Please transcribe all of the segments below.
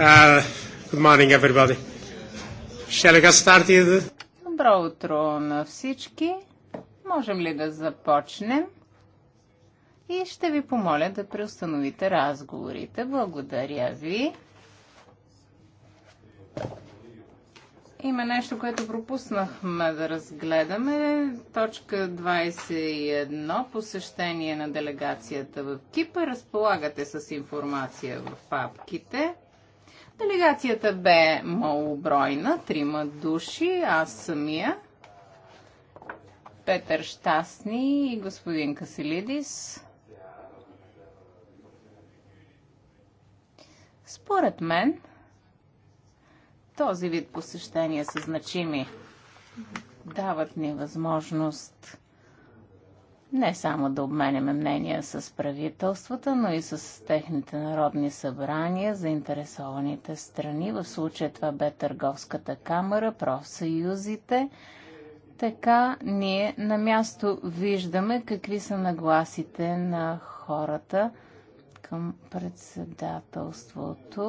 Uh, good morning, everybody. Shall we get started? Добро утро на всички. Можем ли да започнем? И ще ви помоля да преустановите разговорите. Благодаря ви. Има нещо, което пропуснахме да разгледаме. Точка 21. Посещение на делегацията в Кипър. Разполагате с информация в папките. Делегацията бе малобройна, трима души, аз самия, Петър Щастни и господин Касилидис. Според мен, този вид посещения са значими. Дават ни възможност не само да обменяме мнения с правителствата, но и с техните народни събрания, заинтересованите страни. В случая това бе Търговската камера, профсъюзите. Така ние на място виждаме какви са нагласите на хората към председателството.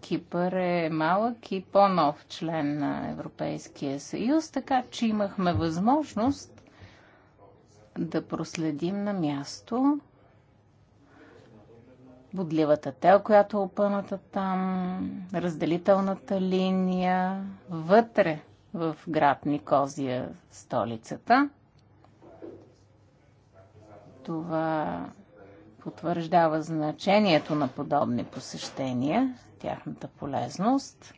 Кипър е малък и по-нов член на Европейския съюз, така че имахме възможност да проследим на място бодливата тел, която е опъната там, разделителната линия, вътре в град Никозия, столицата. Това потвърждава значението на подобни посещения, тяхната полезност.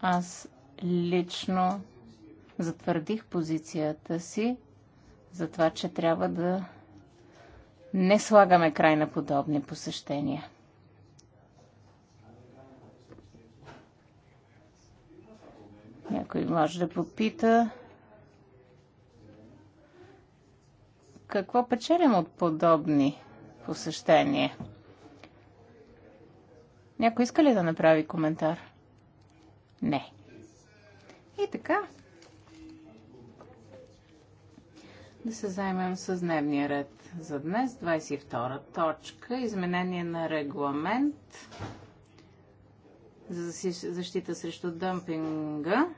Аз лично затвърдих позицията си за това, че трябва да не слагаме край на подобни посещения. Някой може да попита какво печелим от подобни посещения. Някой иска ли да направи коментар? Не. И така, Да се займем с дневния ред за днес. 22 точка. Изменение на регламент за защита срещу дъмпинга.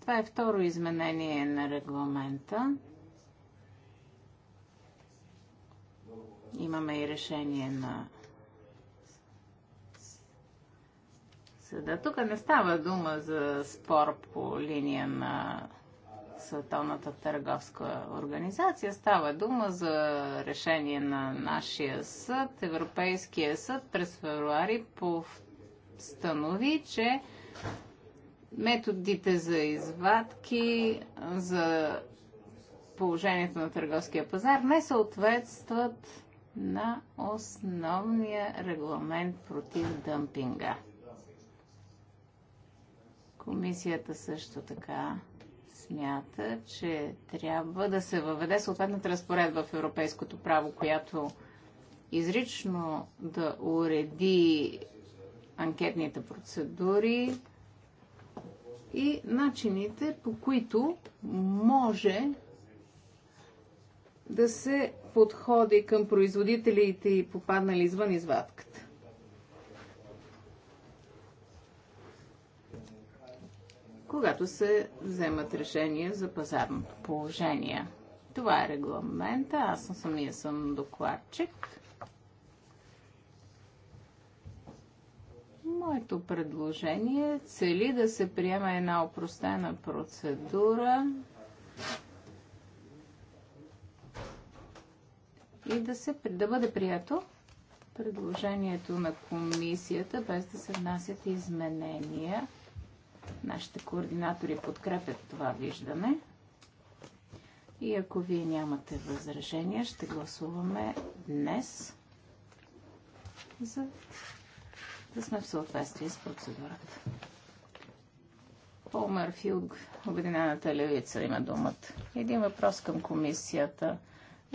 Това е второ изменение на регламента. Имаме и решение на съда. Тук не става дума за спор по линия на Световната търговска организация. Става дума за решение на нашия съд. Европейския съд през февруари постанови, че методите за извадки, за положението на търговския пазар не съответстват на основния регламент против дъмпинга. Комисията също така смята, че трябва да се въведе съответната разпоредба в европейското право, която изрично да уреди анкетните процедури и начините, по които може да се подходи към производителите и попаднали извън извадката. когато се вземат решения за пазарното положение. Това е регламента. Аз съм самия съм докладчик. Моето предложение е, цели да се приема една опростена процедура и да, се, да бъде прието предложението на комисията, без да се внасят изменения Нашите координатори подкрепят това виждане. И ако вие нямате възражения, ще гласуваме днес, за да сме в съответствие с процедурата. Пол Мърфи Обединената левица има думата. Един въпрос към комисията.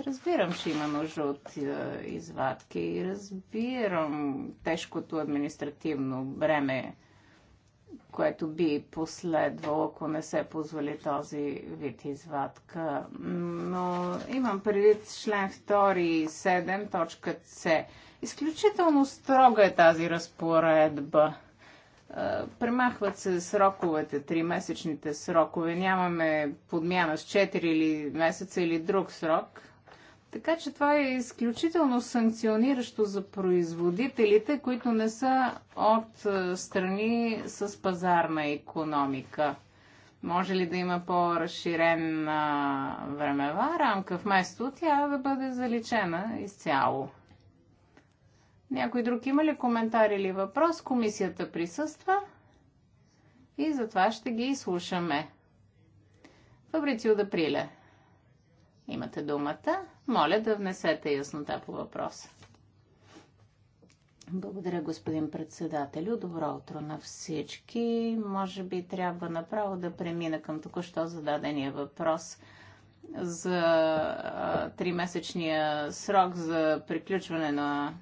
Разбирам, че има нужда от е, извадки и разбирам тежкото административно бреме, което би последвало, ако не се позволи този вид извадка. Но имам предвид, член 2.7, точка С. Изключително строга е тази разпоредба. Е, премахват се сроковете, тримесечните срокове. Нямаме подмяна с 4 или месеца или друг срок – така че това е изключително санкциониращо за производителите, които не са от е, страни с пазарна економика. Може ли да има по-разширена времева рамка, вместо тя да бъде заличена изцяло? Някой друг има ли коментар или въпрос? Комисията присъства и затова ще ги изслушаме. Фабрицио Даприле. Да Имате думата. Моля да внесете яснота по въпроса. Благодаря, господин председателю. Добро утро на всички. Може би трябва направо да премина към току-що зададения въпрос за тримесечния срок за приключване на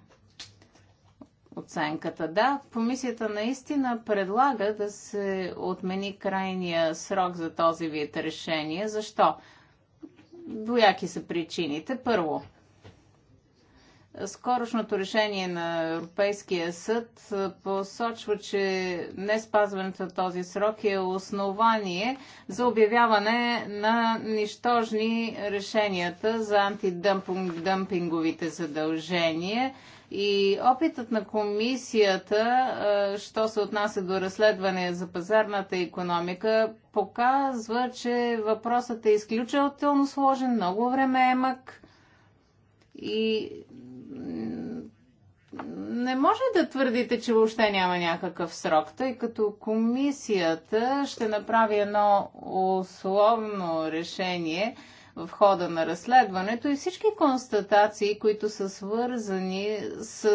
оценката. Да, комисията наистина предлага да се отмени крайния срок за този вид решение. Защо? Двояки са причините. Първо, Скорошното решение на Европейския съд посочва, че не спазването на този срок е основание за обявяване на нищожни решенията за антидъмпинговите задължения. И опитът на комисията, що се отнася до разследване за пазарната економика, показва, че въпросът е изключително сложен, много време е мък и не може да твърдите, че въобще няма някакъв срок, тъй като комисията ще направи едно условно решение – в хода на разследването и всички констатации, които са свързани с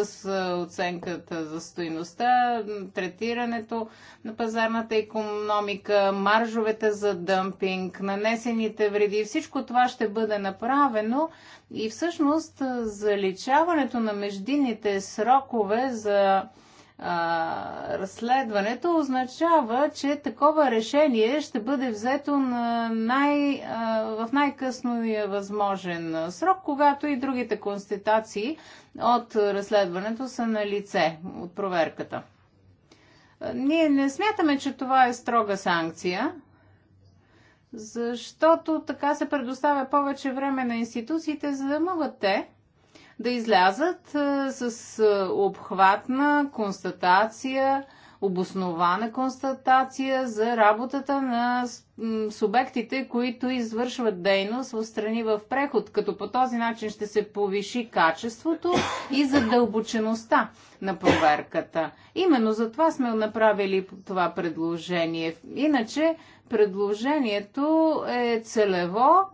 оценката за стоиността, третирането на пазарната економика, маржовете за дъмпинг, нанесените вреди, всичко това ще бъде направено и всъщност заличаването на междинните срокове за а, разследването, означава, че такова решение ще бъде взето на най, а, в най-късния възможен срок, когато и другите констатации от разследването са на лице от проверката. Ние не смятаме, че това е строга санкция, защото така се предоставя повече време на институциите, за да могат те да излязат с обхватна констатация, обоснована констатация за работата на субектите, които извършват дейност в страни в преход, като по този начин ще се повиши качеството и задълбочеността на проверката. Именно за това сме направили това предложение. Иначе предложението е целево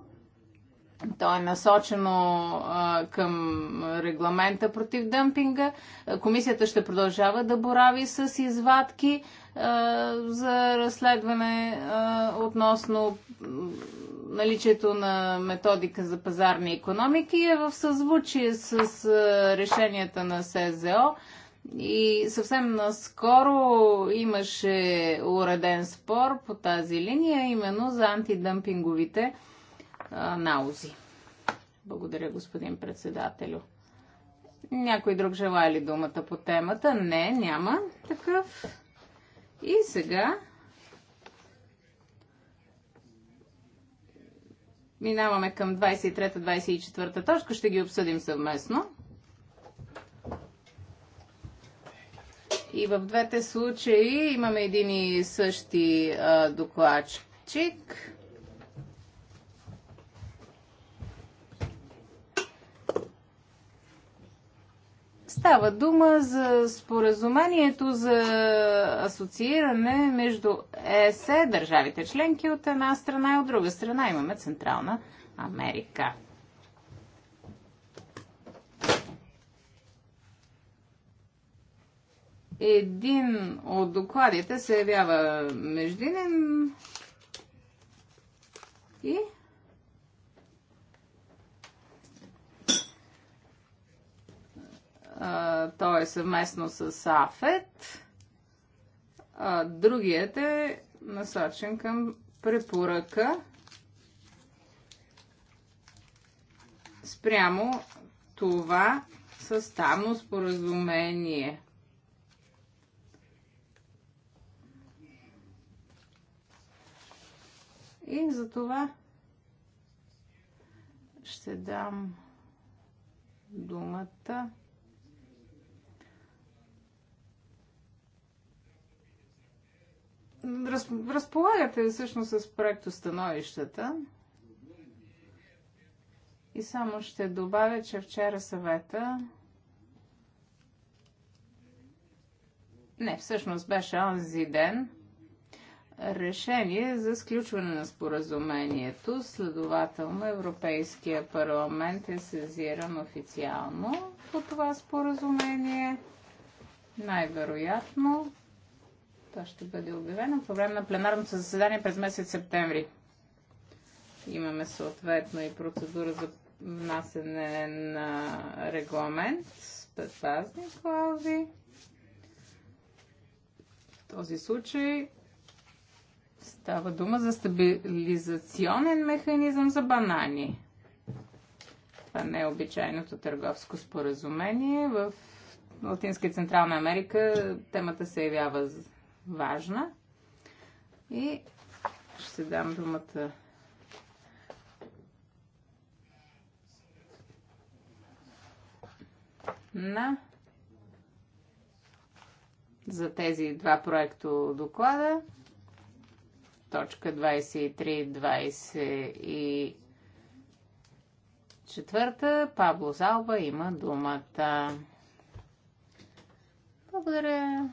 то е насочено а, към регламента против дъмпинга. Комисията ще продължава да борави с извадки а, за разследване а, относно наличието на методика за пазарни економики е в съзвучие с а, решенията на СЗО. И съвсем наскоро имаше уреден спор по тази линия, именно за антидъмпинговите а, наузи. Благодаря, господин председателю. Някой друг желая ли думата по темата? Не, няма такъв. И сега минаваме към 23-24 точка. Ще ги обсъдим съвместно. И в двете случаи имаме един и същи а, докладчик. Става дума за споразумението за асоцииране между ЕСЕ, държавите членки от една страна и от друга страна имаме Централна Америка. Един от докладите се явява междинен и той е съвместно с АФЕТ. А, другият е насочен към препоръка спрямо това съставно споразумение. И за това ще дам думата раз, разполагате всъщност с проектостановищата. И само ще добавя, че вчера съвета Не, всъщност беше онзи ден решение за сключване на споразумението. Следователно Европейския парламент е сезиран официално по това споразумение. Най-вероятно това ще бъде обявено по време на пленарното заседание през месец септември. Имаме съответно и процедура за внасене на регламент с предпазни клаузи. В този случай става дума за стабилизационен механизъм за банани. Това не е обичайното търговско споразумение. В Латинска и Централна Америка темата се явява за важна. И ще дам думата на за тези два проекто доклада. Точка 23 24. Пабло Залба има думата. Благодаря.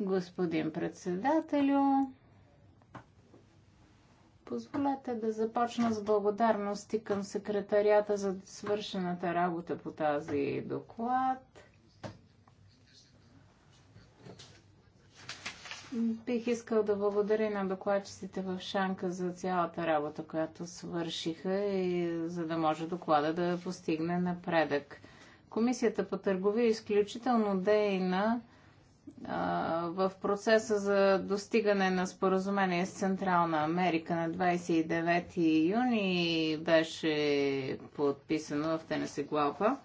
Господин председателю, позволете да започна с благодарности към секретарията за свършената работа по тази доклад. Бих искал да благодаря на докладчиците в Шанка за цялата работа, която свършиха и за да може доклада да постигне напредък. Комисията по търговия е изключително дейна в процеса за достигане на споразумение с Централна Америка на 29 юни беше подписано в Тенесеглапа.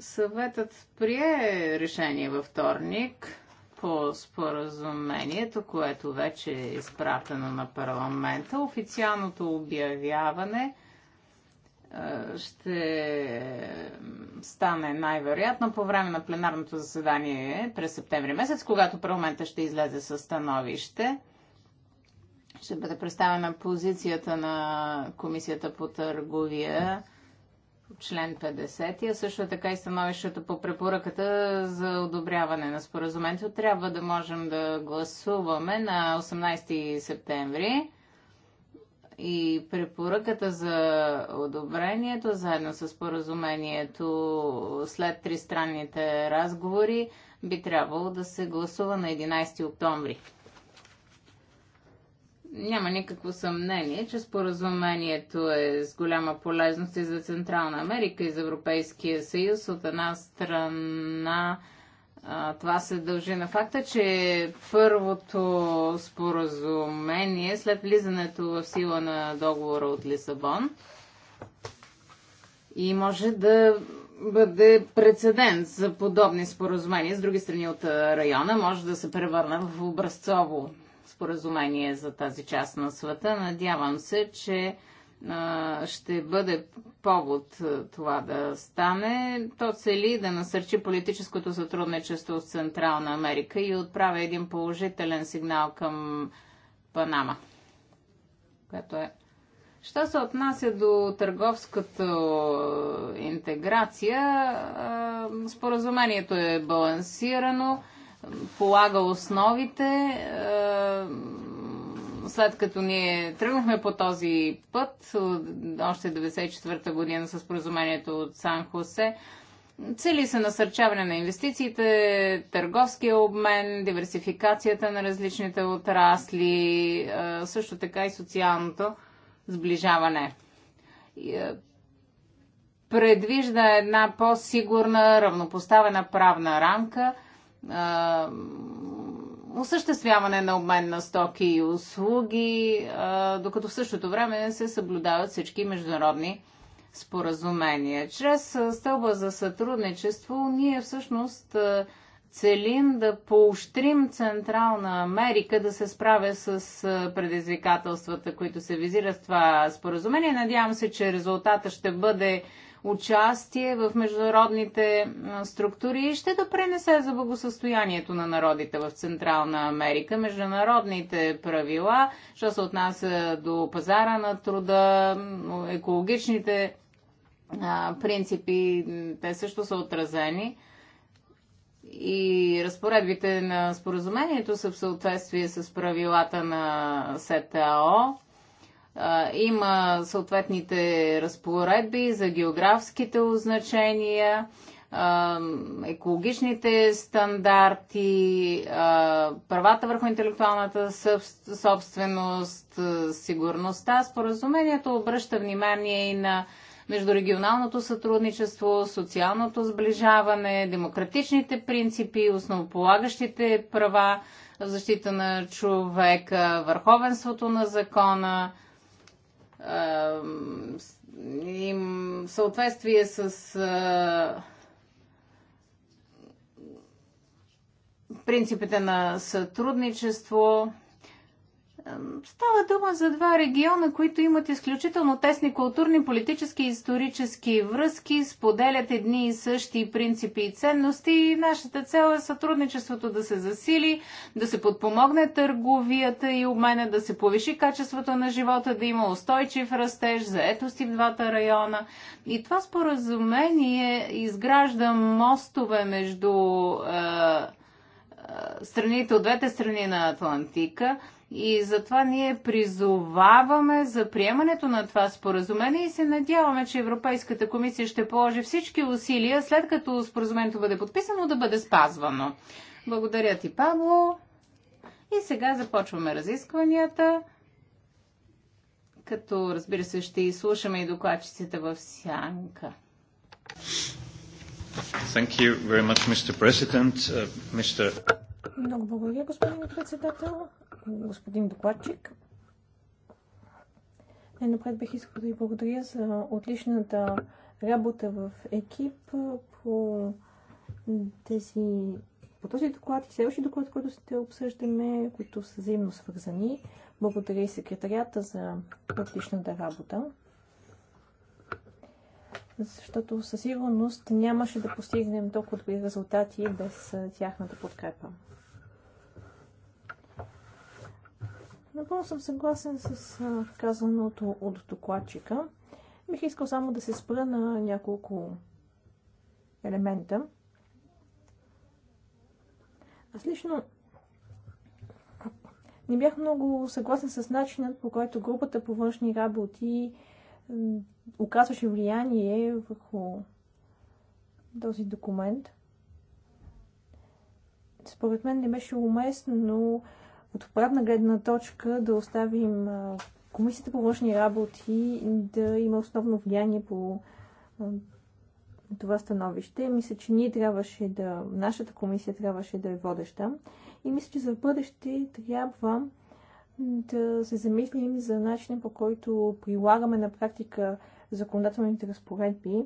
Съветът прие решение във вторник по споразумението, което вече е изпратено на парламента. Официалното обявяване е, ще стане най-вероятно по време на пленарното заседание през септември месец, когато парламента ще излезе със становище. Ще бъде представена позицията на Комисията по търговия член 50, а също така и становището по препоръката за одобряване на споразумението. Трябва да можем да гласуваме на 18 септември и препоръката за одобрението, заедно с поразумението след тристранните разговори, би трябвало да се гласува на 11 октомври. Няма никакво съмнение, че споразумението е с голяма полезност и за Централна Америка и за Европейския съюз. От една страна а, това се дължи на факта, че първото споразумение след влизането в сила на договора от Лисабон и може да бъде прецедент за подобни споразумения с други страни от района, може да се превърне в образцово споразумение за тази част на света. Надявам се, че ще бъде повод това да стане. То цели да насърчи политическото сътрудничество с Централна Америка и отправя един положителен сигнал към Панама. Което е. Що се отнася до търговската интеграция, споразумението е балансирано, полага основите след като ние тръгнахме по този път, още 94-та година с поразумението от Сан Хосе, цели се насърчаване на инвестициите, търговския обмен, диверсификацията на различните отрасли, също така и социалното сближаване предвижда една по-сигурна, равнопоставена правна рамка, осъществяване на обмен на стоки и услуги, докато в същото време се съблюдават всички международни споразумения. Чрез стълба за сътрудничество ние всъщност целим да поощрим Централна Америка да се справя с предизвикателствата, които се визират в това споразумение. Надявам се, че резултата ще бъде участие в международните структури ще да пренесе за благосъстоянието на народите в Централна Америка. Международните правила, що се отнася до пазара на труда, екологичните принципи, те също са отразени и разпоредбите на споразумението са в съответствие с правилата на СТАО. Има съответните разпоредби за географските означения, екологичните стандарти, правата върху интелектуалната собственост, сигурността. Споразумението обръща внимание и на междурегионалното сътрудничество, социалното сближаване, демократичните принципи, основополагащите права в защита на човека, върховенството на закона, им съответствие с а, принципите на сътрудничество Става дума за два региона, които имат изключително тесни културни, политически и исторически връзки, споделят едни и същи принципи и ценности и нашата цел е сътрудничеството да се засили, да се подпомогне търговията и обмена, да се повиши качеството на живота, да има устойчив растеж, заетости в двата района. И това споразумение изгражда мостове между е, е, страните от двете страни на Атлантика – и затова ние призоваваме за приемането на това споразумение и се надяваме, че Европейската комисия ще положи всички усилия, след като споразумението бъде подписано, да бъде спазвано. Благодаря ти, Павло. И сега започваме разискванията. Като, разбира се, ще изслушаме и докладчиците в сянка. Thank you very much, Mr. President. Uh, Mr. Много благодаря, господин председател господин докладчик. Най-напред бих искал да ви благодаря за отличната работа в екип по тези по този доклад и следващия доклад, който ще обсъждаме, които са взаимно свързани. Благодаря и секретарията за отличната работа. Защото със сигурност нямаше да постигнем толкова добри резултати без тяхната подкрепа. Напълно съм съгласен с казаното от докладчика. Бих искал само да се спра на няколко елемента. Аз лично не бях много съгласен с начинът, по който групата по външни работи оказваше влияние върху този документ. Според мен не беше уместно но от правна гледна точка да оставим Комисията по външни работи да има основно влияние по това становище. Мисля, че ние трябваше да, нашата комисия трябваше да е водеща. И мисля, че за бъдеще трябва да се замислим за начина по който прилагаме на практика законодателните разпоредби,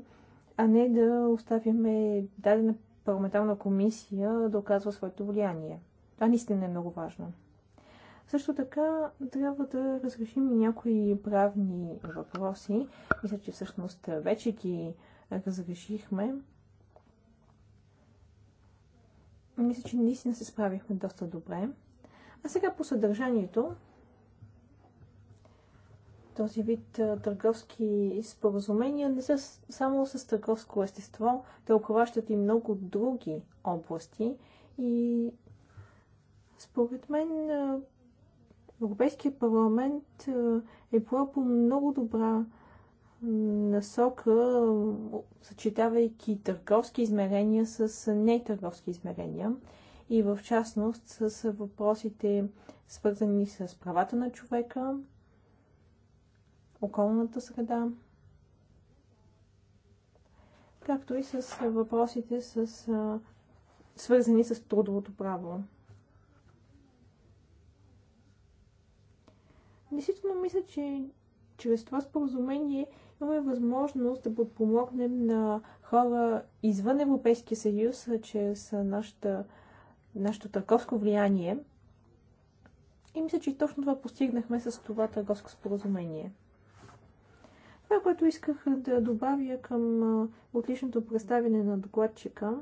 а не да оставяме дадена парламентарна комисия да оказва своето влияние. Това наистина е много важно. Също така трябва да разрешим и някои правни въпроси. Мисля, че всъщност вече ги разрешихме. Мисля, че наистина се справихме доста добре. А сега по съдържанието. Този вид търговски споразумения не са само с търговско естество, те оковащат и много други области и според мен Европейския парламент е поел по много добра насока, съчетавайки търговски измерения с нетърговски измерения и в частност с въпросите свързани с правата на човека, околната среда, както и с въпросите с, свързани с трудовото право. Действително мисля, че чрез това споразумение имаме възможност да подпомогнем на хора извън Европейския съюз, чрез нашата, нашето търговско влияние. И мисля, че точно това постигнахме с това търговско споразумение. Това, което исках да добавя към отличното представяне на докладчика,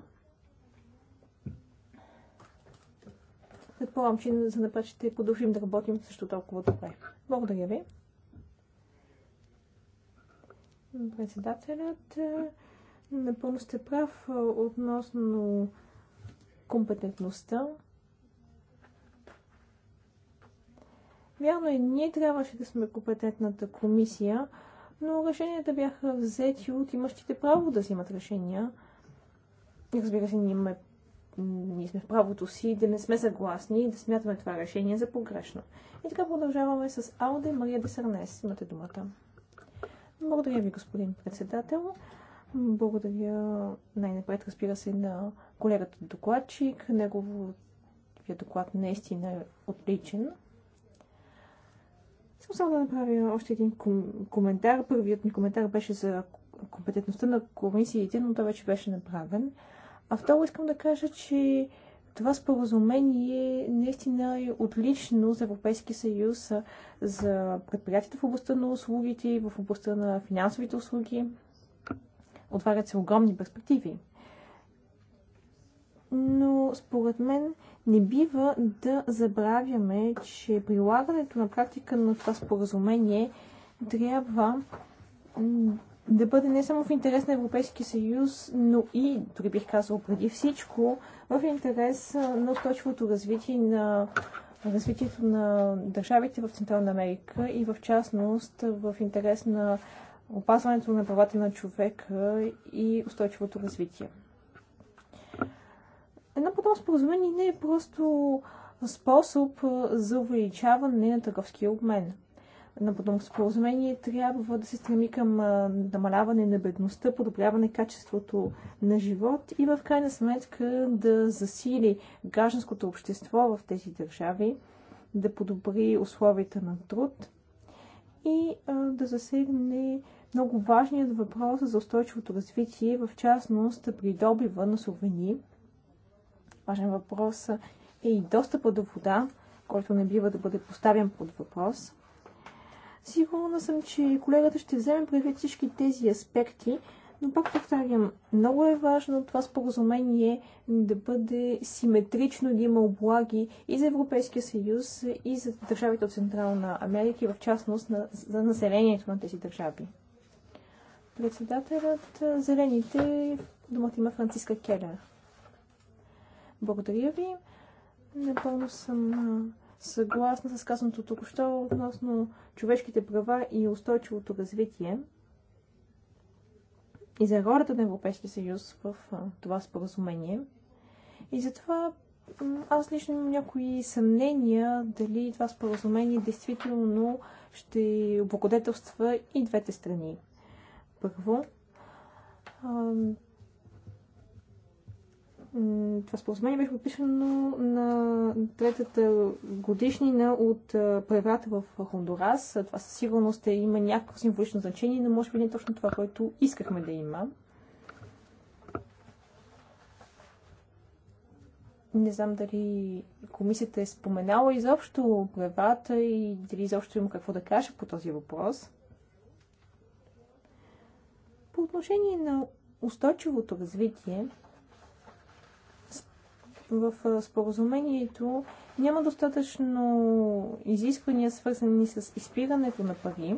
Предполагам, че за напред ще продължим да работим също толкова добре. Благодаря ви. Председателят, е, напълно сте прав е, относно компетентността. Вярно и е, ние трябваше да сме компетентната комисия, но решенията бяха взети от имащите право да взимат решения. Разбира се, ние имаме ние сме в правото си да не сме съгласни и да смятаме това решение за погрешно. И така продължаваме с Ауде Мария Десарнес. Имате думата. Благодаря ви, господин председател. Благодаря най-напред, разбира се, на колегата докладчик. Неговият доклад наистина е отличен. Искам само да направя още един ком- коментар. Първият ми коментар беше за компетентността на комисиите, но той вече беше направен. А второ искам да кажа, че това споразумение наистина е отлично за Европейския съюз, за предприятията в областта на услугите, в областта на финансовите услуги. Отварят се огромни перспективи. Но според мен не бива да забравяме, че прилагането на практика на това споразумение трябва да бъде не само в интерес на Европейския съюз, но и, дори бих казал преди всичко, в интерес на устойчивото развитие на развитието на държавите в Централна Америка и в частност в интерес на опазването на правата на човека и устойчивото развитие. Едно подобно споразумение не е просто способ за увеличаване на търговския обмен – на подобно споразумение трябва да се стреми към намаляване на бедността, подобряване качеството на живот и в крайна сметка да засили гражданското общество в тези държави, да подобри условията на труд и да засегне много важният въпрос за устойчивото развитие, в частност при добива на сувени. Важен въпрос е и достъпа до вода, който не бива да бъде поставен под въпрос. Сигурна съм, че колегата ще вземе предвид всички тези аспекти, но пак повтарям, много е важно това споразумение да бъде симетрично, да има облаги и за Европейския съюз, и за държавите от Централна Америка, и в частност на, за населението на тези държави. Председателят Зелените, думата има Франциска Келер. Благодаря ви. Напълно съм Съгласна с казаното току-що относно човешките права и устойчивото развитие и за ролята на Европейския съюз в това споразумение. И затова аз лично имам някои съмнения дали това споразумение действително ще облагодетелства и двете страни. Първо, това споразумение беше подписано на третата годишнина от преврата в Хондурас. Това със сигурност е, има някакво символично значение, но може би не е точно това, което искахме да има. Не знам дали комисията е споменала изобщо преврата и дали изобщо има какво да каже по този въпрос. По отношение на устойчивото развитие, в споразумението няма достатъчно изисквания, свързани с изпирането на пари.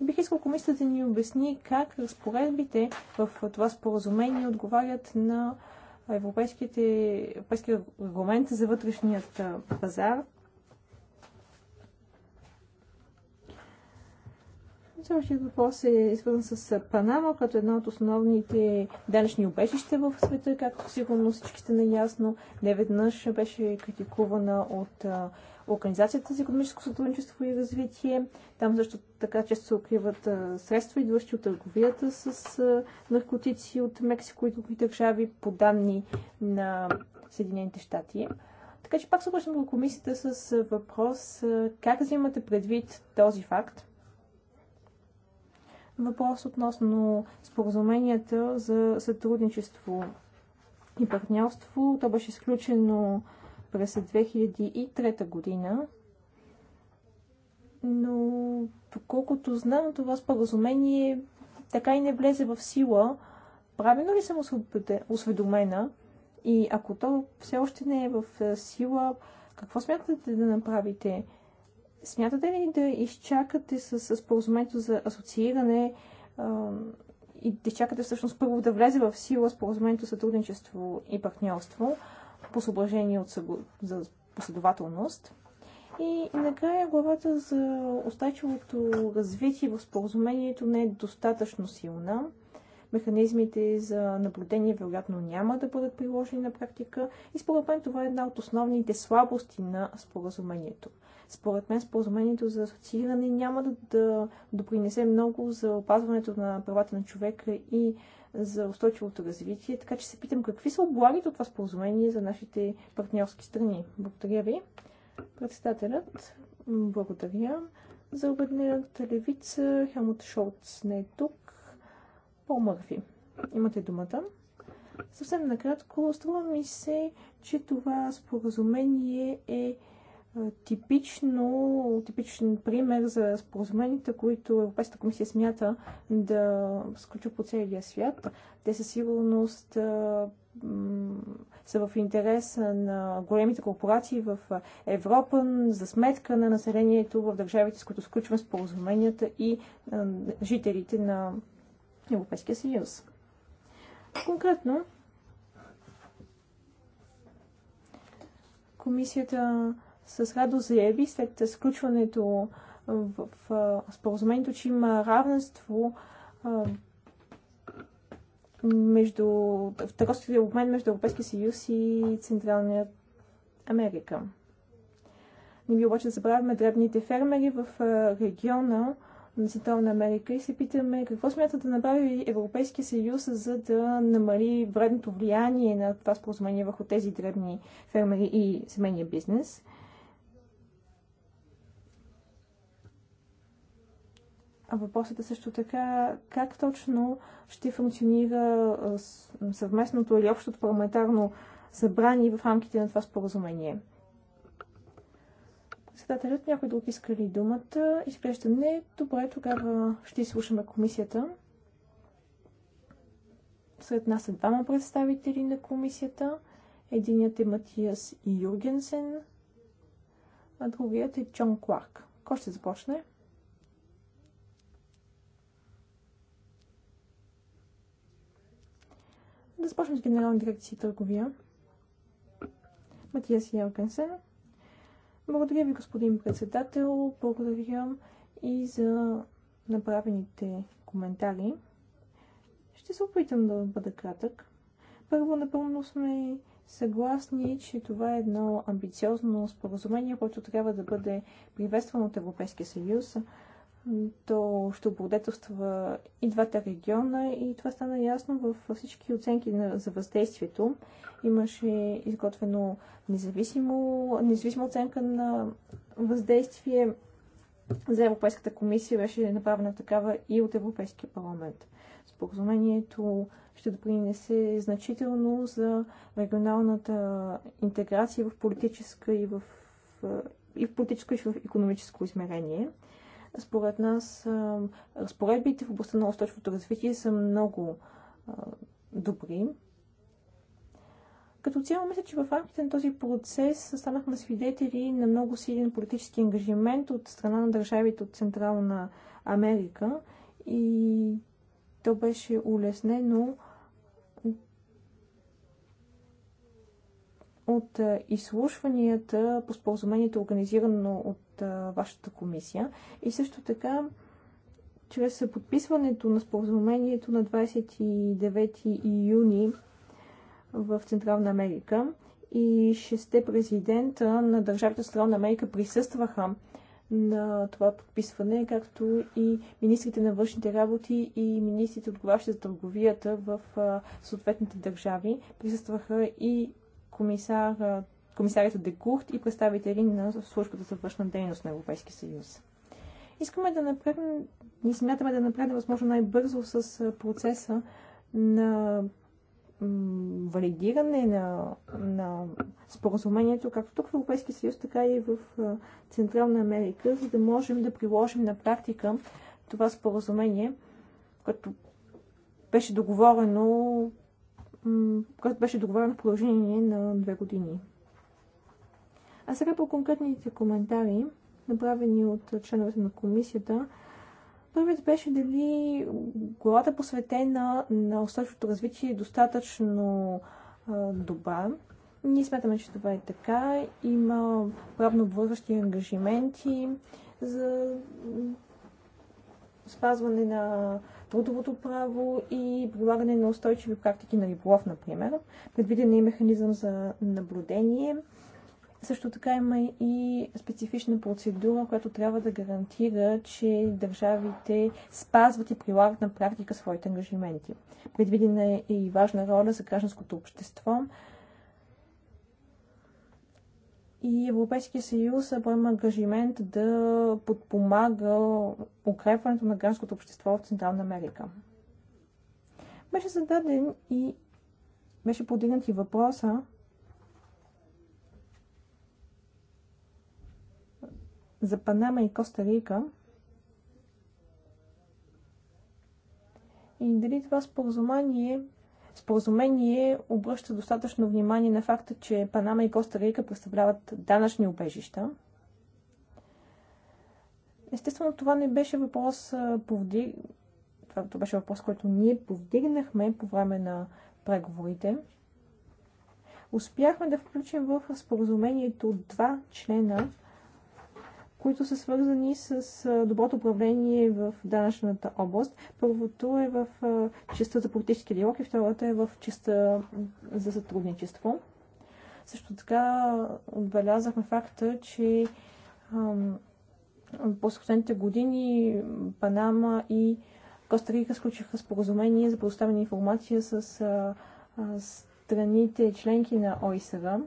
И бих искал комисията да ни обясни как разпоредбите в това споразумение отговарят на европейските, европейския регламент за вътрешният пазар Следващият въпрос е свързан с Панама, като една от основните данъчни обежища в света, както сигурно всички сте наясно. Неведнъж беше критикувана от Организацията за економическо сътрудничество и развитие. Там също така често се укриват средства, идващи от търговията с наркотици от Мексико и други държави, по данни на Съединените щати. Така че пак се обръщам към комисията с въпрос как взимате предвид този факт, въпрос относно споразуменията за сътрудничество и партньорство. То беше изключено през 2003 година. Но, доколкото знам, това споразумение така и не влезе в сила. Правилно ли съм осведомена? И ако то все още не е в сила, какво смятате да направите? Смятате ли да изчакате с споразумението за асоцииране а, и да чакате всъщност първо да влезе в сила споразумението сътрудничество и партньорство по съображение от събо... за последователност? И накрая главата за устойчивото развитие в споразумението не е достатъчно силна. Механизмите за наблюдение вероятно няма да бъдат приложени на практика и според мен това е една от основните слабости на споразумението. Според мен споразумението за асоцииране няма да, да допринесе много за опазването на правата на човека и за устойчивото развитие, така че се питам какви са облагите от това споразумение за нашите партньорски страни. Благодаря ви. Председателят, благодаря. За обеднената левица Хелмут Шолц не е тук. Пол Мърфи. Имате думата. Съвсем накратко, струва ми се, че това споразумение е е, типично, типичен пример за споразуменията, които Европейската комисия смята да сключи по целия свят. Те със сигурност е, са в интерес на големите корпорации в Европа за сметка на населението в държавите, с които сключваме споразуменията и е, жителите на Европейския съюз. Конкретно, комисията с радост заяви след сключването в, в споразумението, че има равенство между в обмен между Европейския съюз и Централния Америка. Не би обаче да забравяме дребните фермери в региона на Централна Америка и се питаме какво смята да направи Европейския съюз, за да намали вредното влияние на това споразумение върху тези дребни фермери и семейния бизнес – Въпросът е също така как точно ще функционира съвместното или общото парламентарно събрание в рамките на това споразумение. Председателят някой друг иска ли думата? Изглежда не. Добре, тогава ще изслушаме комисията. Сред нас са двама представители на комисията. Единият е Матиас Юргенсен, а другият е Джон Кларк. Кой ще започне? Да започнем с Генерална дирекция търговия. Матиас Яркенсен. Благодаря ви, господин председател. Благодаря и за направените коментари. Ще се опитам да бъда кратък. Първо, напълно сме съгласни, че това е едно амбициозно споразумение, което трябва да бъде приветствано от Европейския съюз то ще облагодетелства и двата региона и това стана ясно във всички оценки на, за въздействието. Имаше изготвено независимо, независима оценка на въздействие за Европейската комисия беше направена такава и от Европейския парламент. Споразумението ще допринесе значително за регионалната интеграция в политическа и в, е, и в политическо и в економическо измерение. Според нас разпоредбите в областта на устойчивото развитие са много добри. Като цяло, мисля, че в рамките на този процес станахме свидетели на много силен политически ангажимент от страна на държавите от Централна Америка и то беше улеснено от е, изслушванията по споразумението, организирано от е, вашата комисия. И също така, чрез подписването на споразумението на 29 июни в Централна Америка и шесте президента на държавите Централна Америка присъстваха на това подписване, както и министрите на външните работи и министрите отговарящи за търговията в е, съответните държави. Присъстваха и комисар, комисарите Декурт и представители на службата за външна дейност на Европейския съюз. Искаме да направим, ние смятаме да направим възможно най-бързо с процеса на валидиране на, на споразумението, както тук в Европейския съюз, така и в Централна Америка, за да можем да приложим на практика това споразумение, което беше договорено който беше договорен в продължение на две години. А сега по конкретните коментари, направени от членовете на комисията, първият беше дали главата посветена на устойчивото развитие е достатъчно а, добра. Ние смятаме, че това е така. Има правно обвързващи ангажименти за спазване на трудовото право и прилагане на устойчиви практики на риболов, например. Предвиден е механизъм за наблюдение. Също така има и специфична процедура, която трябва да гарантира, че държавите спазват и прилагат на практика своите ангажименти. Предвидена е и важна роля за гражданското общество, и Европейския съюз поема ангажимент да подпомага укрепването на гражданското общество в Централна Америка. Беше зададен и беше подигнат и въпроса за Панама и Коста Рика и дали това споразумение споразумение обръща достатъчно внимание на факта, че Панама и Коста Рика представляват данъчни убежища. Естествено, това не беше въпрос Това беше въпрос, който ние повдигнахме по време на преговорите. Успяхме да включим в споразумението два члена – които са свързани с доброто управление в данъчната област. Първото е в частта за политически диалог и второто е в частта за сътрудничество. Също така отбелязахме факта, че през последните години Панама и Коста Рика сключиха споразумение за предоставяне информация с а, а, страните членки на ОИСВ.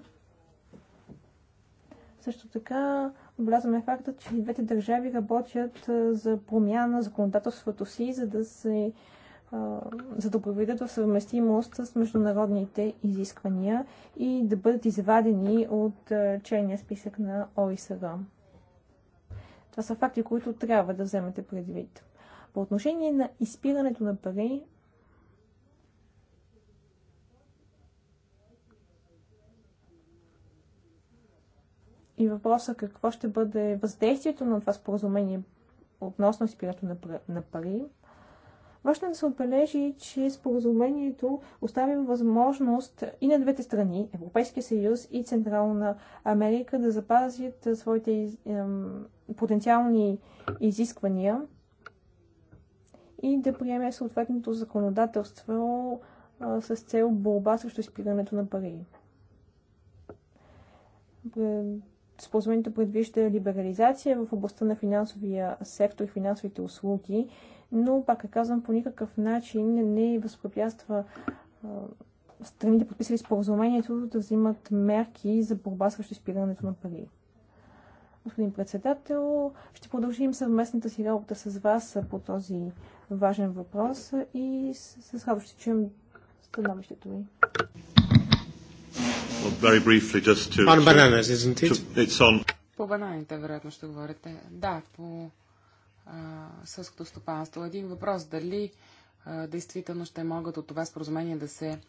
Също така Отбелязваме факта, че двете държави работят за промяна на законодателството си, за да се за да проведат в съвместимост с международните изисквания и да бъдат извадени от черния списък на ОИСР. Това са факти, които трябва да вземете предвид. По отношение на изпирането на пари, и въпроса е какво ще бъде въздействието на това споразумение относно спирането на, на пари. Важно е да се отбележи, че споразумението оставя възможност и на двете страни, Европейския съюз и Централна Америка, да запазят своите потенциални изисквания и да приеме съответното законодателство с цел борба срещу изпирането на пари Споразумението предвижда либерализация в областта на финансовия сектор и финансовите услуги, но, пак казвам, по никакъв начин не възпрепятства страните, подписали споразумението, да взимат мерки за борба срещу изпирането на пари. Господин председател, ще продължим съвместната си работа с вас по този важен въпрос и с радост ще чуем становището ви. Well, very briefly, just to... On bananas, isn't it? To, it's on... По бананите, вероятно, ще говорите. Да, по сълското стопанство. Един въпрос, дали а, действително ще могат от това споразумение да се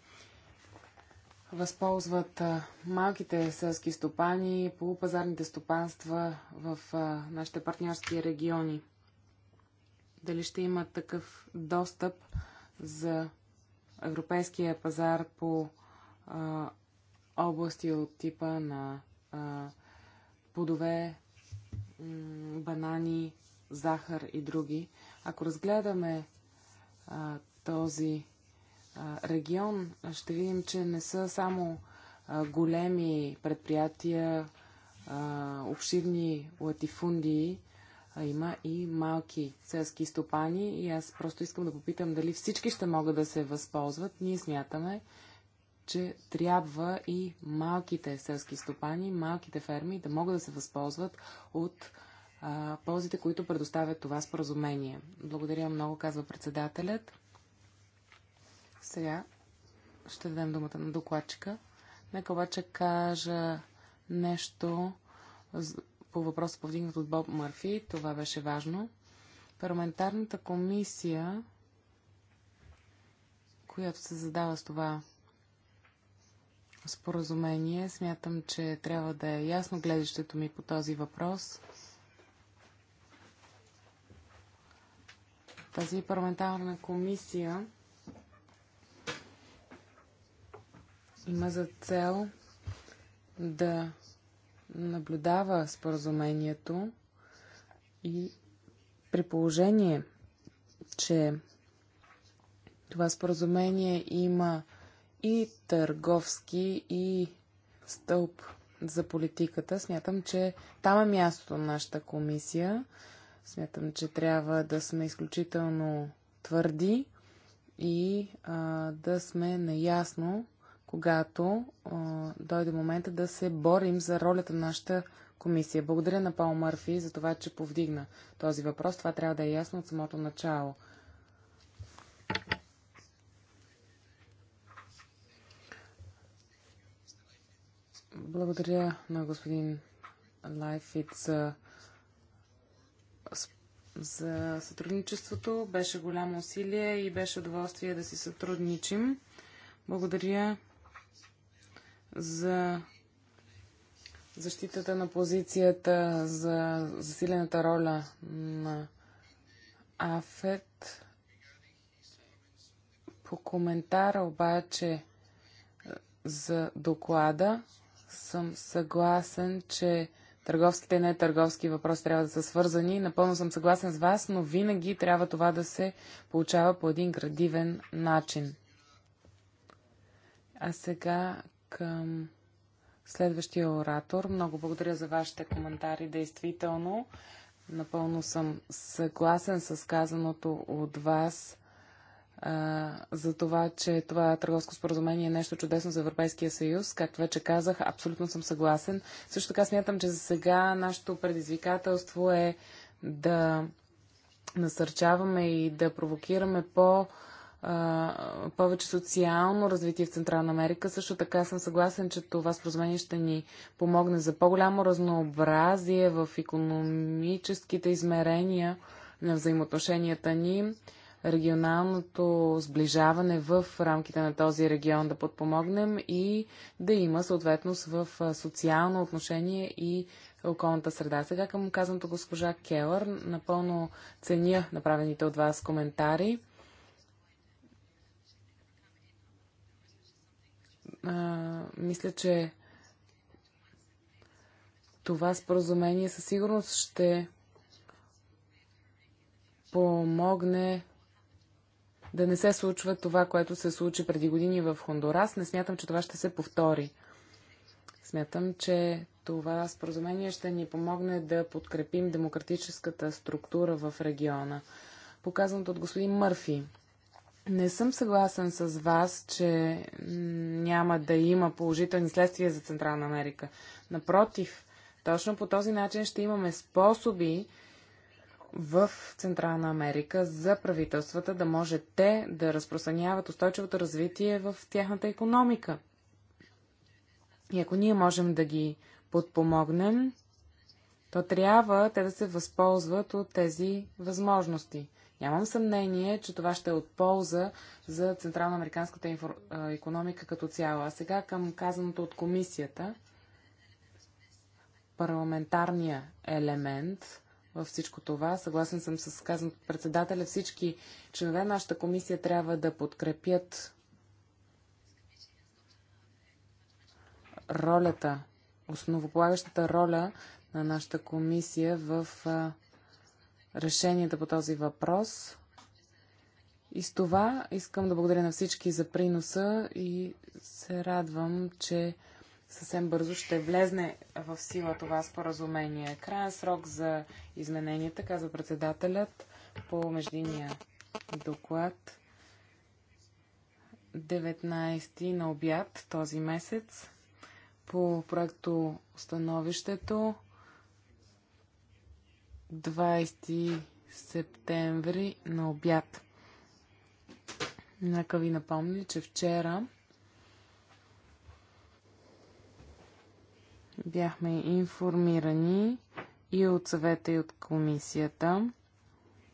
възползват а, малките сълски стопани по пазарните стопанства в а, нашите партньорски региони. Дали ще има такъв достъп за европейския пазар по а, области от типа на а, плодове, банани, захар и други. Ако разгледаме а, този а, регион, ще видим, че не са само а, големи предприятия, а, обширни латифундии, а има и малки селски стопани и аз просто искам да попитам дали всички ще могат да се възползват. Ние смятаме, че трябва и малките селски стопани, малките ферми да могат да се възползват от а, ползите, които предоставят това споразумение. Благодаря много, казва председателят. Сега ще дадем думата на докладчика. Нека обаче кажа нещо по въпроса повдигнат от Боб Мърфи. Това беше важно. Парламентарната комисия, която се задава с това споразумение. Смятам, че трябва да е ясно гледащето ми по този въпрос. Тази парламентарна комисия има за цел да наблюдава споразумението и при положение, че това споразумение има и търговски и стълб за политиката. Смятам, че там е мястото на нашата комисия. Смятам, че трябва да сме изключително твърди и а, да сме наясно, когато а, дойде момента да се борим за ролята на нашата комисия. Благодаря на Пао Мърфи за това, че повдигна този въпрос. Това трябва да е ясно от самото начало. Благодаря на господин Лайфит за, за сътрудничеството. Беше голямо усилие и беше удоволствие да си сътрудничим. Благодаря за защитата на позицията, за засилената роля на АФЕТ. По коментара обаче за доклада съм съгласен, че търговските и търговски въпроси трябва да са свързани. Напълно съм съгласен с вас, но винаги трябва това да се получава по един градивен начин. А сега към следващия оратор. Много благодаря за вашите коментари. Действително, напълно съм съгласен с казаното от вас за това, че това търговско споразумение е нещо чудесно за Европейския съюз. Както вече казах, абсолютно съм съгласен. Също така смятам, че за сега нашето предизвикателство е да насърчаваме и да провокираме по- повече социално развитие в Централна Америка. Също така съм съгласен, че това споразумение ще ни помогне за по-голямо разнообразие в економическите измерения на взаимоотношенията ни регионалното сближаване в рамките на този регион да подпомогнем и да има съответност в социално отношение и околната среда. Сега към казаното госпожа Келър, напълно ценя направените от вас коментари. А, мисля, че това споразумение със сигурност ще помогне да не се случва това, което се случи преди години в Хондурас. Не смятам, че това ще се повтори. Смятам, че това споразумение ще ни помогне да подкрепим демократическата структура в региона. Показаното от господин Мърфи. Не съм съгласен с вас, че няма да има положителни следствия за Централна Америка. Напротив, точно по този начин ще имаме способи в Централна Америка за правителствата, да може те да разпространяват устойчивото развитие в тяхната економика. И ако ние можем да ги подпомогнем, то трябва те да се възползват от тези възможности. Нямам съмнение, че това ще е от полза за централноамериканската инфор... економика като цяло. А сега към казаното от комисията. Парламентарния елемент във всичко това. Съгласен съм с казан председателя. Всички членове на нашата комисия трябва да подкрепят ролята, основополагащата роля на нашата комисия в решенията по този въпрос. И с това искам да благодаря на всички за приноса и се радвам, че съвсем бързо ще влезне в сила това споразумение. Крайен срок за измененията, каза председателят по междиния доклад. 19 на обяд този месец по проекто установището 20 септември на обяд. Нека ви напомня, че вчера Бяхме информирани и от съвета и от комисията,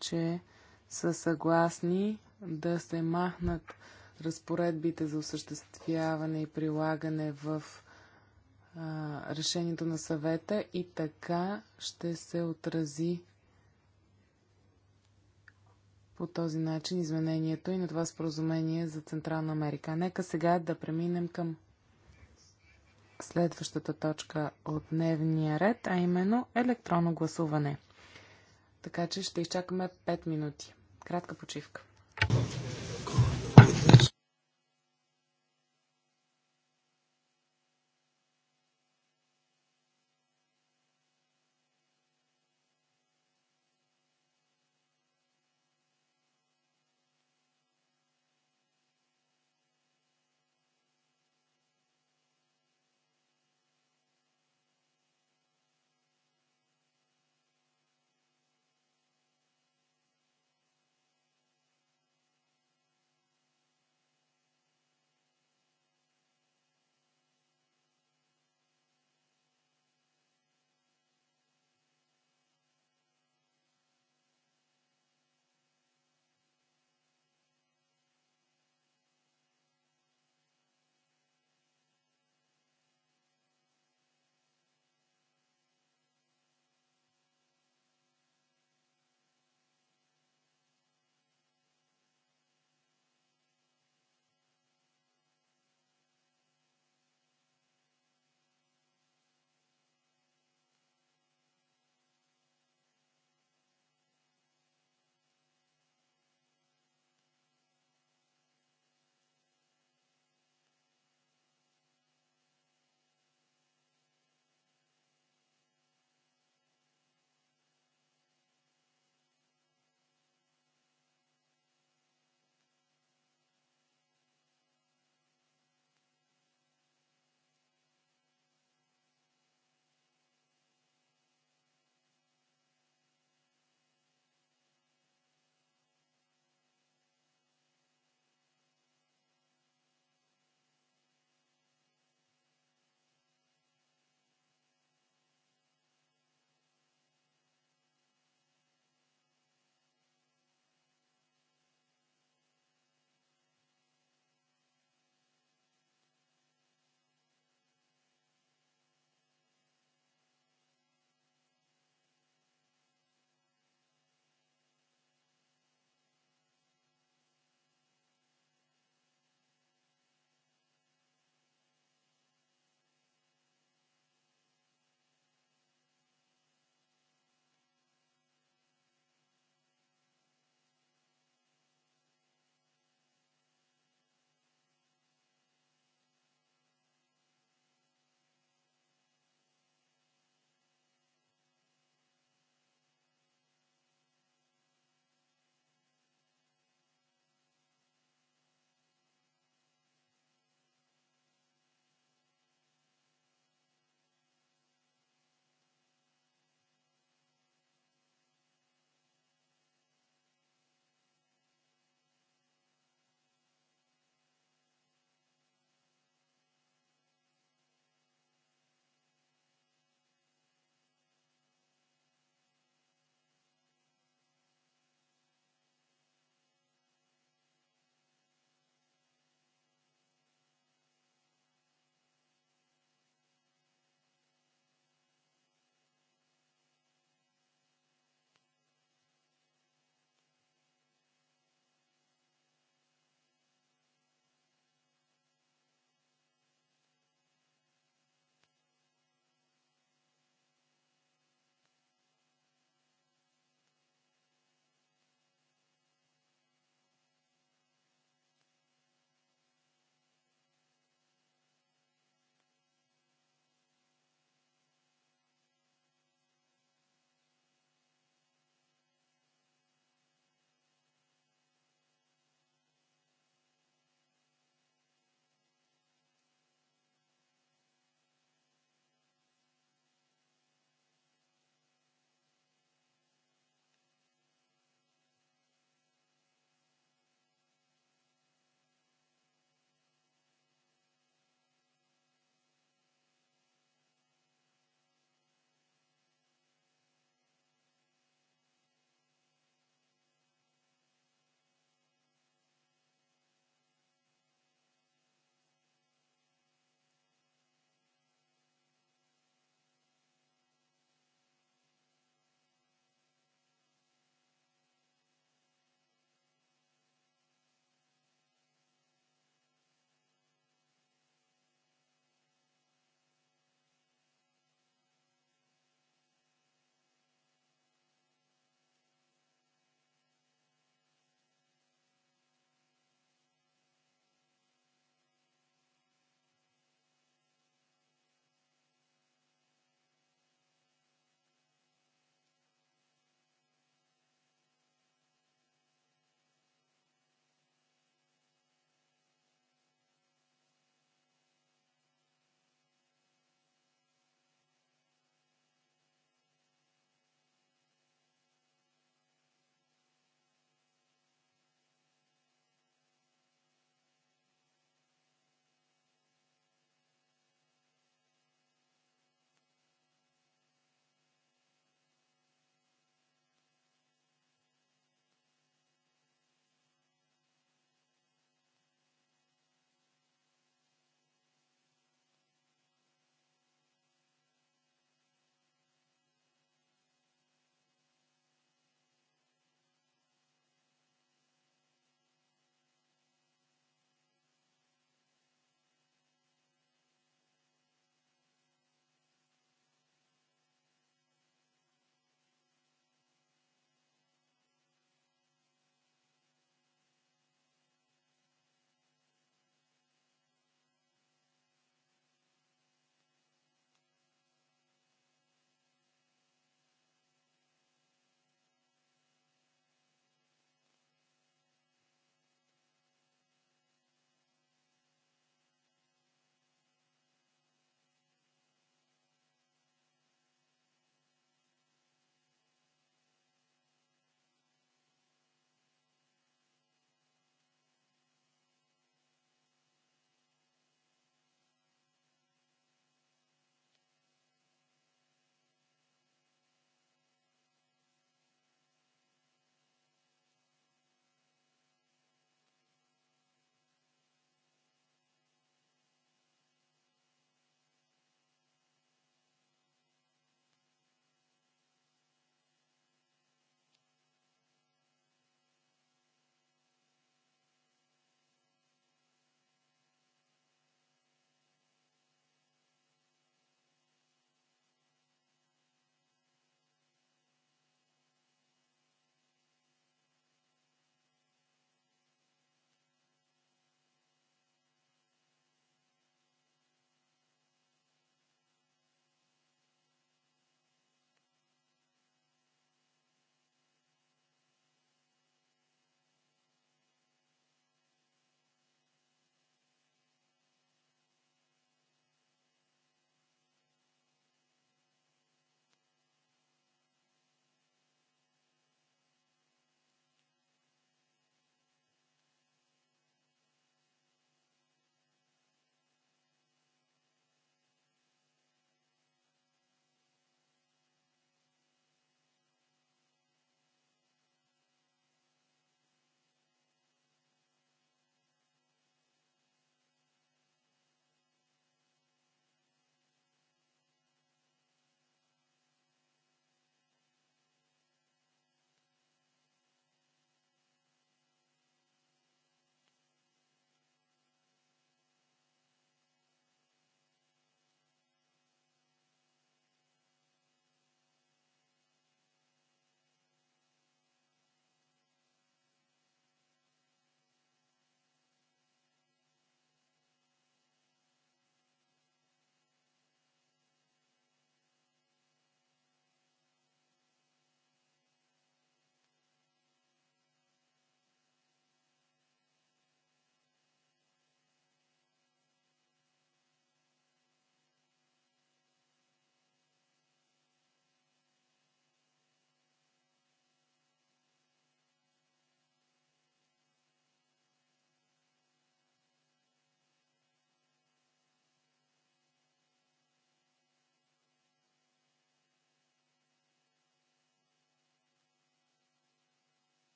че са съгласни да се махнат разпоредбите за осъществяване и прилагане в а, решението на съвета и така ще се отрази по този начин изменението и на това споразумение за Централна Америка. Нека сега да преминем към следващата точка от дневния ред, а именно електронно гласуване. Така че ще изчакаме 5 минути. Кратка почивка.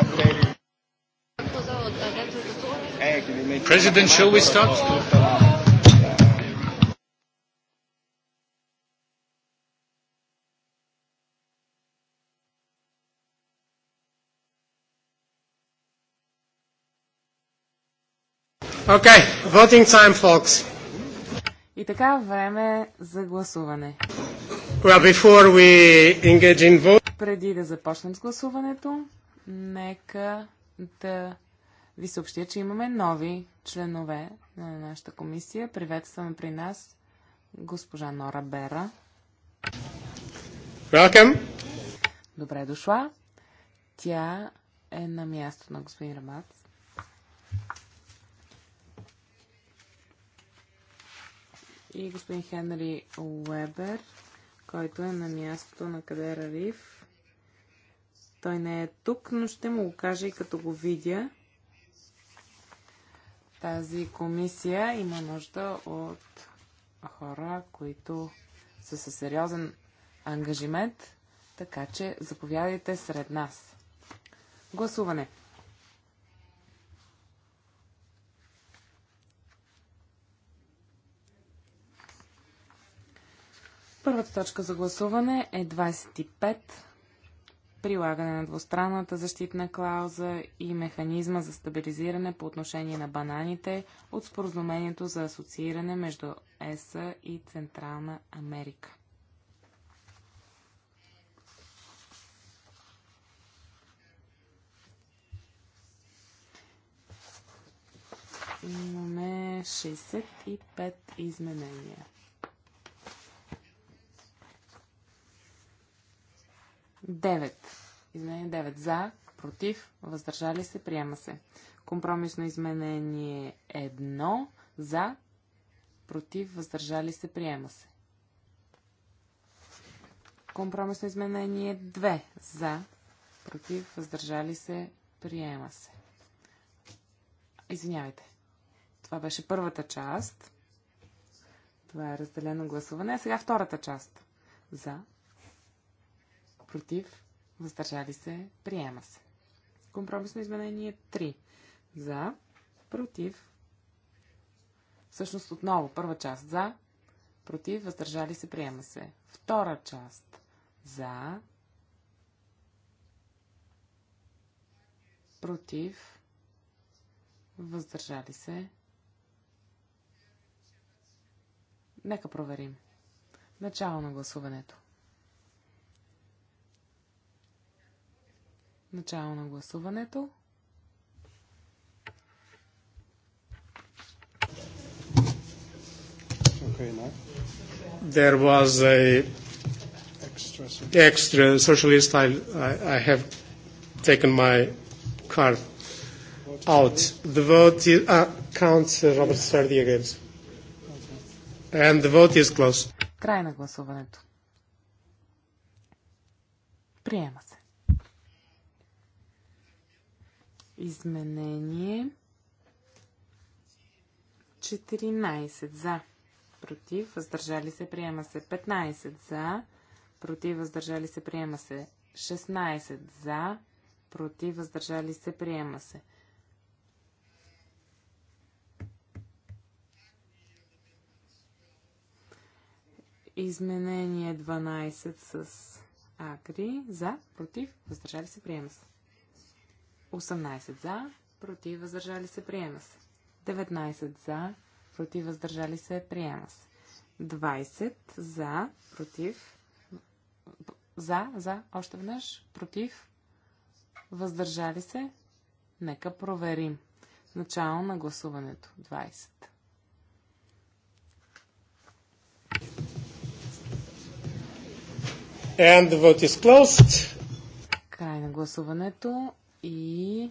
cocktail. President, shall we start? Okay, voting time, folks. И така, време за гласуване. Well, before we engage in vote... Преди да започнем с гласуването, нека да ви съобщя, че имаме нови членове на нашата комисия. Приветстваме при нас госпожа Нора Бера. Welcome. Добре дошла. Тя е на място на господин Рамац. И господин Хенри Уебер, който е на мястото на Кадера Риф той не е тук, но ще му го кажа и като го видя. Тази комисия има нужда от хора, които са със сериозен ангажимент, така че заповядайте сред нас. Гласуване. Първата точка за гласуване е 25 прилагане на двустранната защитна клауза и механизма за стабилизиране по отношение на бананите от споразумението за асоцииране между ЕСА и Централна Америка. Имаме 65 изменения. 9. Изменение 9. За, против, въздържали се, приема се. Компромисно изменение 1. За, против, въздържали се, приема се. Компромисно изменение 2. За, против, въздържали се, приема се. Извинявайте. Това беше първата част. Това е разделено гласуване. А сега втората част. За, против, въздържали се, приема се. Компромисно изменение 3. За, против, всъщност отново първа част за, против, въздържали се, приема се. Втора част за, против, въздържали се. Нека проверим. Начало на гласуването. Начало на гласуването. There was a extra socialist. I, I have taken my card out. The vote is, uh, counts uh, Robert Sardi against. And the vote is closed. Край на гласуването. Приема се. Изменение 14 за, против, въздържали се, приема се 15 за, против, въздържали се, приема се 16 за, против, въздържали се, приема се. Изменение 12 с Агри. За, против, въздържали се, приема се. 18 за, против, въздържали се, приема се. 19 за, против, въздържали се, приема се. 20 за, против, за, за, още веднъж, против, въздържали се. Нека проверим. Начало на гласуването. 20. And the vote is closed. Край на гласуването и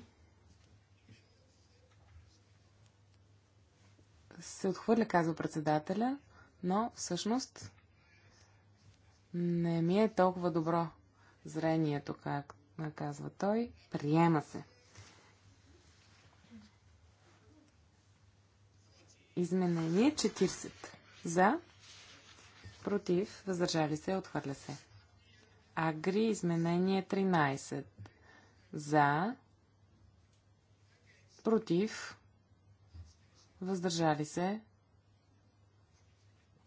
се отхвърля, казва председателя, но всъщност не ми е толкова добро зрението, как казва той. Приема се. Изменение 40. За. Против. Въздържали се. Отхвърля се. Агри. Изменение 13 за, против, въздържали се.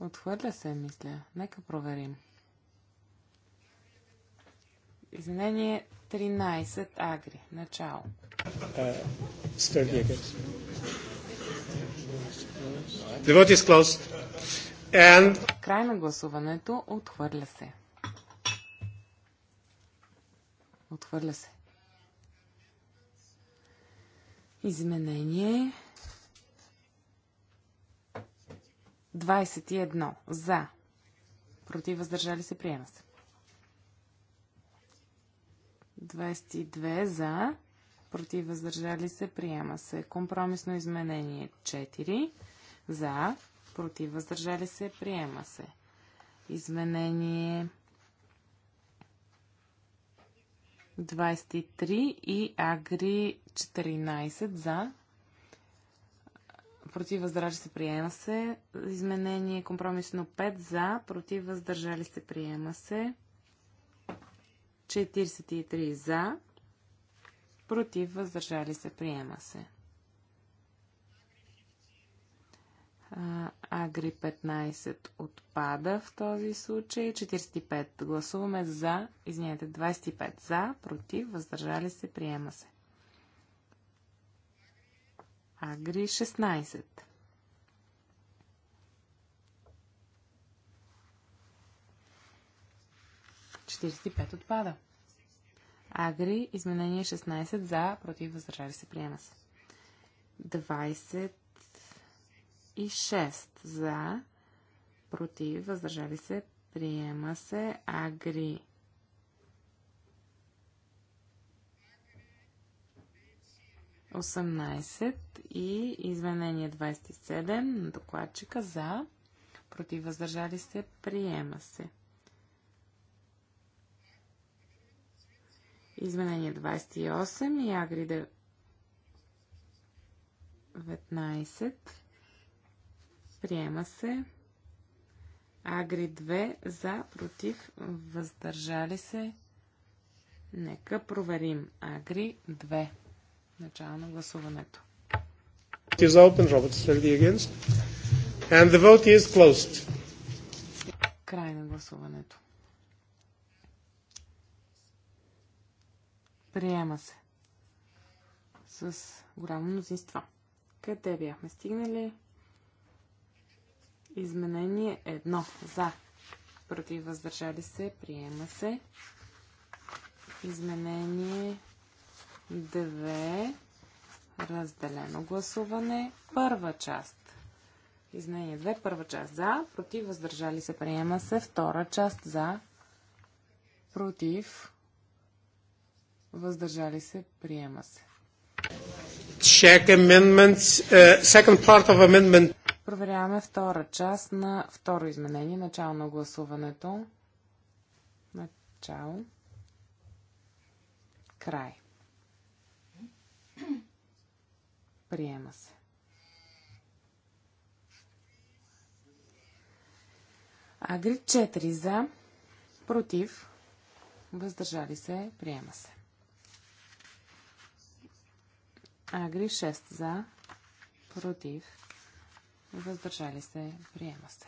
Отхвърля се, мисля. Нека проверим. Изменение 13 агри. Начало. Uh, е The vote is closed. And... Край на гласуването. Отхвърля се. Отхвърля се. Изменение 21. За. Против въздържали се. Приема се. 22. За. Против въздържали се. Приема се. Компромисно изменение 4. За. Против въздържали се. Приема се. Изменение 23 и Агри 14 за. Против въздържали се приема се. Изменение компромисно 5 за. Против въздържали се приема се. 43 за. Против въздържали се приема се. Агри 15 отпада в този случай. 45 гласуваме за, извинете, 25 за, против, въздържали се, приема се. Агри 16. отпада. Агри, изменение 16 за, против, въздържали се, приема се. 20 6 за, против, въздържали се, приема се. Агри 18 и изменение 27 на докладчика за, против въздържали се, приема се. Изменение 28 и Агри 19 Приема се. Агри 2 за, против, въздържали се. Нека проверим. Агри 2. Начало на гласуването. is open, against. And the vote is closed. Край на гласуването. Приема се. С голямо мнозинство. Къде бяхме стигнали? Изменение 1. За. Против въздържали се. Приема се. Изменение 2. Разделено гласуване. Първа част. Изменение 2. Първа част за. Против въздържали се. Приема се. Втора част за. Против. Въздържали се. Приема се. Check amendments. Uh, second part of amendment Проверяваме втора част на второ изменение, начало на гласуването. Начало. Край. Приема се. Агри 4 за, против, въздържали се, приема се. Агри 6 за, против, въздържали се, приема се.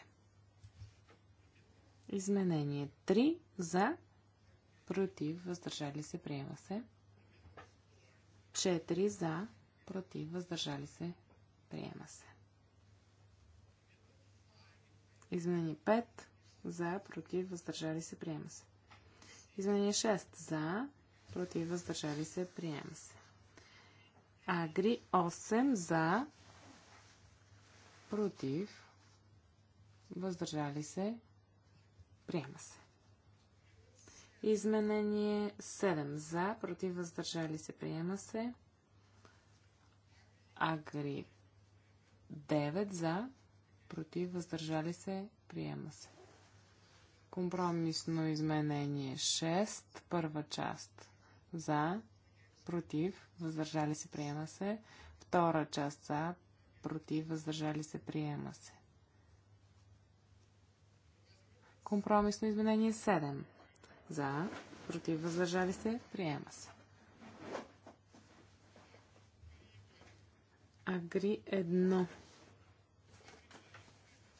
Изменение 3 за, против, въздържали се, приема се. 4 за, против, въздържали се, приема се. Изменение 5 за, против, въздържали се, приема се. Изменение 6 за, против, въздържали се, приема се. Агри 8 за, против, въздържали се, приема се. Изменение 7 за, против, въздържали се, приема се. Агри 9 за, против, въздържали се, приема се. Компромисно изменение 6, първа част за, против, въздържали се, приема се. Втора част за, против, въздържали се, приема се. Компромисно изменение 7. За, против, въздържали се, приема се. Агри 1.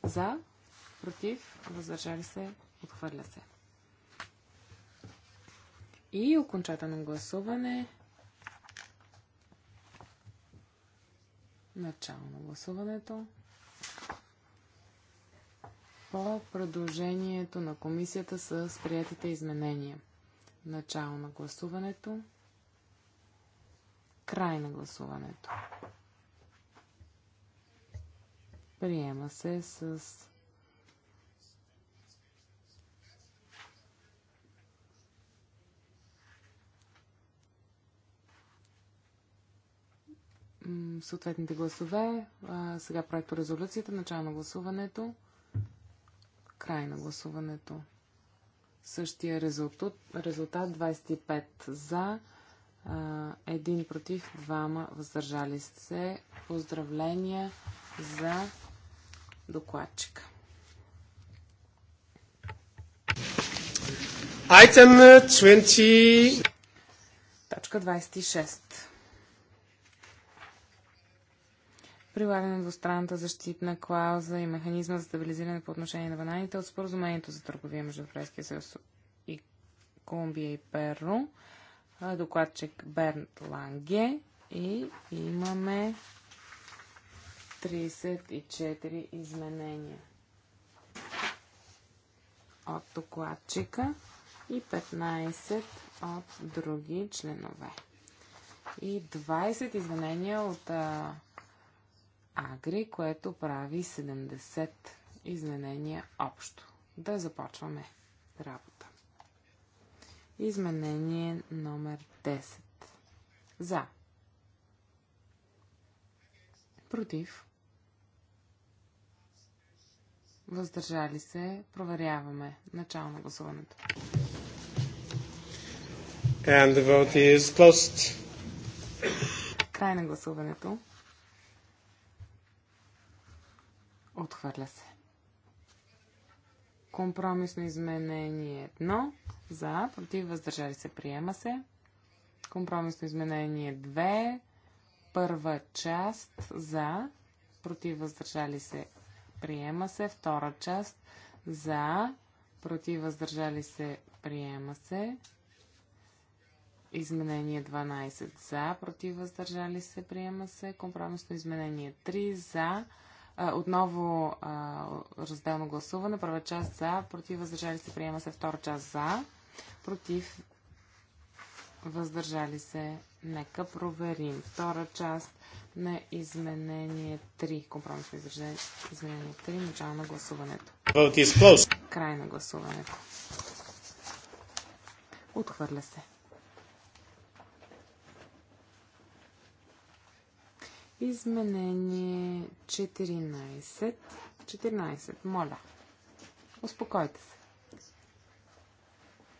За, против, въздържали се, отхвърля се. И окончателно гласуване Начало на гласуването. По предложението на комисията с приятите изменения. Начало на гласуването. Край на гласуването. Приема се с съответните гласове. А, сега проекто резолюцията, начало на гласуването, край на гласуването. Същия резултат, резултат 25 за, а, един против, двама въздържали се. Поздравления за докладчика. Item 20. Uh, Точка 26. прилагане на двустранната защитна клауза и механизма за стабилизиране по отношение на бананите от споразумението за търговия между Европейския съюз и Колумбия и Перу. Докладчик Бернт Ланге и имаме 34 изменения от докладчика и 15 от други членове. И 20 изменения от Агри, което прави 70 изменения общо. Да започваме работа. Изменение номер 10. За. Против. Въздържали се. Проверяваме. Начало на гласуването. And the vote is closed. Край на гласуването. Отхвърля се. Компромисно изменение 1. За. Против. Въздържали се. Приема се. Компромисно изменение 2. Първа част. За. Против. Въздържали се. Приема се. Втора част. За. Против. Въздържали се. Приема се. Изменение 12 за, против въздържали се, приема се. Компромисно изменение 3 за, отново а, разделно гласуване. Първа част за, против, въздържали се, приема се. Втора част за, против, въздържали се. Нека проверим. Втора част на изменение 3. Компромисно изражение. Изменение 3. Начало на гласуването. Край на гласуването. Отхвърля се. Изменение 14. 14, моля. Успокойте се.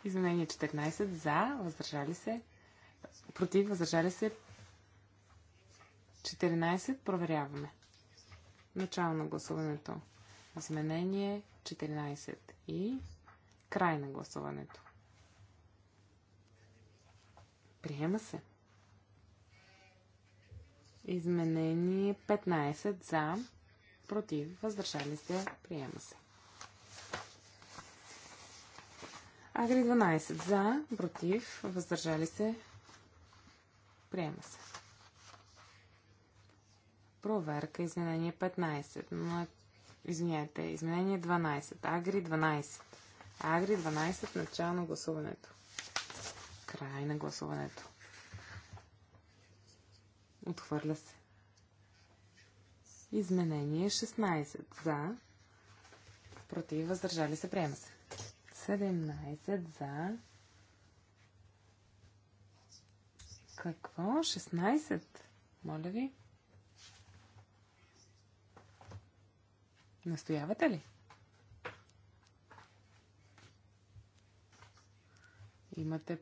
Изменение 14 за, въздържали се. Против, въздържали се. 14 проверяваме. Начало на гласуването. Изменение 14 и край на гласуването. Приема се. Изменение 15 за, против, въздържали се, приема се. Агри 12 за, против, въздържали се, приема се. Проверка, изменение 15. На... Извинете, изменение 12. Агри 12. Агри 12, начало на гласуването. Край на гласуването. Отхвърля се. Изменение 16. За. Против. Въздържали се. Приема се. 17. За. Какво? 16? Моля ви. Настоявате ли? Имате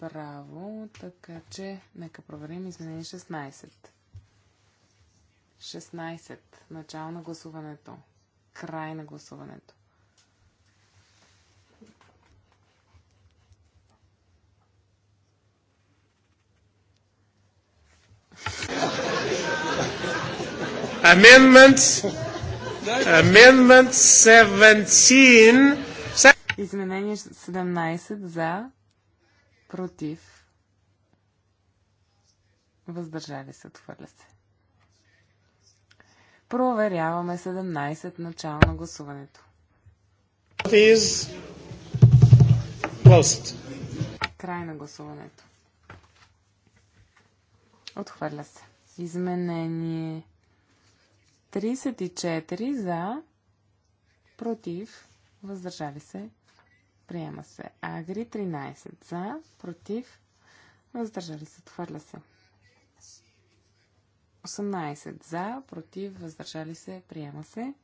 право, така че нека проверим изменение 16. 16. Начало на гласуването. Край на гласуването. Amendment, amendment 17. Изменение 17 за против, въздържали се, отхвърля се. Проверяваме 17 начало на гласуването. Край на гласуването. Отхвърля се. Изменение 34 за, против, въздържали се, Приема се. Агри 13 за, против, въздържали се, отхвърля се. 18 за, против, въздържали се, приема се.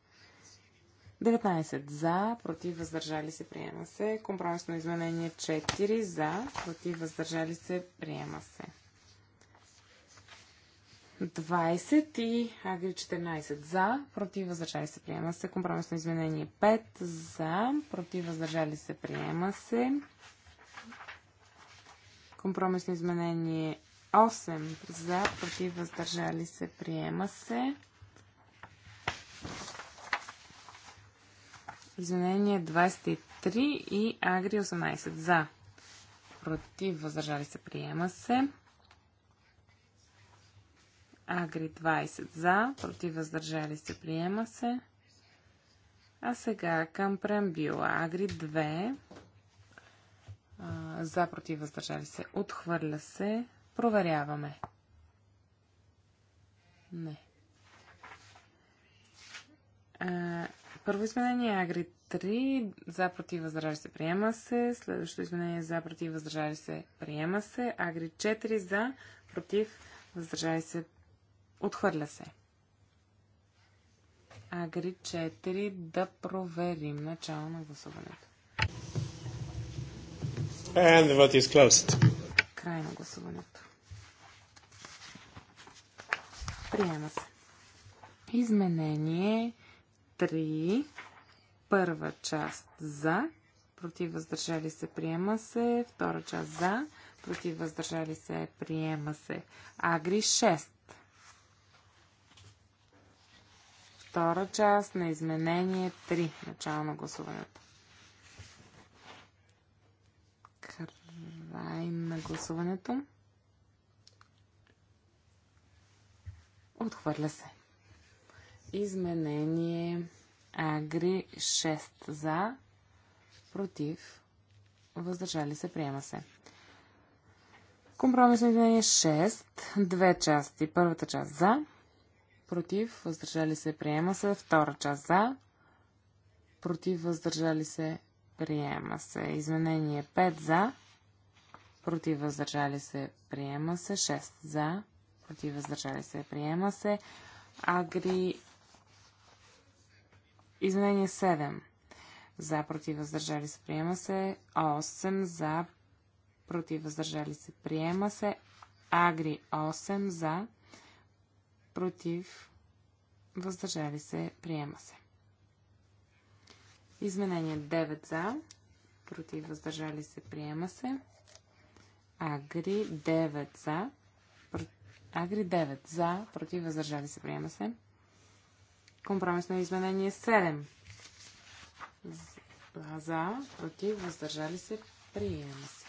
19 за, против, въздържали се, приема се. Компромисно изменение 4 за, против, въздържали се, приема се. 20 и Агри 14 за, против въздържали се, приема се. Компромисно изменение 5 за, против въздържали се, приема се. Компромисно изменение 8 за, против въздържали се, приема се. Изменение 23 и Агри 18 за, против въздържали се, приема се. Агри 20 за, против въздържали се, приема се. А сега към преамбюла Агри 2 за, против въздържали се, отхвърля се. Проверяваме. Не. първо изменение е Агри 3 за против въздържали се приема се. Следващото изменение е за против въздържали се приема се. Агри 4 за против въздържали се Отхвърля се. Агри 4 да проверим начало на гласуването. And the vote is closed. Край на гласуването. Приема се. Изменение 3. Първа част за. Против въздържали се приема се. Втора част за. Против въздържали се приема се. Агри 6 Втора част на изменение 3. Начало на гласуването. Край на гласуването. Отхвърля се. Изменение Агри 6 за, против, въздържали се, приема се. Компромисно изменение 6, две части. Първата част за, против, въздържали се, приема се. Втора част за, против, въздържали се, приема се. Изменение 5 за, против, въздържали се, приема се. 6 за, против, въздържали се, приема се. Агри Изменение 7. За, против, въздържали се, приема се. 8. За, против, въздържали се, приема се. Агри 8. За, против, въздържали се, приема се. Изменение 9 за, против, въздържали се, приема се. Агри 9 за, Агри 9 за, против, въздържали се, приема се. Компромисно изменение 7. За, против, въздържали се, приема се.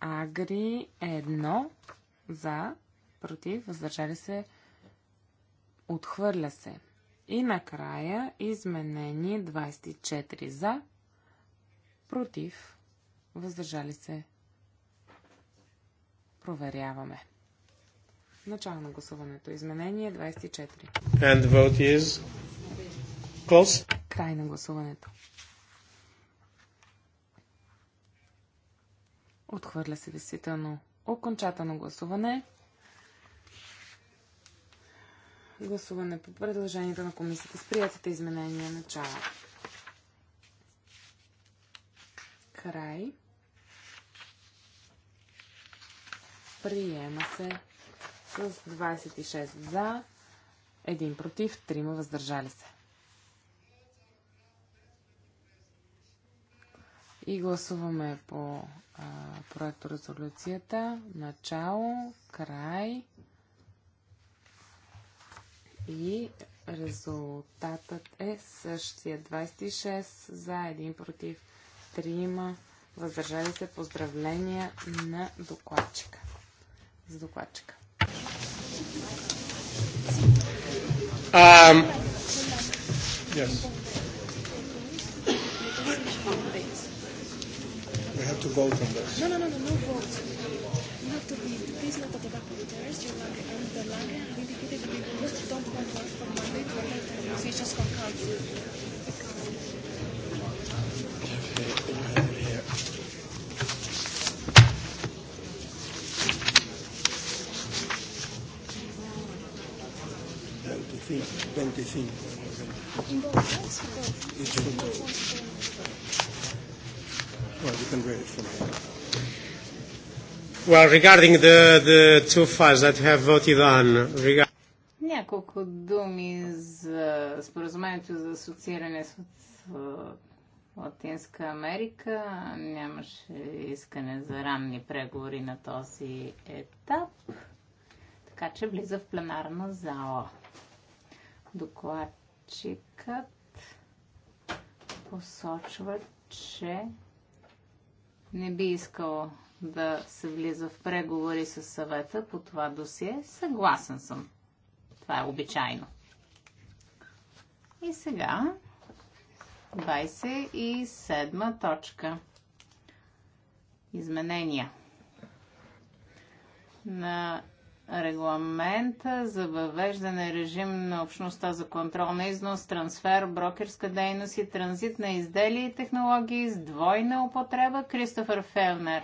Агри 1 за, против, въздържали се, отхвърля се. И накрая изменени 24 за, против, въздържали се. Проверяваме. Начало на гласуването. Изменение 24. And the vote is close. Край на гласуването. Отхвърля се действително окончателно гласуване. Гласуване по предложението на комисията с приятите изменения начало. Край. Приема се с 26 за, 1 против, 3 въздържали се. И гласуваме по проекто резолюцията. Начало, край и резултатът е същия. 26 за, 1 против, 3 въздържали се. Поздравления на докладчика. За докладчика. Um, yes. We have to vote on this. No, no, no, no, no vote have to be, please note at the rapporteurs Yolanda and De Lange have indicated that they will don't come to ask for Monday to enter into negotiations from Council. Twenty-three. Twenty-three. Well, you can read it from here. Well, regarding the, the two files that have voted on, regard... Няколко думи за споразумението за асоцииране с Латинска Америка. Нямаше искане за ранни преговори на този етап, така че влиза в пленарна зала. Докладчикът посочва, че не би искал да се влиза в преговори с съвета по това досие. Съгласен съм. Това е обичайно. И сега 27 точка. Изменения на регламента за въвеждане режим на общността за контрол на износ, трансфер, брокерска дейност и транзит на изделия и технологии с двойна употреба Кристофър Фелнер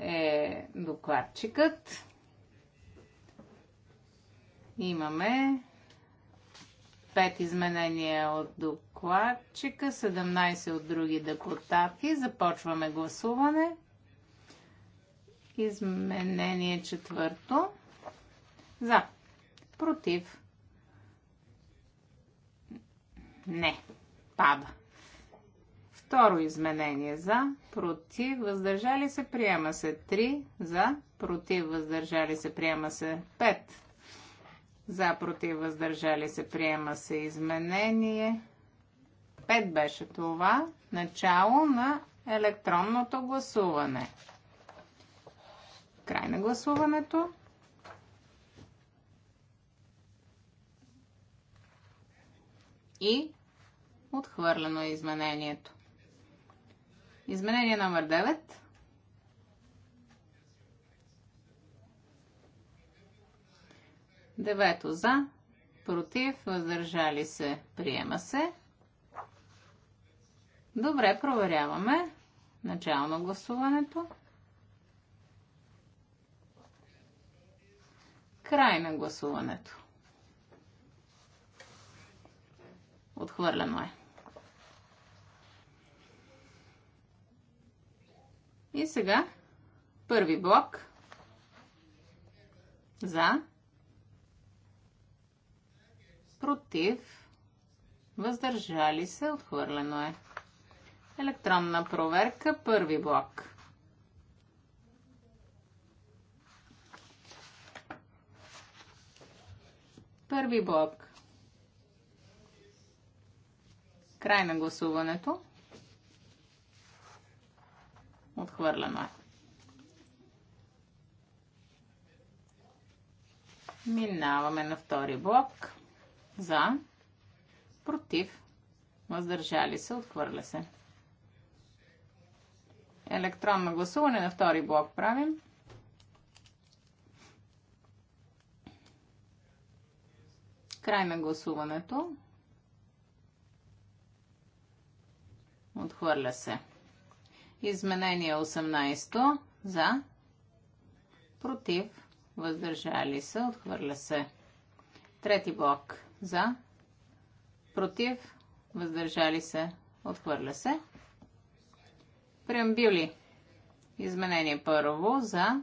е докладчикът. Имаме 5 изменения от докладчика, 17 от други депутати. Започваме гласуване. Изменение четвърто. За. Против. Не. Пада. Второ изменение за, против, въздържали се, приема се 3, за, против, въздържали се, приема се 5, за, против, въздържали се, приема се изменение 5 беше това, начало на електронното гласуване. Край на гласуването. И отхвърлено е изменението. Изменение номер 9. Девето за, против, въздържали се, приема се. Добре, проверяваме. Начало на гласуването. Край на гласуването. Отхвърлено е. И сега първи блок за против въздържали се отхвърлено е. Електронна проверка първи блок. Първи блок. Край на гласуването. Отхвърлено е. Минаваме на втори блок. За. Против. Въздържали се. Отхвърля се. Електронно гласуване на втори блок правим. Край на гласуването. Отхвърля се. Изменение 18 за, против, въздържали се, отхвърля се. Трети блок за, против, въздържали се, отхвърля се. Преамбюли. Изменение първо за,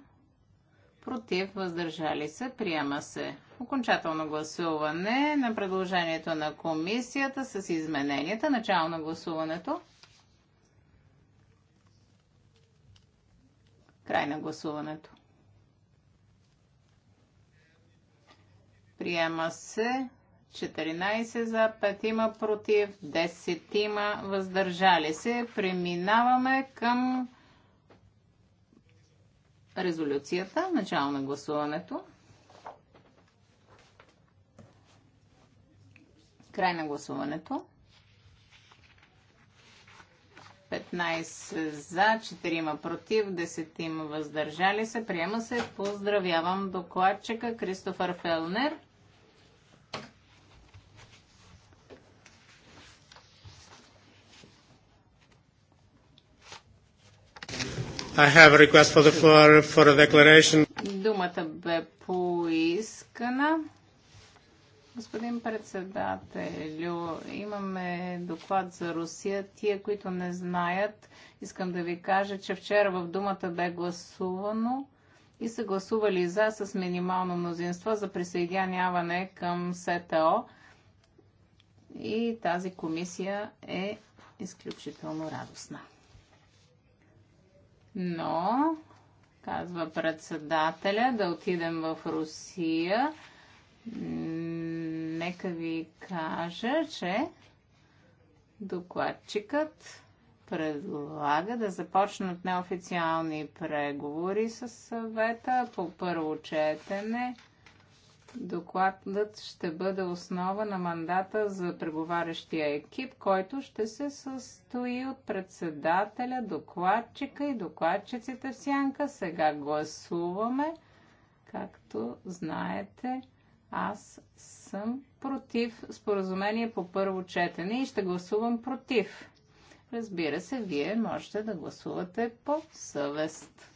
против, въздържали се, приема се. Окончателно гласуване на предложението на комисията с измененията. Начало на гласуването. Край на гласуването. Приема се 14 за 5 има против, 10 има въздържали се. Преминаваме към резолюцията, начало на гласуването. Край на гласуването. 15 за, 4 против, 10 въздържали се. Приема се. Поздравявам докладчика Кристофър Фелнер. I have a request for the floor for a declaration. Думата бе поискана. Господин председателю, имаме доклад за Русия. Тие, които не знаят, искам да ви кажа, че вчера в думата бе гласувано и са гласували за с минимално мнозинство за присъединяване към СТО. И тази комисия е изключително радостна. Но, казва председателя, да отидем в Русия нека ви кажа, че докладчикът предлага да започнат неофициални преговори с съвета по първо четене. Докладът ще бъде основа на мандата за преговарящия екип, който ще се състои от председателя, докладчика и докладчиците в сянка. Сега гласуваме, както знаете, аз съм против споразумение по първо четене и ще гласувам против. Разбира се, вие можете да гласувате по съвест.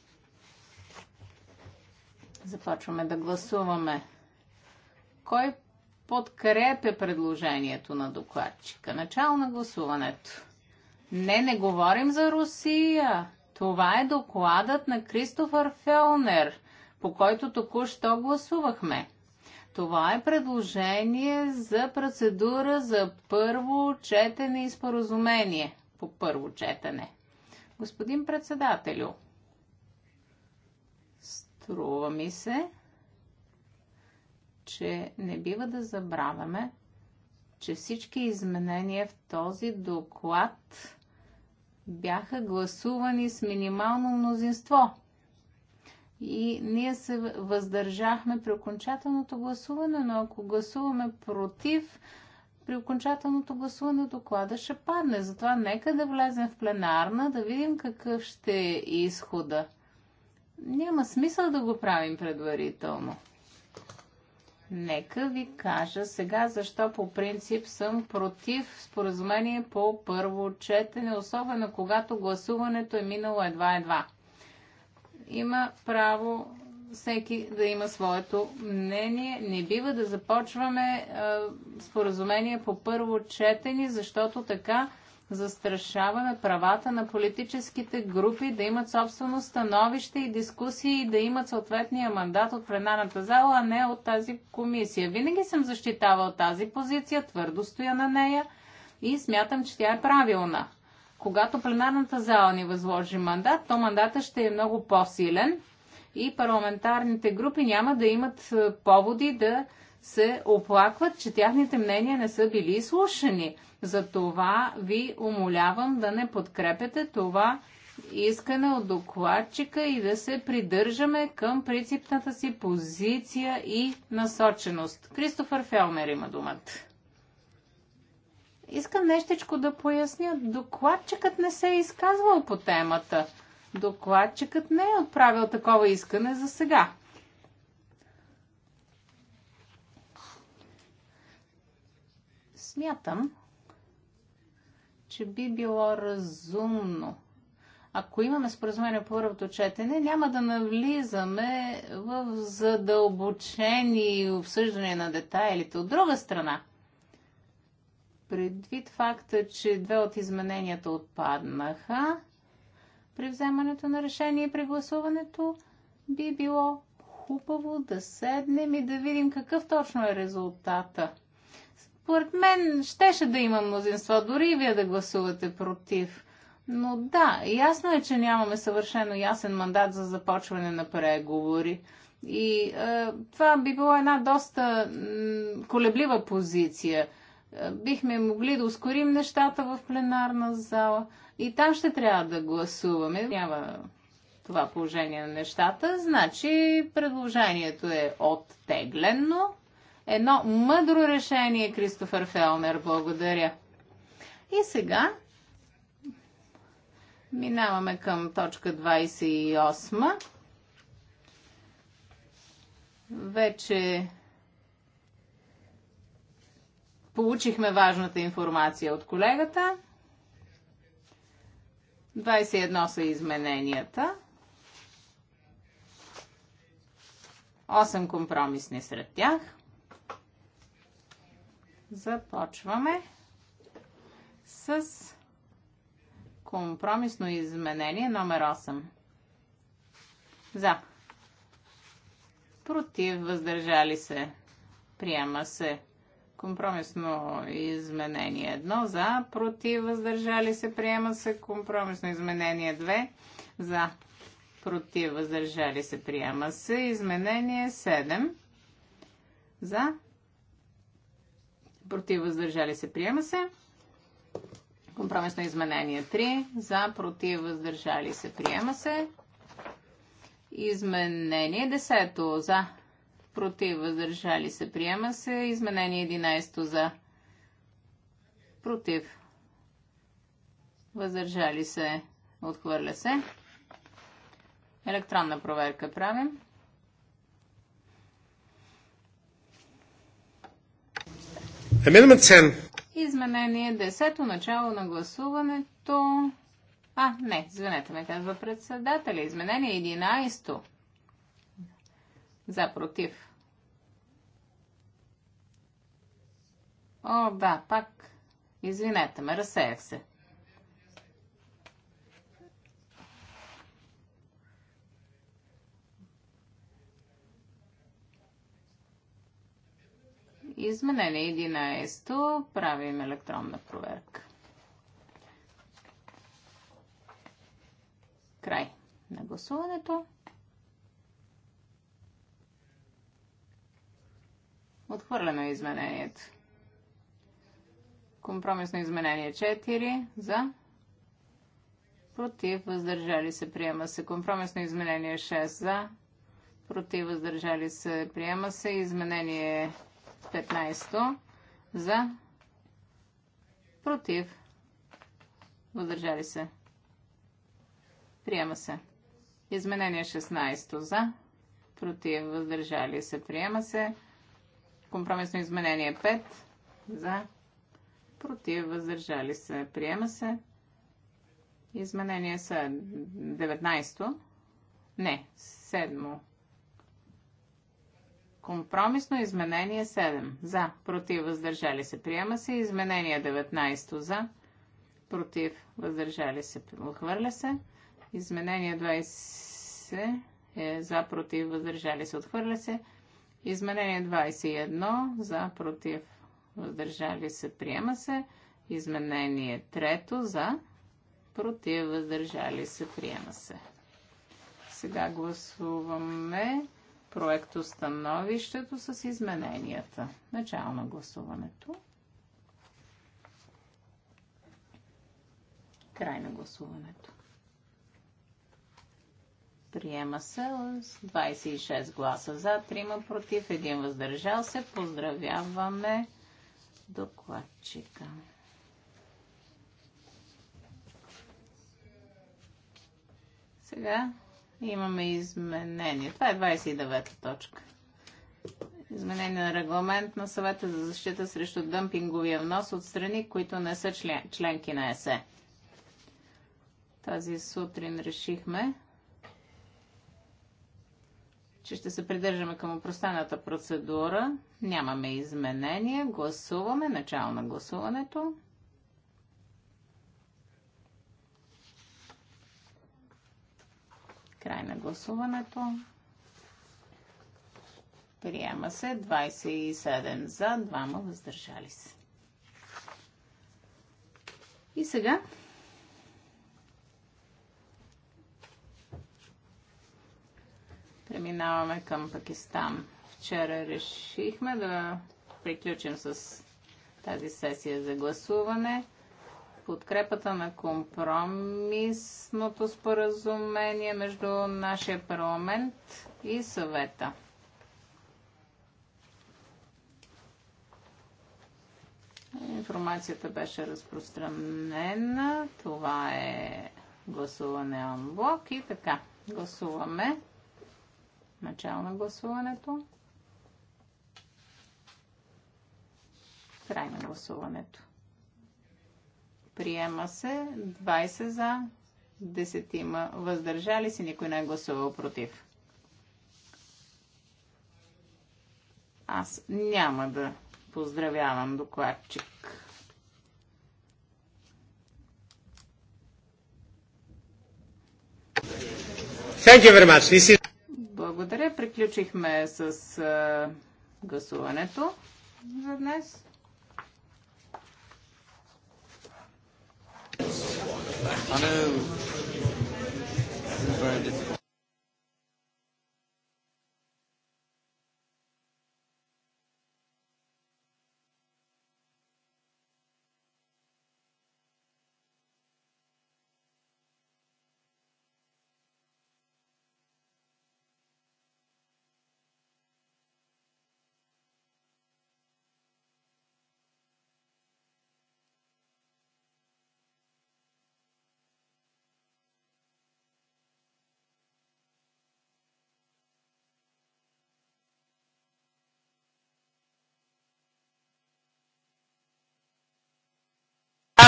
Започваме да гласуваме. Кой подкрепя предложението на докладчика? Начало на гласуването. Не, не говорим за Русия. Това е докладът на Кристофър Фелнер, по който току-що гласувахме. Това е предложение за процедура за първо четене и споразумение по първо четене. Господин председателю, струва ми се, че не бива да забравяме, че всички изменения в този доклад бяха гласувани с минимално мнозинство и ние се въздържахме при окончателното гласуване, но ако гласуваме против, при окончателното гласуване доклада ще падне. Затова нека да влезем в пленарна, да видим какъв ще е изхода. Няма смисъл да го правим предварително. Нека ви кажа сега защо по принцип съм против споразумение по първо четене, особено когато гласуването е минало едва-едва има право всеки да има своето мнение. Не бива да започваме а, е, споразумение по първо четени, защото така застрашаваме правата на политическите групи да имат собствено становище и дискусии и да имат съответния мандат от пленарната зала, а не от тази комисия. Винаги съм защитавал тази позиция, твърдо стоя на нея и смятам, че тя е правилна. Когато пленарната зала ни възложи мандат, то мандата ще е много по-силен и парламентарните групи няма да имат е, поводи да се оплакват, че тяхните мнения не са били изслушани. Затова ви умолявам да не подкрепете това искане от докладчика и да се придържаме към принципната си позиция и насоченост. Кристофър Фелмер има думата. Искам нещичко да поясня. Докладчикът не се е изказвал по темата. Докладчикът не е отправил такова искане за сега. Смятам, че би било разумно. Ако имаме споразумение по първото четене, няма да навлизаме в задълбочени обсъждане на детайлите. От друга страна, Предвид факта, че две от измененията отпаднаха при вземането на решение и при гласуването, би било хубаво да седнем и да видим какъв точно е резултата. Според мен щеше да има мнозинство, дори и вие да гласувате против. Но да, ясно е, че нямаме съвършено ясен мандат за започване на преговори. И е, това би било една доста колеблива позиция. Е, бихме могли да ускорим нещата в пленарна зала и там ще трябва да гласуваме. Няма това положение на нещата. Значи предложението е оттеглено. Едно мъдро решение, Кристофър Фелнер. Благодаря. И сега минаваме към точка 28. Вече Получихме важната информация от колегата. 21 са измененията. 8 компромисни сред тях. Започваме с компромисно изменение номер 8. За. Против, въздържали се. Приема се Компромисно изменение 1 за, против, въздържали се, приема се. Компромисно изменение 2 за, против, въздържали се, приема се. Изменение 7 за, против, въздържали се, приема се. Компромисно изменение 3 за, против, въздържали се, приема се. Изменение 10 за, против, въздържали се, приема се. Изменение 11 за, против, въздържали се, отхвърля се. Електронна проверка правим. Изменение 10, то начало на гласуването. А, не, извинете ме, казва председателя. Изменение 11. За, против. О, да, пак. Извинете ме, разсеях се. Изменение 11. Правим електронна проверка. Край на гласуването. Отхвърляме изменението. Компромисно изменение 4 за. Против, въздържали се, приема се. Компромисно изменение 6 за. Против, въздържали се, приема се. Изменение 15 за. Против, въздържали се. Приема се. Изменение 16 за. Против, въздържали се, приема се. Компромисно изменение 5 за, против, въздържали се, приема се. Изменение са 19 не, 7 Компромисно изменение 7 за, против, въздържали се, приема се. Изменение 19 за, против, въздържали се, отхвърля се. Изменение 20 е за, против, въздържали се, отхвърля се. Изменение 21 за против въздържали се приема се. Изменение 3 за против въздържали се приема се. Сега гласуваме проекто становището с измененията. Начало на гласуването. Край на гласуването. Приема се с 26 гласа за, 3 против, 1 въздържал се. Поздравяваме докладчика. Сега имаме изменение. Това е 29-та точка. Изменение на регламент на съвета за защита срещу дъмпинговия внос от страни, които не са член, членки на ЕСЕ. Тази сутрин решихме че ще се придържаме към опростената процедура. Нямаме изменения. Гласуваме. Начало на гласуването. Край на гласуването. Приема се 27 за, 2 въздържали се. И сега Преминаваме към Пакистан. Вчера решихме да приключим с тази сесия за гласуване. Подкрепата на компромисното споразумение между нашия парламент и съвета. Информацията беше разпространена. Това е гласуване онблок и така. Гласуваме Начало на гласуването. Край на гласуването. Приема се 20 за, 10 има въздържали се, никой не е гласувал против. Аз няма да поздравявам докладчик. Thank you very much. This is... Благодаря. Приключихме с а, гласуването за днес.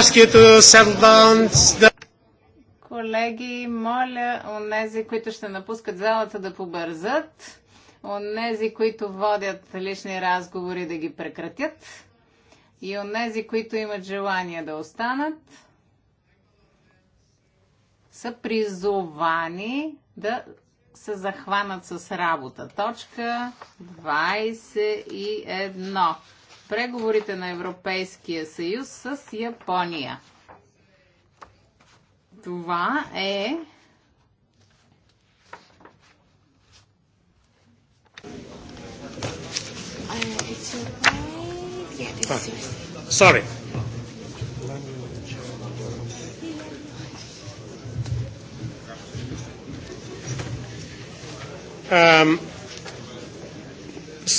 ask you uh, to settle down Колеги, моля онези, които ще напускат залата да побързат, онези, които водят лични разговори да ги прекратят и онези, които имат желание да останат, са призовани да се захванат с работа. Точка 21 преговорите на Европейския съюз с Япония. Това е Sorry. Um,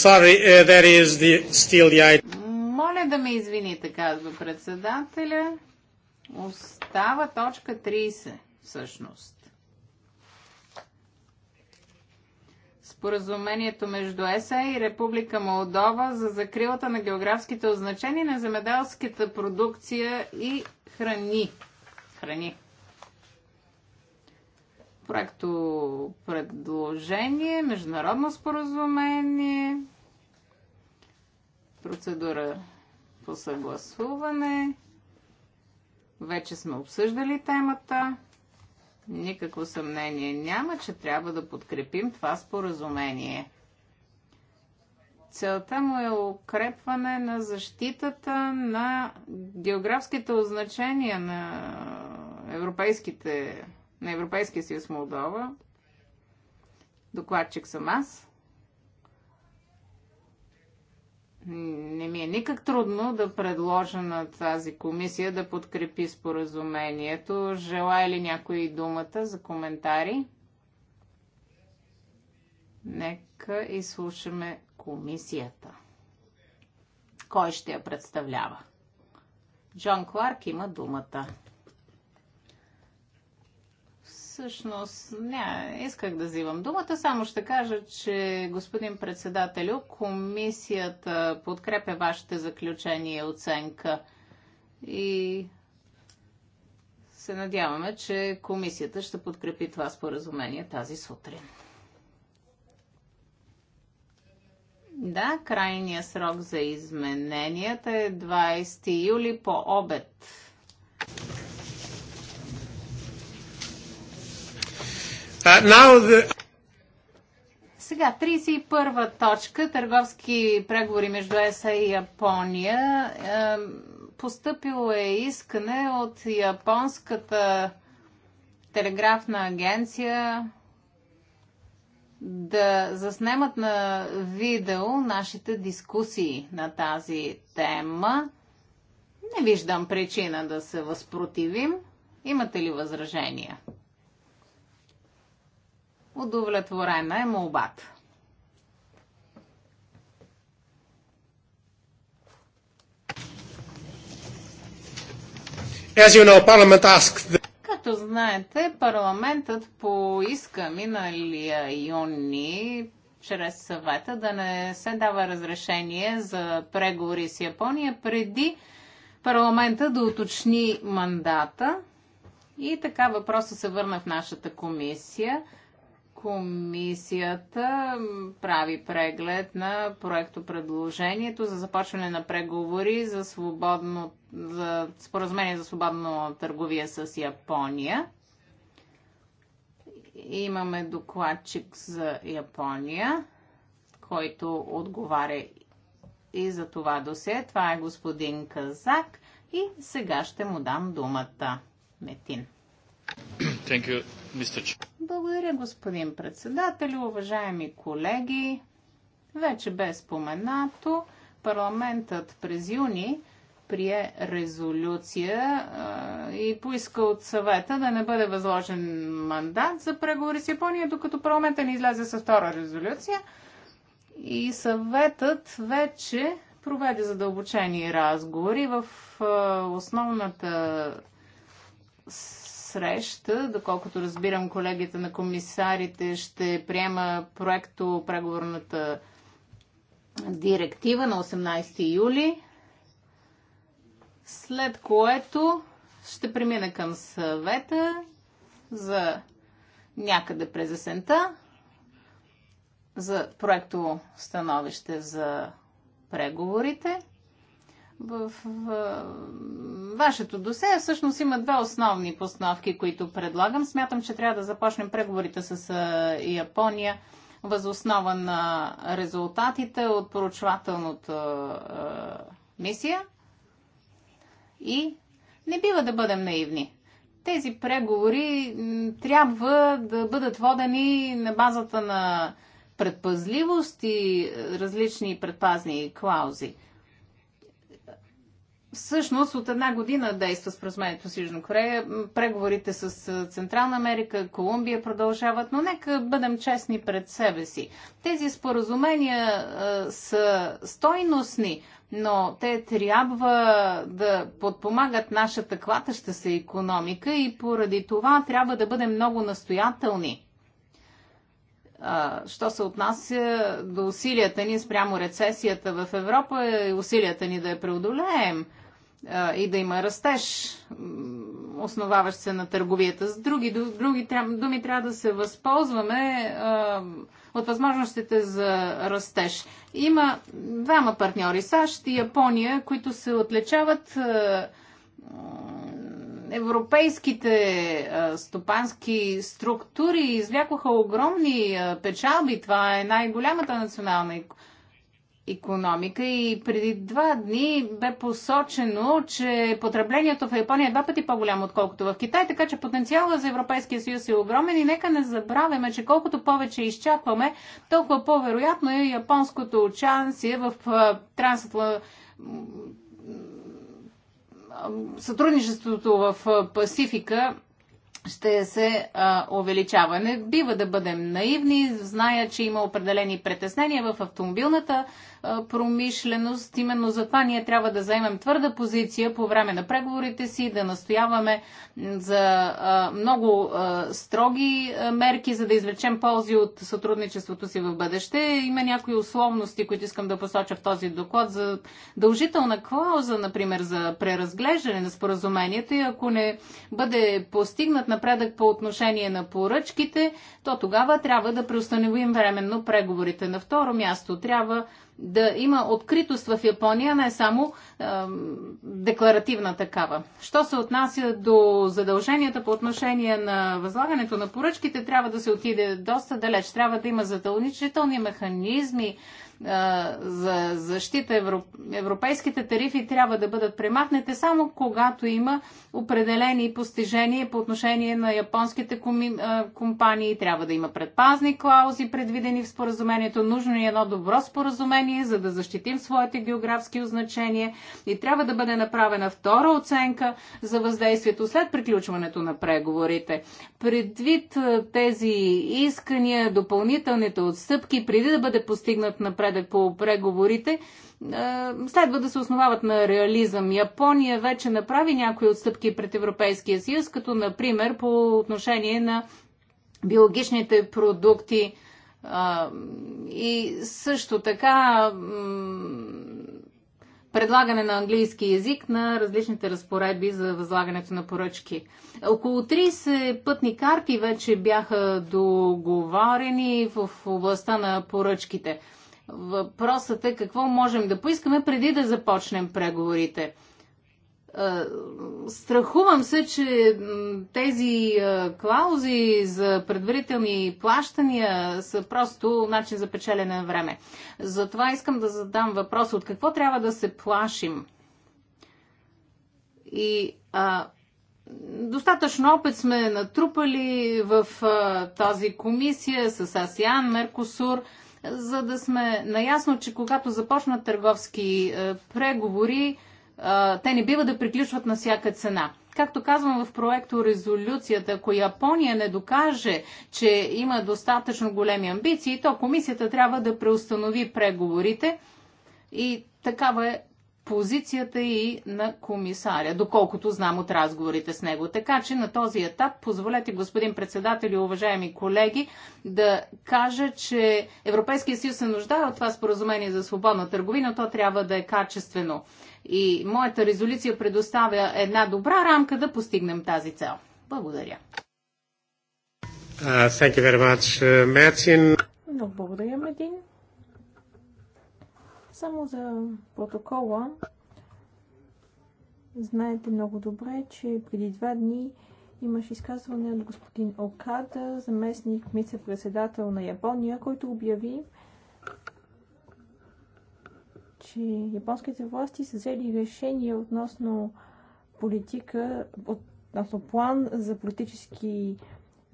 sorry, uh, there is the, still the ме извините, казва председателя. Остава точка 30, всъщност. Споразумението между ЕСА и Република Молдова за закрилата на географските означения на земеделската продукция и храни. Храни. Проекто предложение, международно споразумение, процедура по съгласуване. Вече сме обсъждали темата. Никакво съмнение няма, че трябва да подкрепим това споразумение. Целта му е укрепване на защитата на географските означения на, европейските, на Европейския съюз Молдова. Докладчик съм аз. не ми е никак трудно да предложа на тази комисия да подкрепи споразумението. Желая ли някой думата за коментари? Нека изслушаме комисията. Кой ще я представлява? Джон Кларк има думата. Всъщност, не, исках да взимам думата, само ще кажа, че господин председателю, комисията подкрепя вашите заключения и оценка и се надяваме, че комисията ще подкрепи това споразумение тази сутрин. Да, крайният срок за измененията е 20 юли по обед. Сега, 31-а точка, търговски преговори между ЕСА и Япония. Е, Постъпило е искане от японската телеграфна агенция да заснемат на видео нашите дискусии на тази тема. Не виждам причина да се възпротивим. Имате ли възражения? Удовлетворена е молбата. As you know, Parliament asked the... знаете, парламентът поиска миналия юни чрез съвета да не се дава разрешение за преговори с Япония преди парламента да уточни мандата. И така въпросът се върна в нашата комисия. Комисията прави преглед на проекто предложението за започване на преговори за, свободно, за споразумение за свободно търговия с Япония. Имаме докладчик за Япония, който отговаря и за това досе. Това е господин Казак и сега ще му дам думата. Метин. Thank you. Благодаря, господин председател, уважаеми колеги. Вече бе споменато, парламентът през юни прие резолюция а, и поиска от съвета да не бъде възложен мандат за преговори с Япония, докато парламента не излезе с втора резолюция. И съветът вече проведе задълбочени разговори в а, основната среща, доколкото разбирам колегите на комисарите, ще приема проекто преговорната директива на 18 юли, след което ще премина към съвета за някъде през есента за проекто становище за преговорите – в, в вашето досе всъщност има две основни постановки, които предлагам. Смятам, че трябва да започнем преговорите с Япония възоснова на резултатите от поручвателната мисия. И не бива да бъдем наивни. Тези преговори трябва да бъдат водени на базата на предпазливост и различни предпазни клаузи. Всъщност от една година действа споразумението с Южна Корея. Преговорите с Централна Америка, Колумбия продължават, но нека бъдем честни пред себе си. Тези споразумения а, са стойностни, но те трябва да подпомагат нашата клатаща се економика и поради това трябва да бъдем много настоятелни. Що се отнася до усилията ни спрямо рецесията в Европа и усилията ни да я преодолеем – и да има растеж, основаващ се на търговията. С други, други думи трябва да се възползваме от възможностите за растеж. Има двама партньори, САЩ и Япония, които се отличават европейските стопански структури извлякоха огромни печалби. Това е най-голямата национална економика економика и преди два дни бе посочено, че потреблението в Япония е два пъти по-голямо, отколкото в Китай, така че потенциалът за Европейския съюз е огромен и нека не забравяме, че колкото повече изчакваме, толкова по-вероятно е японското участие в трансатла... сътрудничеството в Пасифика ще се а, увеличава. Не бива да бъдем наивни. Зная, че има определени притеснения в автомобилната промишленост. Именно за това ние трябва да заемем твърда позиция по време на преговорите си, да настояваме за много строги мерки, за да извлечем ползи от сътрудничеството си в бъдеще. Има някои условности, които искам да посоча в този доклад за дължителна клауза, например, за преразглеждане на споразумението и ако не бъде постигнат напредък по отношение на поръчките, то тогава трябва да преустановим временно преговорите. На второ място трябва да има откритост в Япония, не само е, декларативна такава. Що се отнася до задълженията по отношение на възлагането на поръчките, трябва да се отиде доста далеч. Трябва да има задълничителни механизми за защита европейските тарифи трябва да бъдат премахнете само когато има определени постижения по отношение на японските компании. Трябва да има предпазни клаузи, предвидени в споразумението. Нужно е едно добро споразумение, за да защитим своите географски означения и трябва да бъде направена втора оценка за въздействието след приключването на преговорите. Предвид тези искания, допълнителните отстъпки, преди да бъде постигнат напред напредък по преговорите, е, следва да се основават на реализъм. Япония вече направи някои отстъпки пред Европейския съюз, като например по отношение на биологичните продукти е, и също така предлагане на английски язик на различните разпоредби за възлагането на поръчки. Около 30 пътни карти вече бяха договорени в областта на поръчките. Въпросът е какво можем да поискаме преди да започнем преговорите. Е, страхувам се, че тези е, клаузи за предварителни плащания са просто начин за печелене на време. Затова искам да задам въпрос от какво трябва да се плашим. И а, достатъчно опит сме натрупали в а, тази комисия с АСИАН, Меркосур. А, за да сме наясно, че когато започнат търговски е, преговори, е, те не бива да приключват на всяка цена. Както казвам в проекто резолюцията, ако Япония не докаже, че има достатъчно големи амбиции, то комисията трябва да преустанови преговорите и такава е позицията и на комисаря, доколкото знам от разговорите с него. Така че на този етап, позволете господин председател и уважаеми колеги, да кажа, че Европейския съюз се нуждае от това споразумение за свободна търговина, то трябва да е качествено. И моята резолюция предоставя една добра рамка да постигнем тази цел. Благодаря. Uh, uh Много благодаря, Медин. Само за протокола. Знаете много добре, че преди два дни имаше изказване от господин Окада, заместник мице-председател на Япония, който обяви, че японските власти са взели решение относно политика, относно план за политически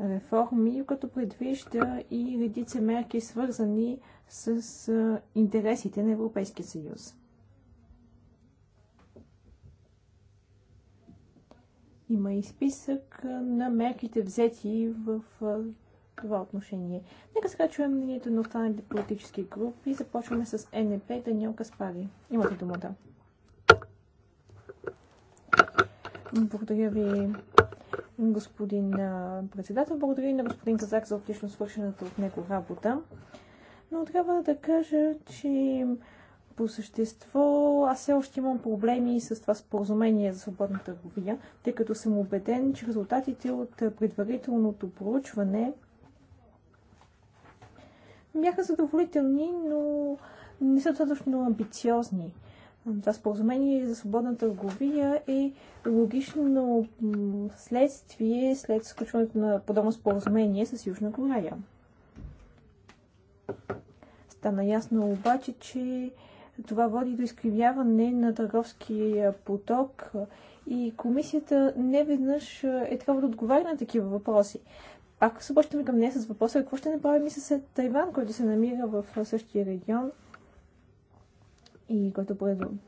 реформи, като предвижда и редица мерки, свързани с интересите на Европейския съюз. Има и списък на мерките взети в това отношение. Нека сега чуем мнението на останалите политически групи. Започваме с НП и Даниел Каспари. Имате думата. Благодаря ви, господин председател. Благодаря и на господин Казак за отлично свършената от него работа но трябва да кажа, че по същество аз все още имам проблеми с това споразумение за свободна търговия, тъй като съм убеден, че резултатите от предварителното проучване бяха задоволителни, но не са достатъчно амбициозни. Това споразумение за свободна търговия е логично следствие след сключването на подобно споразумение с Южна Корея. Стана ясно обаче, че това води до изкривяване на търговския поток и комисията не веднъж е трябва да отговаря на такива въпроси. Пак се обръщаме към нея с въпроса какво ще направим и с Тайван, който се намира в същия регион и който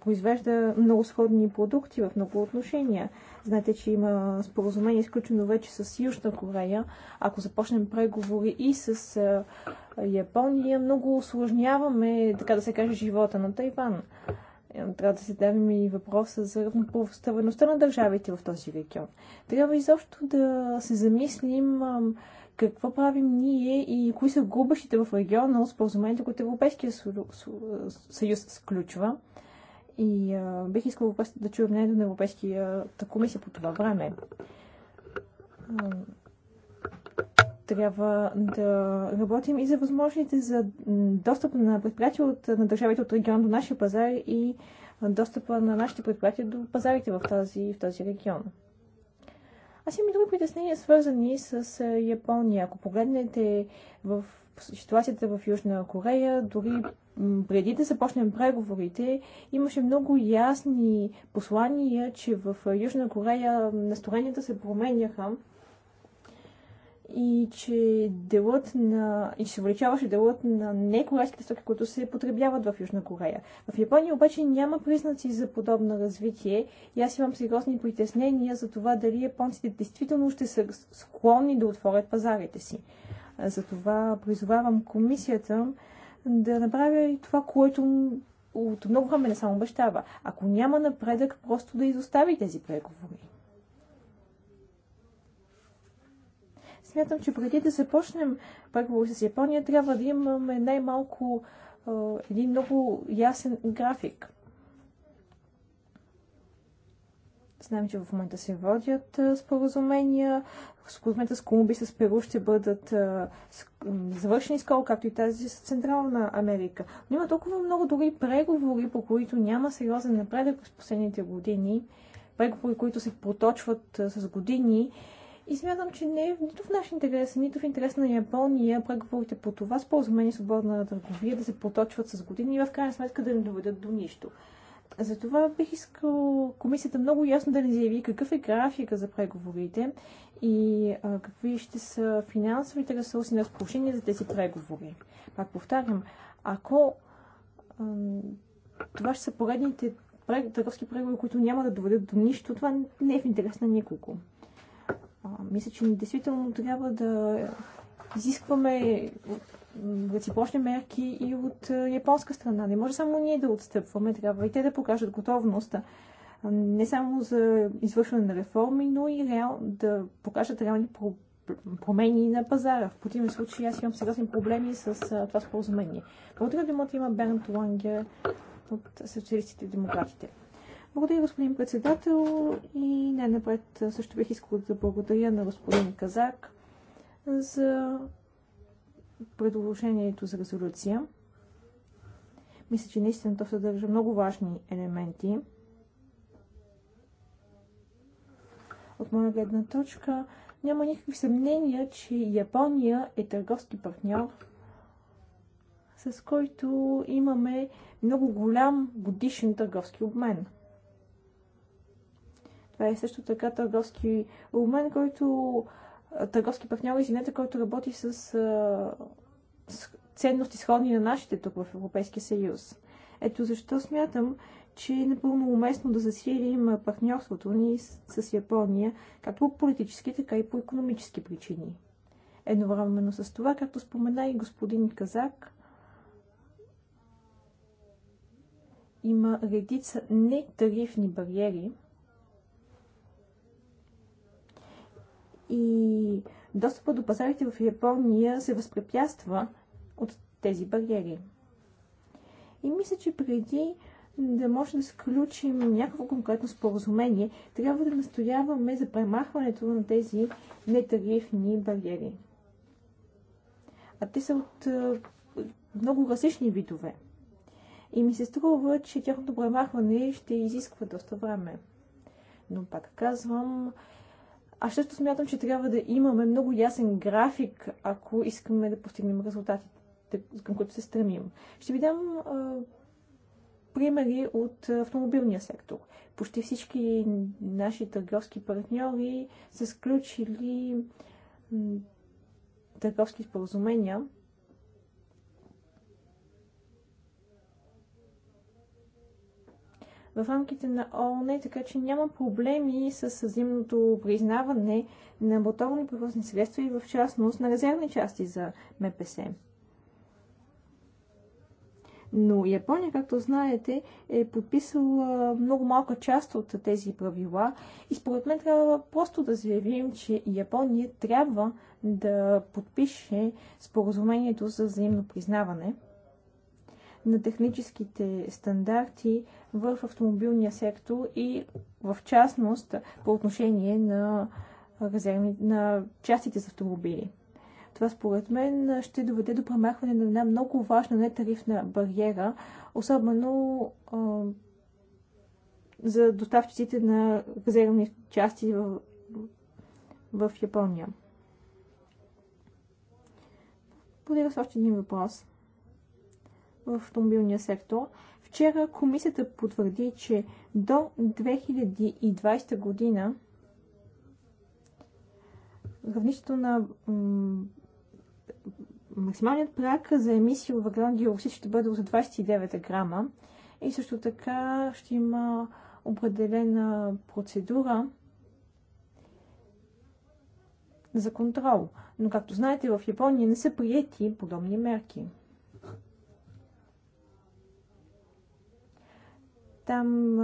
произвежда много сходни продукти в много отношения. Знаете, че има споразумение, изключено вече с Южна Корея. Ако започнем преговори и с Япония, много осложняваме, така да се каже, живота на Тайван. Трябва да се дадем и въпроса за равнопоставеността на държавите в този регион. Трябва изобщо да се замислим какво правим ние и кои са губащите в региона от споразумението, което Европейския съюз сключва. И а, бих искал да чуя мнението на Европейската комисия по това време. А, трябва да работим и за възможните за достъп на предприятия от, на държавите от регион до нашия пазар и достъпа на нашите предприятия до пазарите в, тази, в този регион. Аз имам и други притеснения, свързани с е, Япония. Ако погледнете в ситуацията в Южна Корея, дори преди да започнем преговорите, имаше много ясни послания, че в е, Южна Корея настроенията се променяха и че делът на... и че се увеличаваше делът на некорейските стоки, които се потребяват в Южна Корея. В Япония обаче няма признаци за подобно развитие и аз имам сериозни притеснения за това дали японците действително ще са склонни да отворят пазарите си. Затова призовавам комисията да направя и това, което от много време не само обещава. Ако няма напредък, просто да изостави тези преговори. Смятам, че преди да започнем преговори с Япония, трябва да имаме най-малко един много ясен график. Знаем, че в момента се водят споразумения. Споразуменията с Колумбия с Перу ще бъдат завършени скоро, както и тази с Централна Америка. Но има толкова много други преговори, по които няма сериозен напредък през последните години. Преговори, които се проточват с години и смятам, че не е нито в наш интерес, нито в интерес на Япония преговорите по това споразумение свободна търговия да се поточват с години и в крайна сметка да не доведат до нищо. Затова бих искал комисията много ясно да ни заяви какъв е графика за преговорите и а, какви ще са финансовите ресурси на разположение за тези преговори. Пак повтарям, ако а, това ще са поредните търговски преговори, които няма да доведат до нищо, това не е в интерес на никого. А, мисля, че действително трябва да изискваме реципрочни мерки и от японска страна. Не може само ние да отстъпваме, трябва и те да покажат готовността, не само за извършване на реформи, но и реал, да покажат реални промени на пазара. В противен случай аз имам сериозни проблеми с това споразумение. Благодаря думата има Бернт Лангер от социалистите и демократите. Благодаря, господин председател. И най-напред също бих искала да благодаря на господин Казак за предложението за резолюция. Мисля, че наистина то съдържа много важни елементи. От моя гледна точка няма никакви съмнения, че Япония е търговски партньор, с който имаме много голям годишен търговски обмен – това е също така търговски обмен, който търговски партньор, извинете, който работи с, с ценности сходни на нашите тук в Европейския съюз. Ето защо смятам, че е напълно уместно да засилим партньорството ни с, с Япония, както по политически, така и по економически причини. Едновременно с това, както спомена и господин Казак, има редица нетарифни бариери, и достъпа до пазарите в Япония се възпрепятства от тези бариери. И мисля, че преди да може да сключим някакво конкретно споразумение, трябва да настояваме за премахването на тези нетарифни бариери. А те са от много различни видове. И ми се струва, че тяхното премахване ще изисква доста време. Но пак казвам, аз също смятам, че трябва да имаме много ясен график, ако искаме да постигнем резултатите, към които се стремим. Ще ви дам а, примери от автомобилния сектор. Почти всички наши търговски партньори са сключили търговски споразумения в рамките на ООН, така че няма проблеми с взаимното признаване на моторни превозни средства и в частност на резервни части за МПС. Но Япония, както знаете, е подписала много малка част от тези правила и според мен трябва просто да заявим, че Япония трябва да подпише споразумението за взаимно признаване – на техническите стандарти в автомобилния сектор и в частност по отношение на, резерв... на частите за автомобили. Това според мен ще доведе до премахване на една много важна нетарифна бариера, особено а, за доставчиците на резервни части в, в Япония. Подига с още един въпрос в автомобилния сектор. Вчера комисията потвърди, че до 2020 година равнището на максималният прак за емисии в въглероден диоксид ще бъде от 29 грама и също така ще има определена процедура за контрол. Но както знаете, в Япония не са приети подобни мерки. Там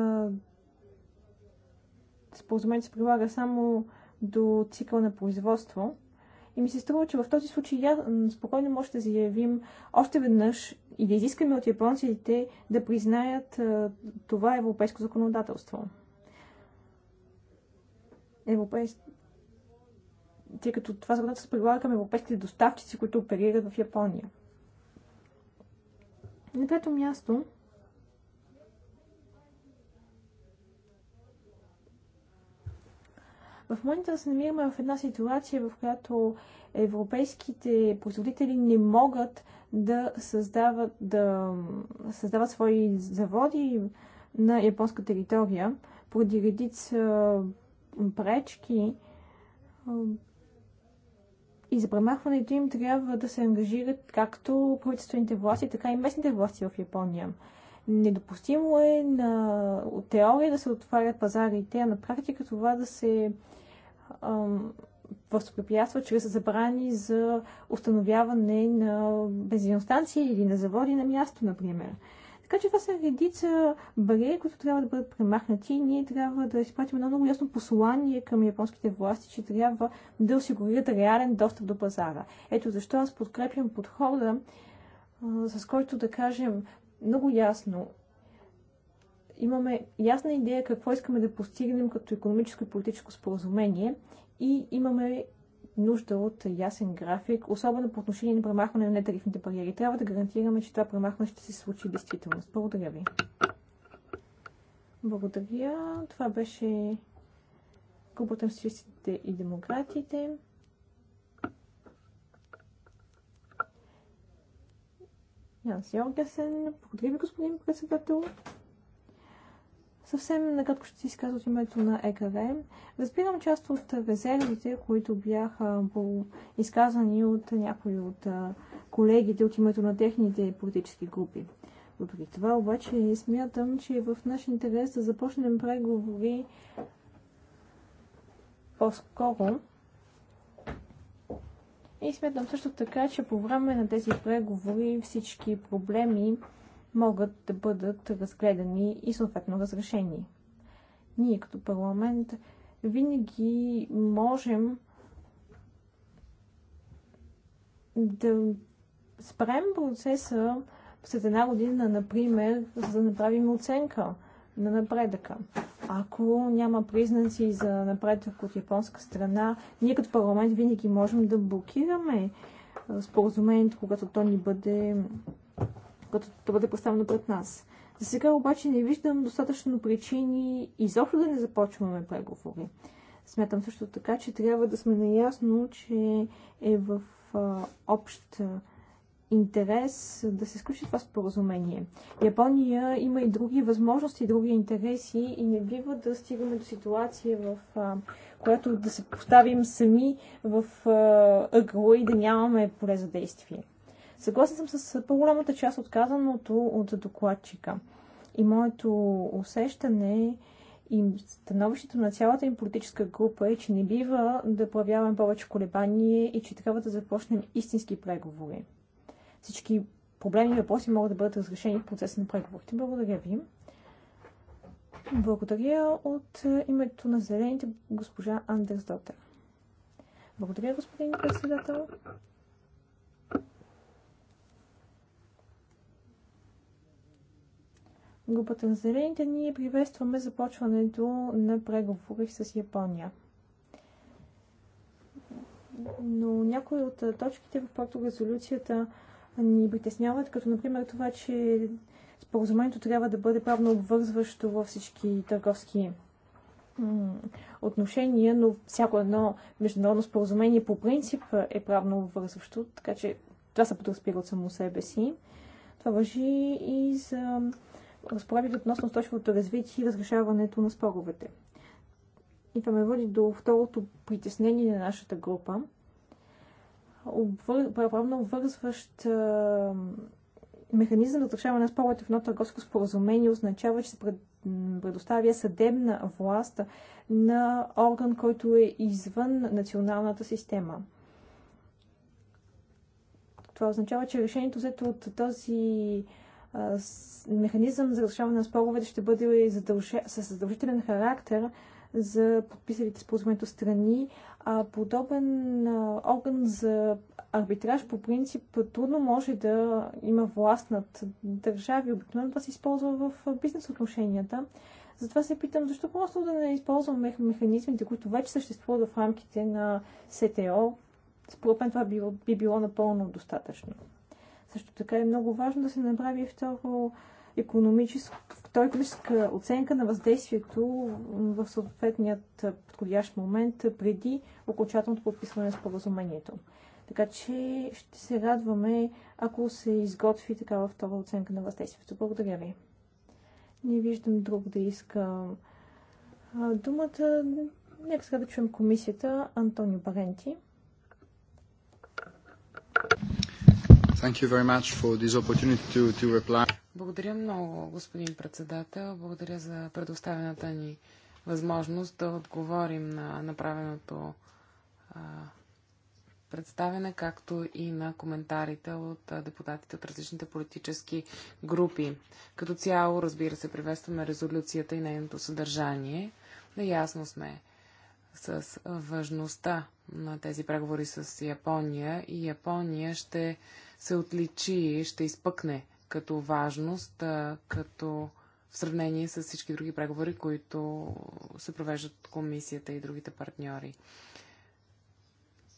споразумението се прилага само до цикъл на производство. И ми се струва, че в този случай я, спокойно може да заявим още веднъж и да изискаме от японците да признаят това европейско законодателство. Европейс... Тъй като това законодателство се прилага към европейските доставчици, които оперират в Япония. На трето място В момента се намираме в една ситуация, в която европейските производители не могат да създават, да създават свои заводи на японска територия поради редица пречки и за премахването им трябва да се ангажират както правителствените власти, така и местните власти в Япония. Недопустимо е на теория да се отварят пазарите, а на практика това да се възпрепятства чрез забрани за установяване на бензиностанции или на заводи на място, например. Така че това са редица бариери, които трябва да бъдат премахнати. Ние трябва да изпратим едно много ясно послание към японските власти, че трябва да осигурят реален достъп до пазара. Ето защо аз подкрепям подхода, с който да кажем, много ясно. Имаме ясна идея какво искаме да постигнем като економическо и политическо споразумение и имаме нужда от ясен график, особено по отношение на премахване на нетарифните бариери. Трябва да гарантираме, че това премахване ще се случи действителност. Благодаря ви. Благодаря. Това беше групата на социалистите и демократите. Янс Йоргесен. Благодаря ви, господин председател. Съвсем накратко ще си изказва от името на ЕКВ. Разбирам част от резервите, които бяха изказани от някои от колегите от името на техните политически групи. Въпреки това обаче смятам, че е в наш интерес да започнем преговори по-скоро, и смятам също така, че по време на тези преговори всички проблеми могат да бъдат разгледани и съответно разрешени. Ние като парламент винаги можем да спрем процеса след една година, например, за да направим оценка на напредъка. Ако няма признаци за напредък от японска страна, ние като парламент винаги можем да блокираме споразумението, когато то ни бъде, когато то бъде поставено пред нас. За сега обаче не виждам достатъчно причини изобщо да не започваме преговори. Смятам също така, че трябва да сме наясно, че е в общ интерес да се сключи това споразумение. Япония има и други възможности, други интереси и не бива да стигаме до ситуация, в а, която да се поставим сами в ъгъла и да нямаме поле за действие. Съгласен съм с по-голямата част от казаното от докладчика. И моето усещане и становището на цялата им политическа група е, че не бива да проявяваме повече колебание и че трябва да започнем истински преговори. Всички проблеми и въпроси могат да бъдат разрешени в процеса на преговорите. Благодаря ви. Благодаря от името на зелените госпожа Андерс Дотер. Благодаря, господин председател. Групата на зелените ние приветстваме започването на преговори с Япония. Но някои от точките в проекто резолюцията ни притесняват, като например това, че споразумението трябва да бъде правно обвързващо във всички търговски отношения, но всяко едно международно споразумение по принцип е правно обвързващо, така че това се подразпира от само себе си. Това въжи и за разправите относно устойчивото развитие и разрешаването на споровете. И това ме води до второто притеснение на нашата група – обвър... правно обвързващ а, механизъм за отрешаване на споровете в едно търговско споразумение означава, че се пред... предоставя съдебна власт на орган, който е извън националната система. Това означава, че решението взето от този а, с... механизъм за разрешаване на споровете ще бъде задълж... с задължителен характер, за подписалите споразумението страни, а подобен орган за арбитраж по принцип трудно може да има власт над държави. Обикновено това се използва в бизнес отношенията. Затова се питам, защо просто да не използваме механизмите, които вече съществуват в рамките на СТО. Според мен това би, би било напълно достатъчно. Също така е много важно да се направи второ економическо, той е економическа оценка на въздействието в съответният подходящ момент преди окончателното подписване на споразумението. Така че ще се радваме, ако се изготви такава втора оценка на въздействието. Благодаря ви. Не виждам друг да иска думата. Нека сега да чуем комисията Антонио Баренти. Thank you very much for this opportunity to, to reply. Благодаря много, господин председател. Благодаря за предоставената ни възможност да отговорим на направеното представяне, както и на коментарите от депутатите от различните политически групи. Като цяло, разбира се, приветстваме резолюцията и нейното съдържание. Наясно сме с важността на тези преговори с Япония и Япония ще се отличи, ще изпъкне като важност, като в сравнение с всички други преговори, които се провеждат комисията и другите партньори.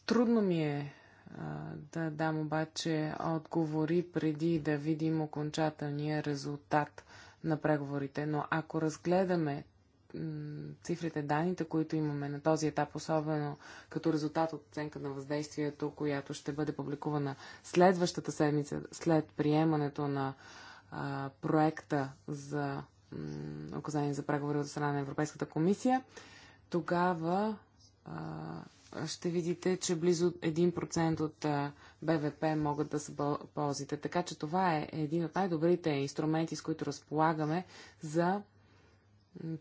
Трудно ми е а, да дам обаче отговори преди да видим окончателния резултат на преговорите, но ако разгледаме цифрите, данните, които имаме на този етап, особено като резултат от оценка на въздействието, която ще бъде публикувана следващата седмица, след приемането на а, проекта за указание за преговори от страна на Европейската комисия, тогава а, ще видите, че близо 1% от а, БВП могат да са ползите. Така че това е един от най-добрите инструменти, с които разполагаме за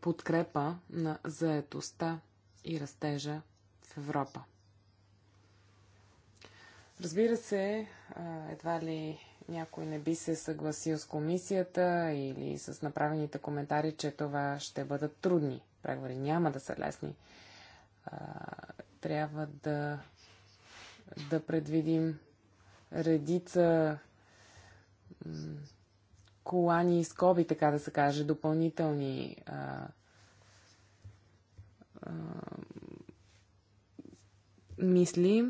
подкрепа на заетостта и растежа в Европа. Разбира се, едва ли някой не би се съгласил с комисията или с направените коментари, че това ще бъдат трудни преговори. Няма да са лесни. Трябва да, да предвидим редица колани и скоби, така да се каже, допълнителни а, а, мисли.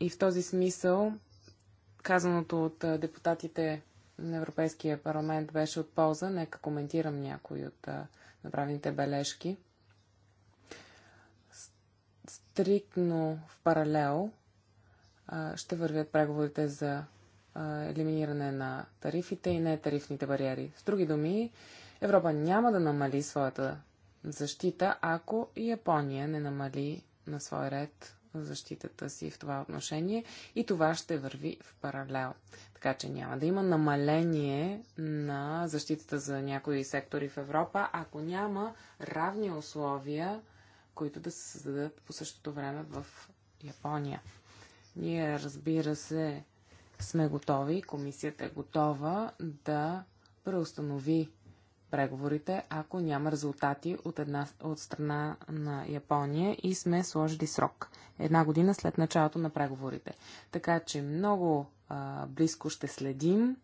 И в този смисъл казаното от депутатите на Европейския парламент беше от полза. Нека коментирам някои от а, направените бележки. Стриктно в паралел а, ще вървят преговорите за елиминиране на тарифите и нетарифните бариери. С други думи, Европа няма да намали своята защита, ако и Япония не намали на свой ред защитата си в това отношение и това ще върви в паралел. Така че няма да има намаление на защитата за някои сектори в Европа, ако няма равни условия, които да се създадат по същото време в Япония. Ние, разбира се, сме готови, комисията е готова да преустанови преговорите, ако няма резултати от, една, от страна на Япония и сме сложили срок. Една година след началото на преговорите. Така че много а, близко ще следим.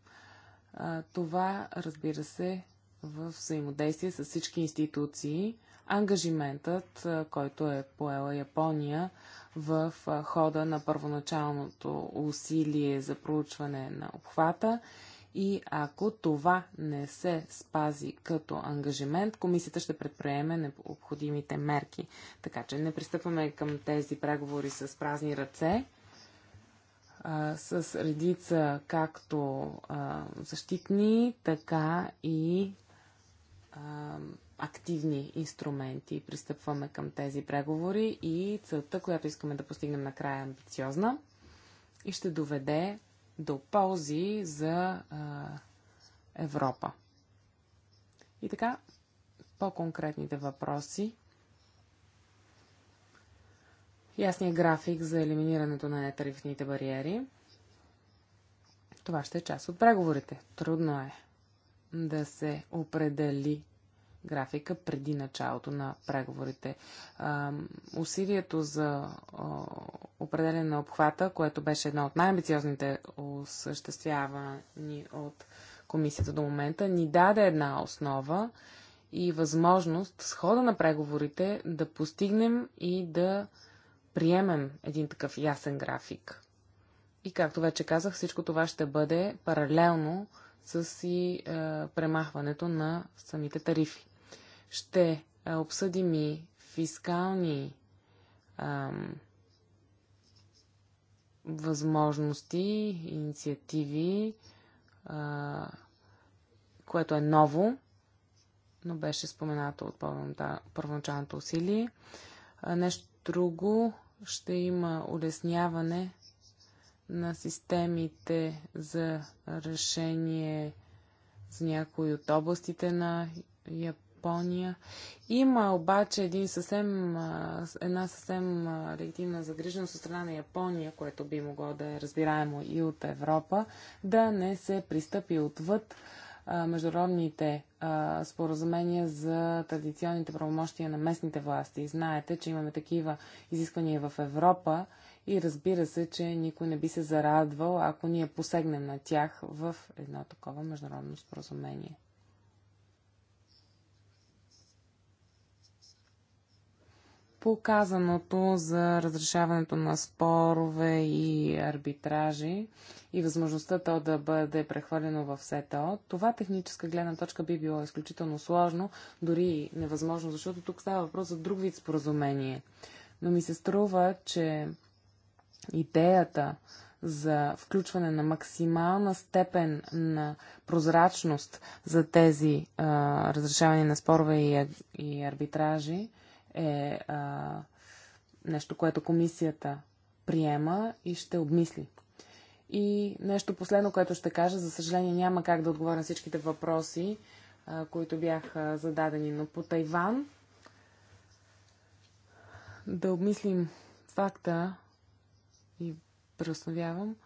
А, това, разбира се, в взаимодействие с всички институции. Ангажиментът, който е поела Япония в хода на първоначалното усилие за проучване на обхвата. И ако това не се спази като ангажимент, комисията ще предприеме необходимите мерки. Така че не пристъпваме към тези преговори с празни ръце, а, с редица както а, защитни, така и а, активни инструменти пристъпваме към тези преговори и целта, която искаме да постигнем накрая е амбициозна и ще доведе до ползи за а, Европа. И така, по-конкретните въпроси. Ясният график за елиминирането на нетарифните бариери. Това ще е част от преговорите. Трудно е да се определи графика преди началото на преговорите. Усилието за определене на обхвата, което беше едно от най-амбициозните осъществявани от комисията до момента, ни даде една основа и възможност с хода на преговорите да постигнем и да приемем един такъв ясен график. И както вече казах, всичко това ще бъде паралелно с и е, премахването на самите тарифи ще обсъдим и фискални ам, възможности, инициативи, а, което е ново, но беше споменато от първоначалното усилие. А, нещо друго ще има улесняване на системите за решение за някои от областите на Япония Япония. Има обаче един съвсем, една съвсем легитимна загриженост от страна на Япония, което би могло да е разбираемо и от Европа, да не се пристъпи отвъд международните споразумения за традиционните правомощия на местните власти. Знаете, че имаме такива изисквания в Европа и разбира се, че никой не би се зарадвал, ако ние посегнем на тях в едно такова международно споразумение. показаното за разрешаването на спорове и арбитражи и възможността то да бъде прехвърлено в СТО. Това техническа гледна точка би било изключително сложно, дори невъзможно, защото тук става въпрос за друг вид споразумение. Но ми се струва, че идеята за включване на максимална степен на прозрачност за тези а, разрешаване на спорове и, и арбитражи е а, нещо, което комисията приема и ще обмисли. И нещо последно, което ще кажа, за съжаление няма как да отговоря на всичките въпроси, а, които бяха зададени, но по Тайван да обмислим факта и преосновявам,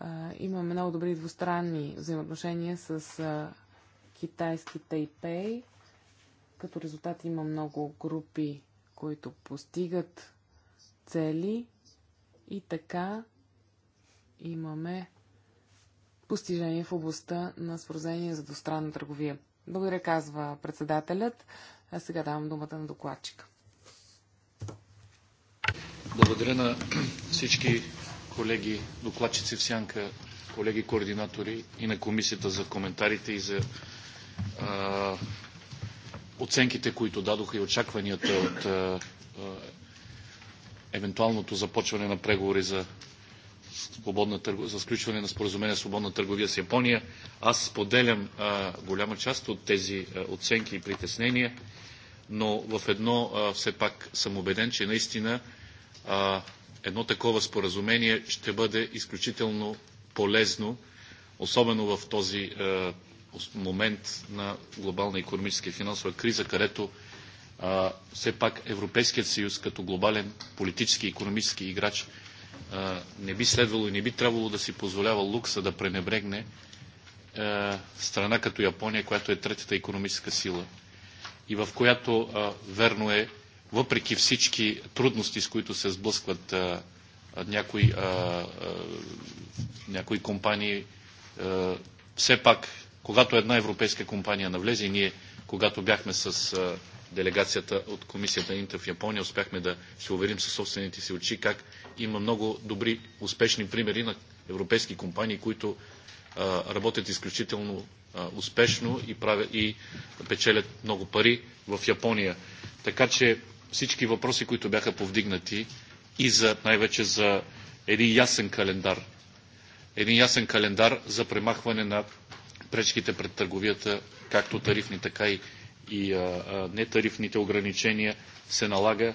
а, имаме много добри двустранни взаимоотношения с а, китайски Тайпей. Като резултат има много групи, които постигат цели и така имаме постижение в областта на свързение за двустранна търговия. Благодаря, казва председателят. А сега давам думата на докладчика. Благодаря на всички колеги докладчици в Сянка, колеги координатори и на комисията за коментарите и за а, оценките, които дадоха и очакванията от евентуалното започване на преговори за, свободна за сключване на споразумение за свободна търговия с Япония. Аз споделям а, голяма част от тези а, оценки и притеснения, но в едно а, все пак съм убеден, че наистина а, едно такова споразумение ще бъде изключително полезно, особено в този а, момент на глобална економическа и финансова криза, където а, все пак Европейският съюз като глобален политически и економически играч а, не би следвало и не би трябвало да си позволява лукса да пренебрегне а, страна като Япония, която е третата економическа сила и в която, а, верно е, въпреки всички трудности, с които се сблъскват а, някои, а, а, някои компании, а, все пак когато една европейска компания навлезе и ние, когато бяхме с делегацията от комисията Инта в Япония, успяхме да се уверим със собствените си очи как има много добри, успешни примери на европейски компании, които а, работят изключително а, успешно и, правят, и печелят много пари в Япония. Така че всички въпроси, които бяха повдигнати и за, най-вече за един ясен календар. Един ясен календар за премахване на пречките пред търговията, както тарифни, така и, и а, а, нетарифните ограничения, се налага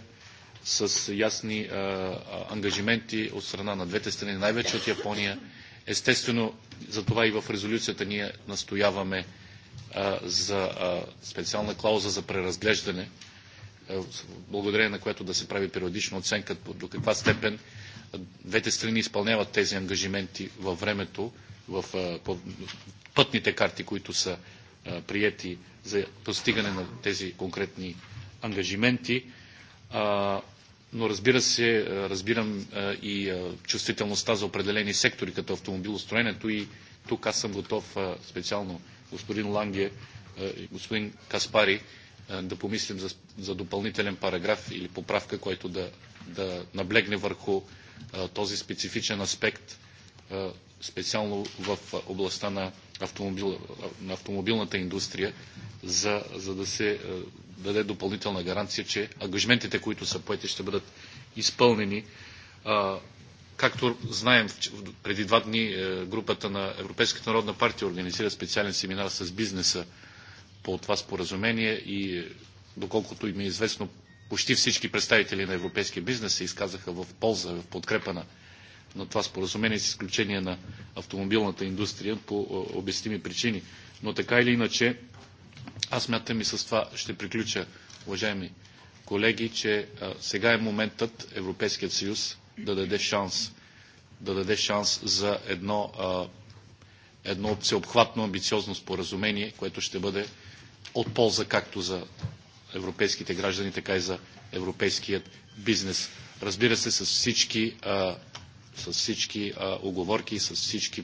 с ясни а, а, ангажименти от страна на двете страни, най-вече от Япония. Естествено, за това и в резолюцията ние настояваме а, за а, специална клауза за преразглеждане, а, благодарение на което да се прави периодична оценка до каква степен двете страни изпълняват тези ангажименти във времето, в, по, пътните карти, които са приети за постигане на тези конкретни ангажименти. Но разбира се, разбирам и чувствителността за определени сектори, като автомобилостроенето и тук аз съм готов специално господин Ланге и господин Каспари да помислим за, за допълнителен параграф или поправка, който да, да наблегне върху този специфичен аспект, специално в областта на автомобил, на автомобилната индустрия, за, за да се даде допълнителна гаранция, че ангажментите, които са поети, ще бъдат изпълнени. Както знаем, преди два дни е, групата на Европейската народна партия организира специален семинар с бизнеса по това споразумение и е, доколкото им е известно, почти всички представители на европейския бизнес се изказаха в полза, в подкрепа на на това споразумение, с изключение на автомобилната индустрия по обясними причини. Но така или иначе, аз мятам и с това ще приключа, уважаеми колеги, че сега е моментът Европейският съюз да даде шанс, да даде шанс за едно, едно всеобхватно амбициозно споразумение, което ще бъде от полза както за европейските граждани, така и за европейският бизнес. Разбира се, с всички а, с всички а, оговорки и с всички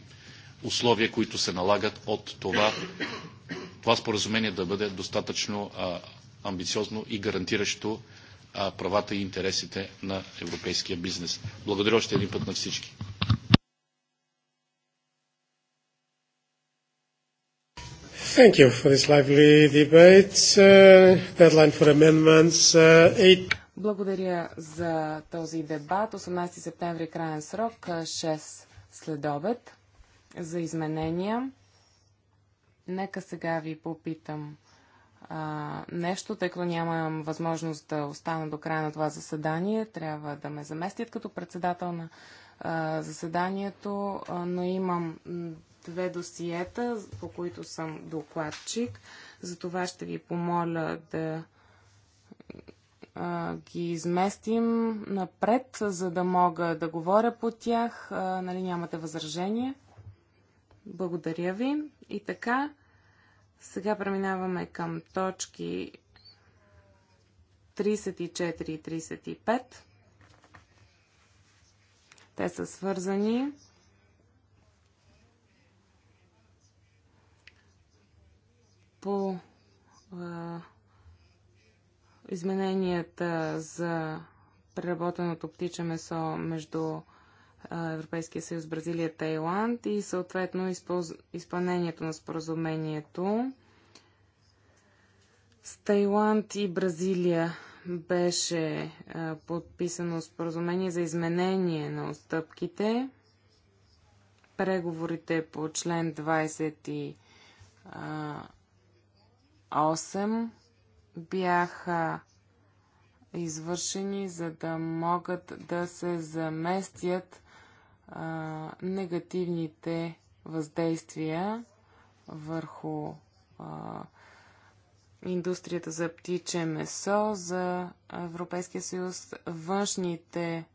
условия, които се налагат от това, това споразумение да бъде достатъчно а, амбициозно и гарантиращо а, правата и интересите на европейския бизнес. Благодаря още един път на всички. Thank you for this lively debate. Uh, deadline for amendments uh, 8. Благодаря за този дебат. 18 септември е крайен срок, 6 следобед за изменения. Нека сега ви попитам а, нещо, тъй като нямам възможност да остана до края на това заседание. Трябва да ме заместят като председател на а, заседанието, а, но имам две досиета, по които съм докладчик. За това ще ви помоля да ги изместим напред, за да мога да говоря по тях. нали нямате възражение? Благодаря ви. И така, сега преминаваме към точки 34 и 35. Те са свързани. По измененията за преработеното птиче месо между Европейския съюз, Бразилия, Тайланд и съответно изпълз... изпълнението на споразумението с Тайланд и Бразилия беше подписано споразумение за изменение на отстъпките. Преговорите по член 28 бяха извършени, за да могат да се заместят а, негативните въздействия върху а, индустрията за птиче месо за Европейския съюз. Външните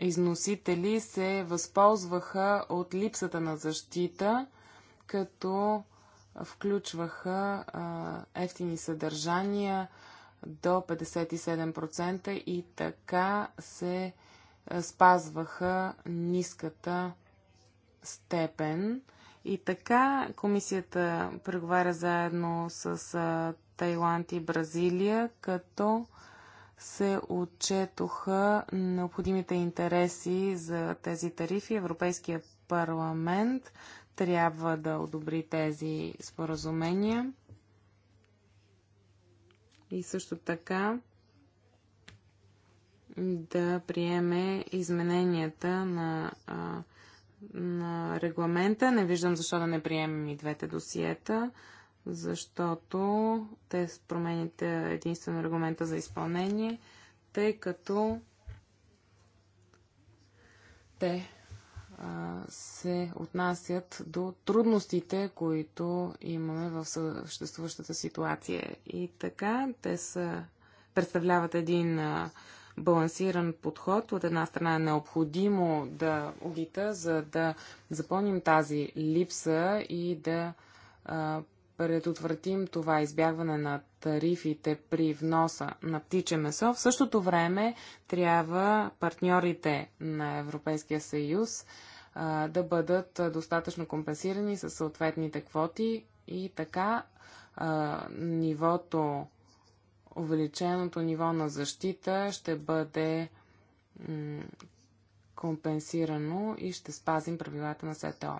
износители се възползваха от липсата на защита, като включваха а, ефтини съдържания до 57% и така се спазваха ниската степен. И така комисията преговаря заедно с а, Тайланд и Бразилия, като се отчетоха необходимите интереси за тези тарифи. Европейския парламент трябва да одобри тези споразумения. И също така да приеме измененията на, на регламента. Не виждам защо да не приемем и двете досиета, защото те промените единствено регламента за изпълнение, тъй като те се отнасят до трудностите, които имаме в съществуващата ситуация. И така, те са, представляват един балансиран подход. От една страна е необходимо да одита, за да запълним тази липса и да а, предотвратим това избягване на тарифите при вноса на птиче месо. В същото време трябва партньорите на Европейския съюз да бъдат достатъчно компенсирани с съответните квоти и така нивото, увеличеното ниво на защита ще бъде компенсирано и ще спазим правилата на СТО.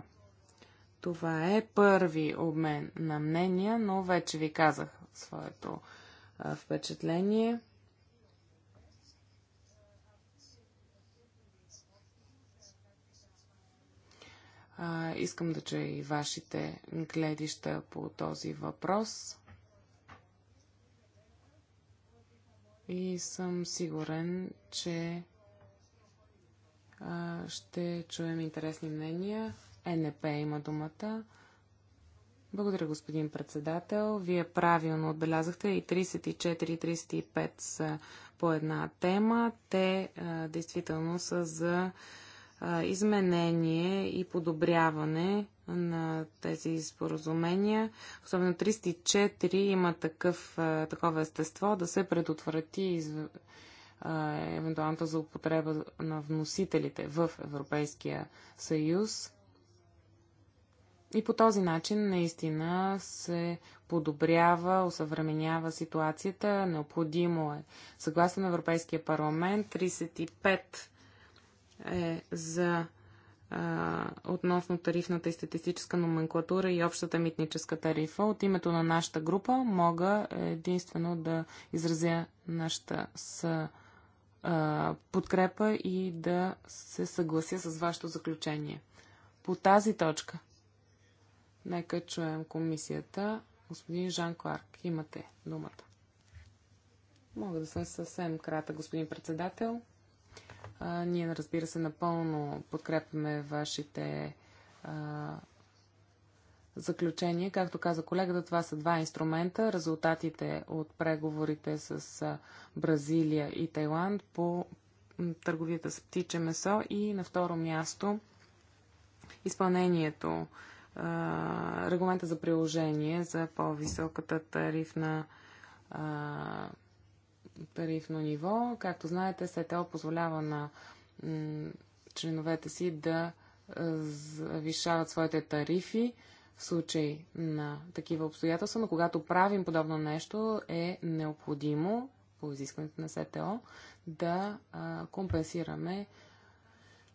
Това е първи обмен на мнения, но вече ви казах своето впечатление. А, искам да чуя и вашите гледища по този въпрос. И съм сигурен, че а, ще чуем интересни мнения. Е НП има думата. Благодаря, господин председател. Вие правилно отбелязахте и 34 и 35 са по една тема. Те а, действително са за а, изменение и подобряване на тези споразумения. Особено 304 има такъв, такова естество да се предотврати из, евентуалната злоупотреба на вносителите в Европейския съюз. И по този начин наистина се подобрява, осъвременява ситуацията. Необходимо е. Съгласно на Европейския парламент, 35 е за относно тарифната и статистическа номенклатура и общата митническа тарифа. От името на нашата група мога единствено да изразя нашата с, а, подкрепа и да се съглася с вашето заключение. По тази точка, нека чуем комисията. Господин Жан Кларк, имате думата. Мога да съм съвсем кратък, господин председател ние, разбира се, напълно подкрепяме вашите а, както каза колегата, това са два инструмента. Резултатите от преговорите с Бразилия и Тайланд по търговията с птиче месо и на второ място изпълнението, регламента за приложение за по-високата тарифна тарифно ниво. Както знаете, СТО позволява на членовете си да завишават своите тарифи в случай на такива обстоятелства, но когато правим подобно нещо, е необходимо по изискването на СТО да компенсираме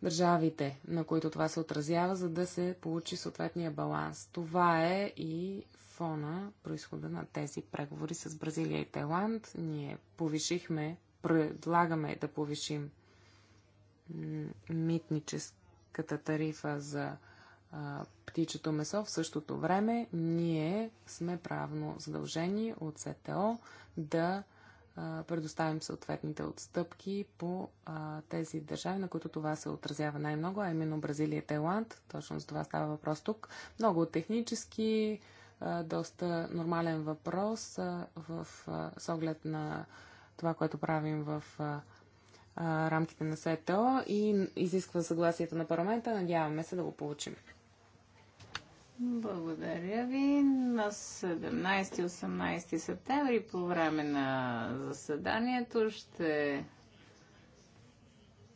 държавите, на които това се отразява, за да се получи съответния баланс. Това е и фона происхода на тези преговори с Бразилия и Тайланд. Ние повишихме, предлагаме да повишим митническата тарифа за а, птичето месо. В същото време ние сме правно задължени от СТО да а, предоставим съответните отстъпки по а, тези държави, на които това се отразява най-много, а именно Бразилия и Тайланд. Точно за това става въпрос тук. Много технически доста нормален въпрос в, с оглед на това, което правим в рамките на СТО и изисква съгласието на парламента. Надяваме се да го получим. Благодаря ви. На 17-18 септември по време на заседанието ще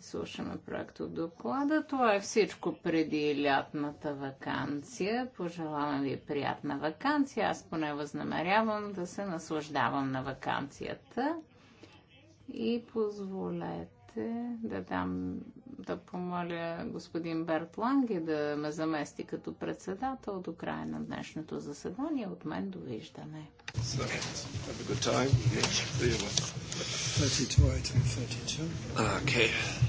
Слушаме проект от доклада. Това е всичко преди лятната вакансия. Пожелавам ви приятна вакансия. Аз поне възнамерявам да се наслаждавам на вакансията. И позволете да дам, да помоля господин Берт Ланге да ме замести като председател до края на днешното заседание. От мен довиждане. Okay.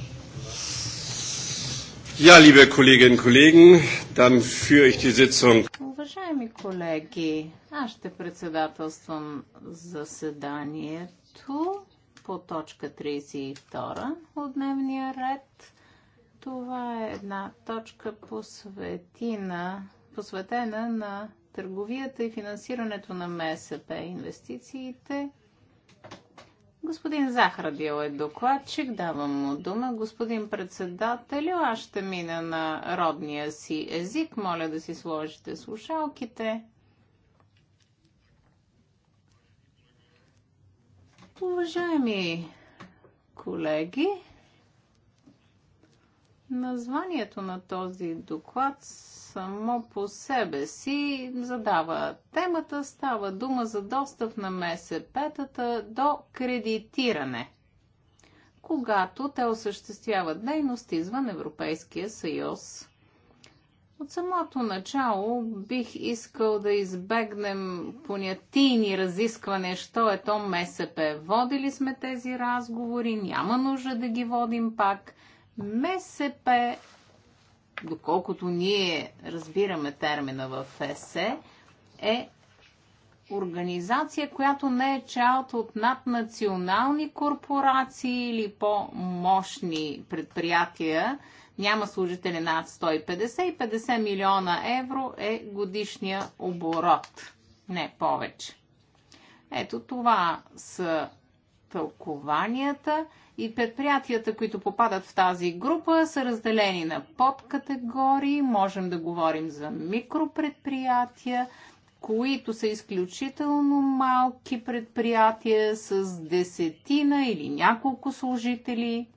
Ja, liebe Kolleginnen und Kollegen, dann führe ich die Sitzung. Уважаеми колеги, аз ще председателствам заседанието по точка 32 от дневния ред. Това е една точка посветена, посветена на търговията и финансирането на МСП, инвестициите – Господин Захарадил е докладчик, давам му дума. Господин председател, аз ще мина на родния си език. Моля да си сложите слушалките. Уважаеми колеги, Названието на този доклад само по себе си задава темата. Става дума за достъп на МСП-тата до кредитиране, когато те осъществяват дейност извън Европейския съюз. От самото начало бих искал да избегнем понятийни разискване, що е то МСП. Водили сме тези разговори, няма нужда да ги водим пак – МСП, доколкото ние разбираме термина в ЕСЕ, е организация, която не е част от наднационални корпорации или по-мощни предприятия. Няма служители над 150 и 50 милиона евро е годишния оборот. Не повече. Ето това са тълкованията и предприятията, които попадат в тази група, са разделени на подкатегории. Можем да говорим за микропредприятия, които са изключително малки предприятия с десетина или няколко служители.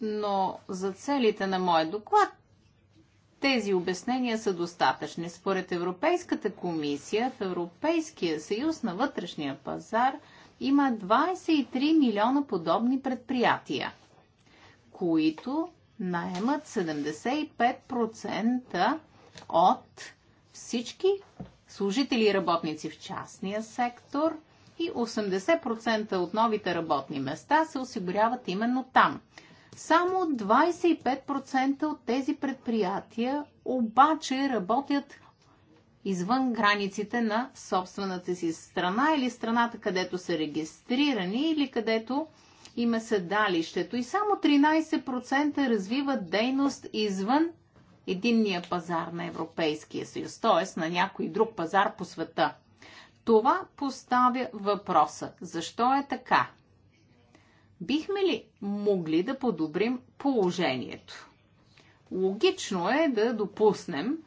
Но за целите на моят доклад тези обяснения са достатъчни. Според Европейската комисия в Европейския съюз на вътрешния пазар има 23 милиона подобни предприятия, които наемат 75% от всички служители и работници в частния сектор и 80% от новите работни места се осигуряват именно там – само 25% от тези предприятия обаче работят извън границите на собствената си страна или страната, където са регистрирани или където има е седалището. И само 13% развиват дейност извън единния пазар на Европейския съюз, т.е. на някой друг пазар по света. Това поставя въпроса. Защо е така? бихме ли могли да подобрим положението? Логично е да допуснем,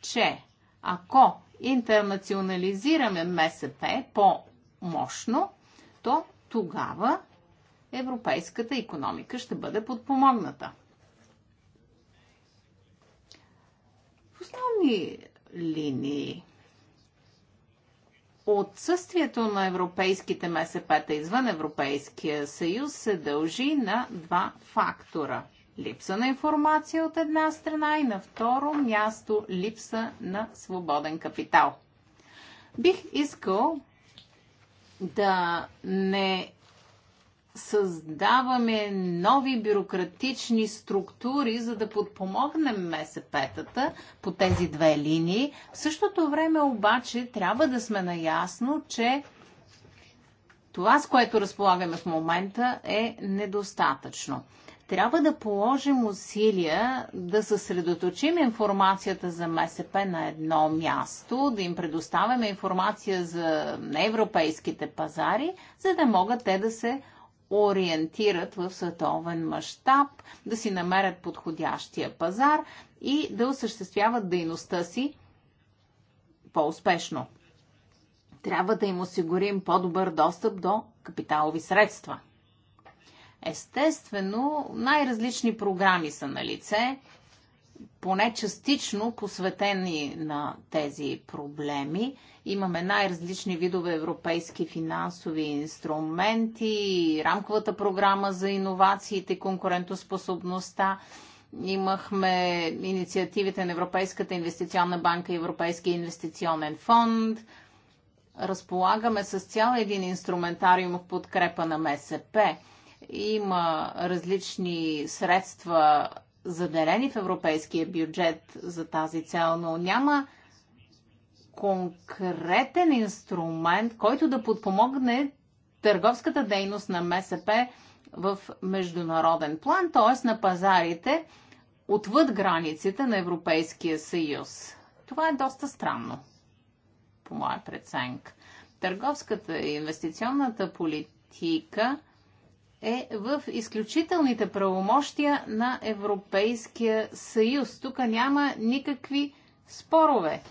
че ако интернационализираме МСП по-мощно, то тогава европейската економика ще бъде подпомогната. В основни линии Отсъствието на европейските МСП-та извън Европейския съюз се дължи на два фактора. Липса на информация от една страна и на второ място липса на свободен капитал. Бих искал да не създаваме нови бюрократични структури, за да подпомогнем МСП-тата по тези две линии. В същото време обаче трябва да сме наясно, че това, с което разполагаме в момента, е недостатъчно. Трябва да положим усилия да съсредоточим информацията за МСП на едно място, да им предоставяме информация за европейските пазари, за да могат те да се ориентират в световен мащаб, да си намерят подходящия пазар и да осъществяват дейността си по-успешно. Трябва да им осигурим по-добър достъп до капиталови средства. Естествено, най-различни програми са на лице – поне частично посветени на тези проблеми. Имаме най-различни видове европейски финансови инструменти, рамковата програма за иновациите и конкурентоспособността. Имахме инициативите на Европейската инвестиционна банка и Европейския инвестиционен фонд. Разполагаме с цял един инструментариум в подкрепа на МСП има различни средства заделени в европейския бюджет за тази цел, но няма конкретен инструмент, който да подпомогне търговската дейност на МСП в международен план, т.е. на пазарите отвъд границите на Европейския съюз. Това е доста странно, по моя преценка. Търговската и инвестиционната политика – е в изключителните правомощия на Европейския съюз. Тук няма никакви спорове.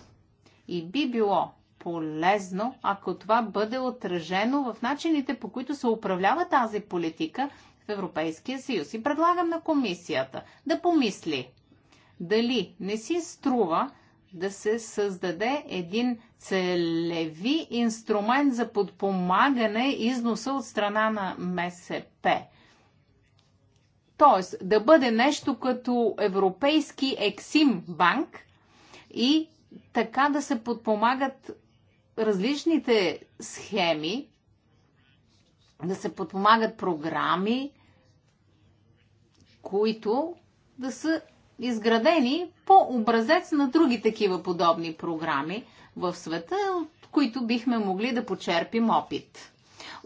И би било полезно, ако това бъде отражено в начините, по които се управлява тази политика в Европейския съюз. И предлагам на комисията да помисли дали не си струва да се създаде един целеви инструмент за подпомагане износа от страна на МСП. Тоест да бъде нещо като Европейски Ексим банк и така да се подпомагат различните схеми, да се подпомагат програми, които да са изградени по образец на други такива подобни програми в света, от които бихме могли да почерпим опит.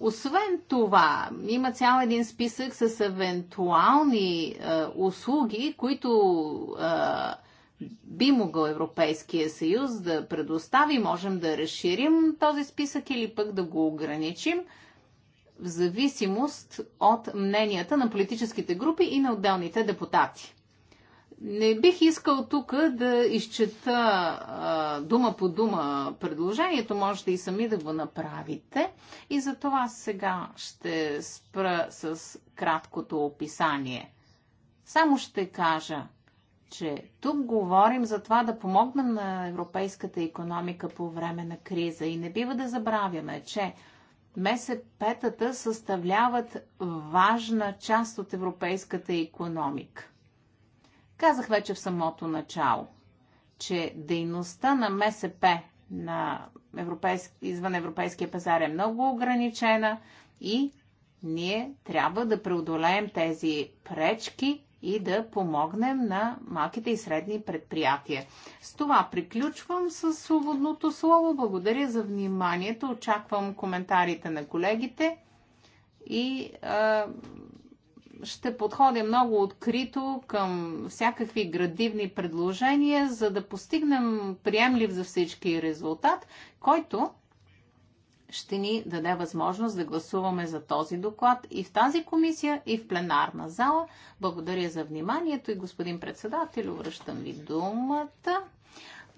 Освен това, има цял един списък с евентуални е, услуги, които е, би могъл Европейския съюз да предостави. Можем да разширим този списък или пък да го ограничим в зависимост от мненията на политическите групи и на отделните депутати. Не бих искал тук да изчета а, дума по дума предложението, можете и сами да го направите. И за това сега ще спра с краткото описание. Само ще кажа, че тук говорим за това да помогнем на европейската економика по време на криза и не бива да забравяме, че МСП-тата съставляват важна част от европейската економика. Казах вече в самото начало, че дейността на МСП на европейски, извън европейския пазар е много ограничена и ние трябва да преодолеем тези пречки и да помогнем на малките и средни предприятия. С това приключвам с свободното слово. Благодаря за вниманието. Очаквам коментарите на колегите и ще подходя много открито към всякакви градивни предложения, за да постигнем приемлив за всички резултат, който ще ни даде възможност да гласуваме за този доклад и в тази комисия, и в пленарна зала. Благодаря за вниманието и господин председател, връщам ви думата.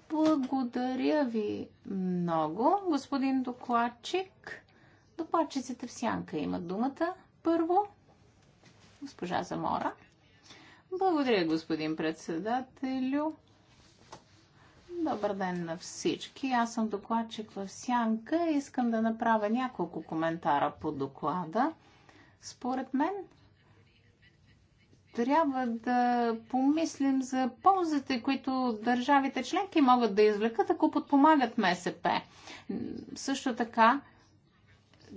Благодаря ви много, господин докладчик. Докладчиците в сянка имат думата. Първо, Госпожа Замора. Благодаря, господин председателю. Добър ден на всички. Аз съм докладчик в Сянка и искам да направя няколко коментара по доклада. Според мен, трябва да помислим за ползите, които държавите членки могат да извлекат, ако подпомагат МСП. Също така,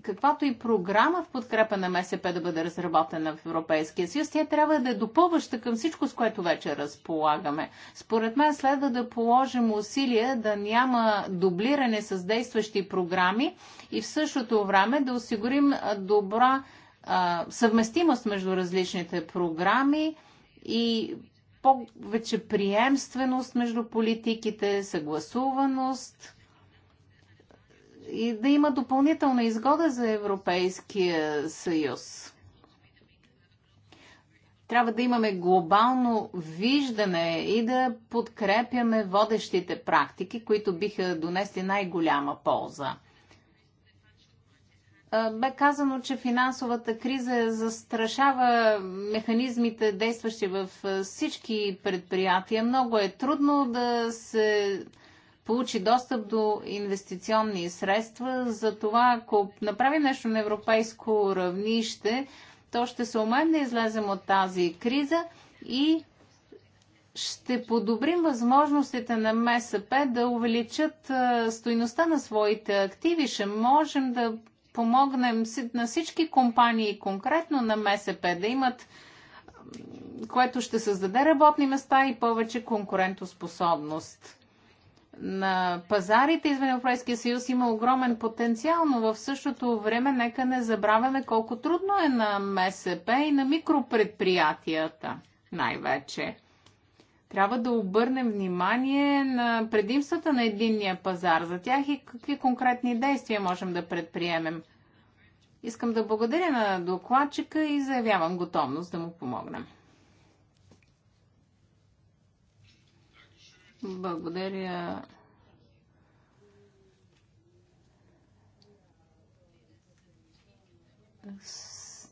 каквато и програма в подкрепа на МСП да бъде разработена в Европейския съюз, тя трябва да е допълваща към всичко, с което вече разполагаме. Според мен следва да положим усилия да няма дублиране с действащи програми и в същото време да осигурим добра а, съвместимост между различните програми и повече приемственост между политиките, съгласуваност и да има допълнителна изгода за Европейския съюз. Трябва да имаме глобално виждане и да подкрепяме водещите практики, които биха донесли най-голяма полза. Бе казано, че финансовата криза застрашава механизмите, действащи в всички предприятия. Много е трудно да се получи достъп до инвестиционни средства. За това, ако направи нещо на европейско равнище, то ще се умеем да излезем от тази криза и ще подобрим възможностите на МСП да увеличат стоиността на своите активи. Ще можем да помогнем на всички компании, конкретно на МСП, да имат което ще създаде работни места и повече конкурентоспособност на пазарите извън Европейския съюз има огромен потенциал, но в същото време нека не забравяме колко трудно е на МСП и на микропредприятията най-вече. Трябва да обърнем внимание на предимствата на единния пазар за тях и какви конкретни действия можем да предприемем. Искам да благодаря на докладчика и заявявам готовност да му помогнем. Благодаря.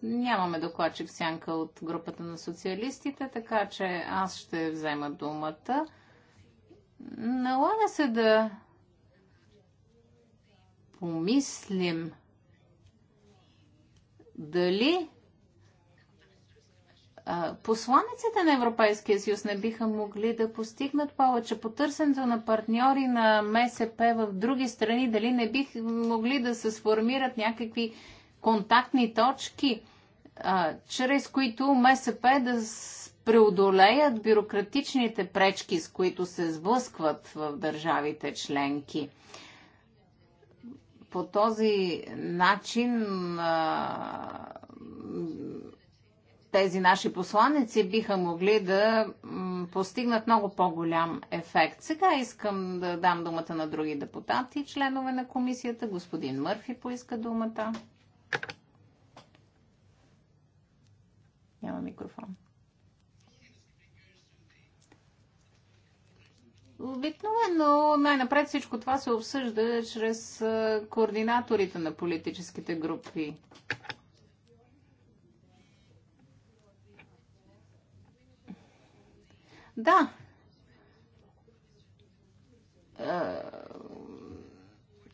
Нямаме докладчик сянка от групата на социалистите, така че аз ще взема думата. Налага се да помислим дали посланиците на Европейския съюз не биха могли да постигнат повече по търсенето на партньори на МСП в други страни, дали не биха могли да се сформират някакви контактни точки, а, чрез които МСП да преодолеят бюрократичните пречки, с които се сблъскват в държавите членки по този начин а, тези наши посланици биха могли да постигнат много по-голям ефект. Сега искам да дам думата на други депутати, членове на комисията. Господин Мърфи поиска думата. Няма микрофон. Обикновено най-напред всичко това се обсъжда чрез координаторите на политическите групи. Да. Е,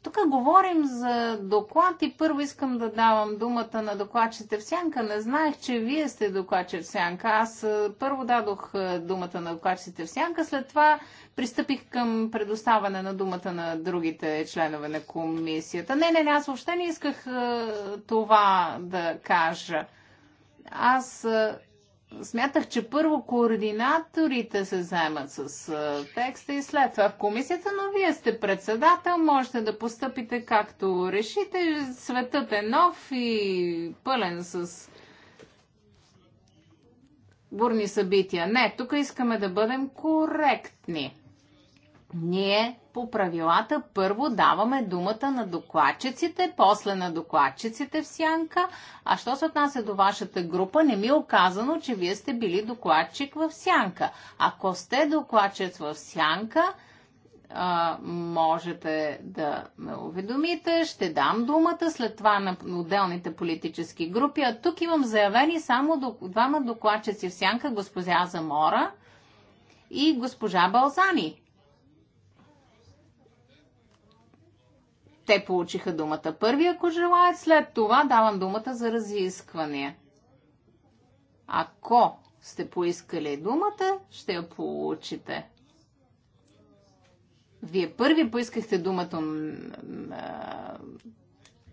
тук говорим за доклад и първо искам да давам думата на докладчите в сянка. Не знаех, че вие сте докладче в сянка. Аз е, първо дадох е, думата на докладчите в сянка, след това пристъпих към предоставане на думата на другите членове на комисията. Не, не, не, аз въобще не исках това да кажа. Аз смятах, че първо координаторите се заемат с текста и след това в комисията, но вие сте председател, можете да постъпите както решите. Светът е нов и пълен с бурни събития. Не, тук искаме да бъдем коректни. Ние по правилата първо даваме думата на докладчиците, после на докладчиците в сянка. А що се отнася до вашата група, не ми е оказано, че вие сте били докладчик в сянка. Ако сте докладчец в сянка, а, можете да ме уведомите, ще дам думата след това на отделните политически групи. А тук имам заявени само двама докладчици в сянка, госпожа Замора и госпожа Балзани. Те получиха думата първи, ако желаят. След това давам думата за разисквания. Ако сте поискали думата, ще я получите. Вие първи поискахте думата на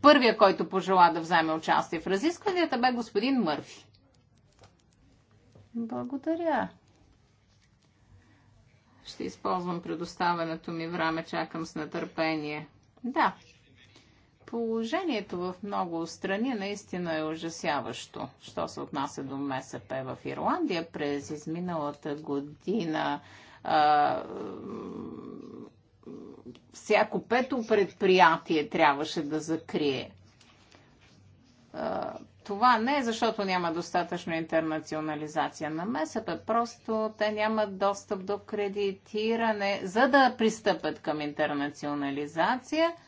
първия, който пожела да вземе участие в разискванията, бе господин Мърфи. Благодаря. Ще използвам предоставеното ми време, чакам с нетърпение. Да, Положението в много страни наистина е ужасяващо, що се отнася до МСП в Ирландия. През изминалата година а, всяко пето предприятие трябваше да закрие. А, това не е защото няма достатъчно интернационализация на МСП, просто те нямат достъп до кредитиране, за да пристъпят към интернационализация –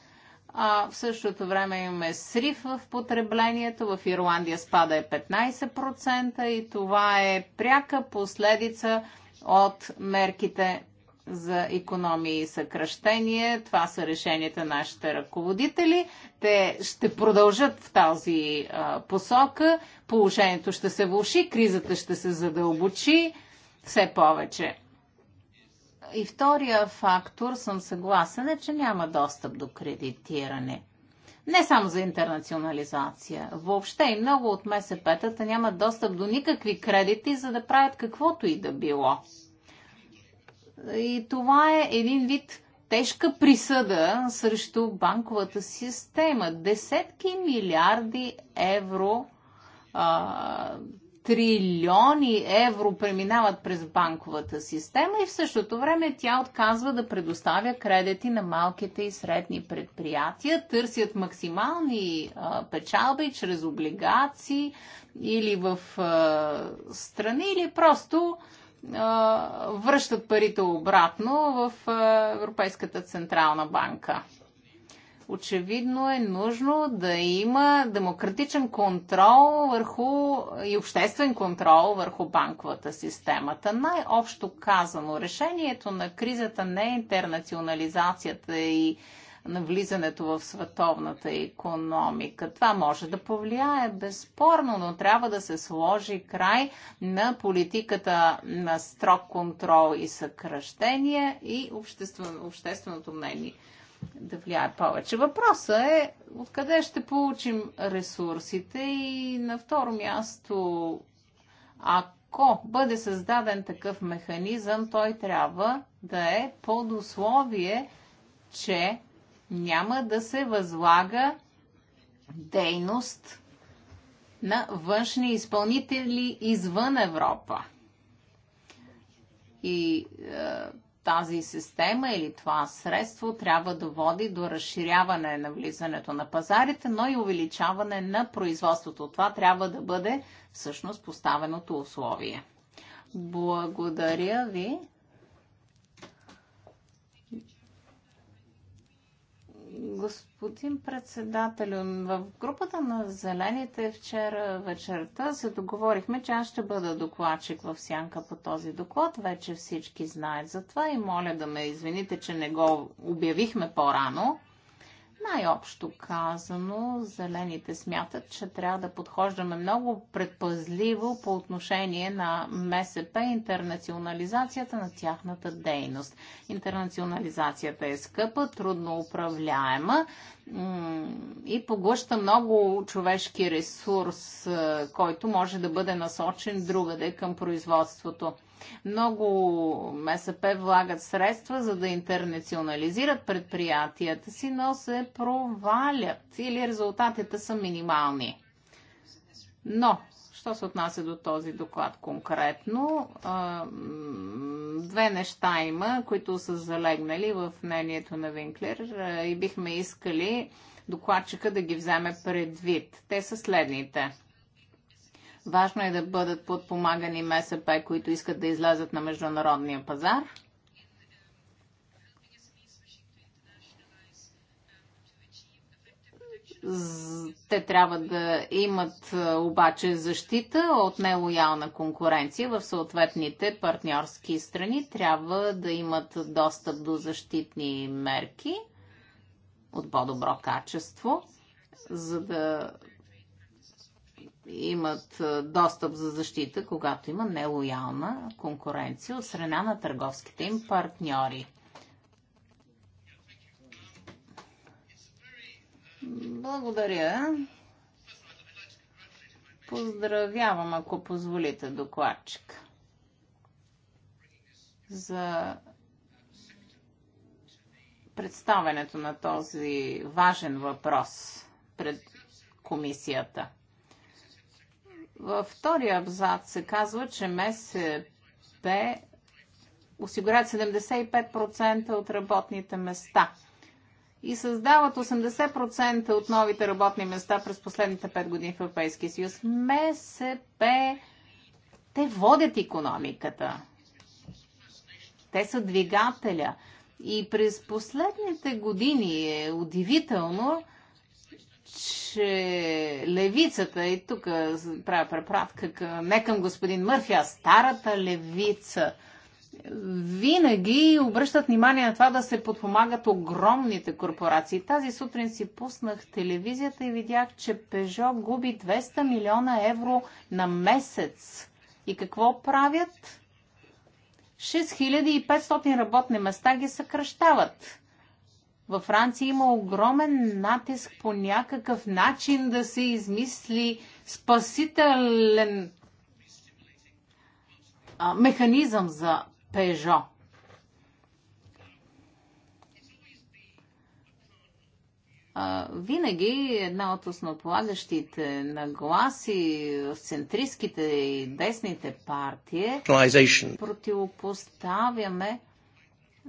а в същото време имаме срив в потреблението. В Ирландия спада е 15% и това е пряка последица от мерките за економии и съкръщение. Това са решенията на нашите ръководители. Те ще продължат в тази а, посока. Положението ще се влуши, кризата ще се задълбочи все повече. И втория фактор, съм съгласен, е, че няма достъп до кредитиране. Не само за интернационализация. Въобще и много от МСП-тата нямат достъп до никакви кредити, за да правят каквото и да било. И това е един вид тежка присъда срещу банковата система. Десетки милиарди евро а, трилиони евро преминават през банковата система и в същото време тя отказва да предоставя кредити на малките и средни предприятия, търсят максимални а, печалби чрез облигации или в а, страни, или просто а, връщат парите обратно в Европейската централна банка очевидно е нужно да има демократичен контрол върху и обществен контрол върху банковата системата. Най-общо казано, решението на кризата не е интернационализацията и навлизането в световната економика. Това може да повлияе безспорно, но трябва да се сложи край на политиката на строг контрол и съкръщение и обществен, общественото мнение да влияе повече. Въпросът е откъде ще получим ресурсите и на второ място, ако бъде създаден такъв механизъм, той трябва да е под условие, че няма да се възлага дейност на външни изпълнители извън Европа. И е, тази система или това средство трябва да води до разширяване на влизането на пазарите, но и увеличаване на производството. Това трябва да бъде всъщност поставеното условие. Благодаря ви. Господин председател, в групата на Зелените вчера вечерта се договорихме, че аз ще бъда докладчик в сянка по този доклад. Вече всички знаят за това и моля да ме извините, че не го обявихме по-рано. Най-общо казано, зелените смятат, че трябва да подхождаме много предпазливо по отношение на МСП интернационализацията на тяхната дейност. Интернационализацията е скъпа, трудно управляема, и поглъща много човешки ресурс, който може да бъде насочен другаде към производството. Много МСП влагат средства, за да интернационализират предприятията си, но се провалят или резултатите са минимални. Но Що се отнася до този доклад конкретно, две неща има, които са залегнали в мнението на Винклер и бихме искали докладчика да ги вземе предвид. Те са следните. Важно е да бъдат подпомагани МСП, които искат да излязат на международния пазар – Те трябва да имат е, обаче защита от нелоялна конкуренция в съответните партньорски страни. Трябва да имат достъп до защитни мерки от по-добро качество, за да имат е, достъп за защита, когато има нелоялна конкуренция от страна на търговските им партньори. Благодаря. Поздравявам, ако позволите, докладчик за представенето на този важен въпрос пред комисията. Във втория абзац се казва, че МСП осигурят 75% от работните места – и създават 80% от новите работни места през последните 5 години в Европейския съюз. МСП, те водят економиката. Те са двигателя. И през последните години е удивително, че левицата, и тук правя препратка не към господин Мърфи, а старата левица – винаги обръщат внимание на това да се подпомагат огромните корпорации. Тази сутрин си пуснах телевизията и видях, че Пежо губи 200 милиона евро на месец. И какво правят? 6500 работни места ги съкръщават. Във Франция има огромен натиск по някакъв начин да се измисли спасителен механизъм за Пежо. винаги една от основополагащите нагласи в центристските и десните партии е противопоставяме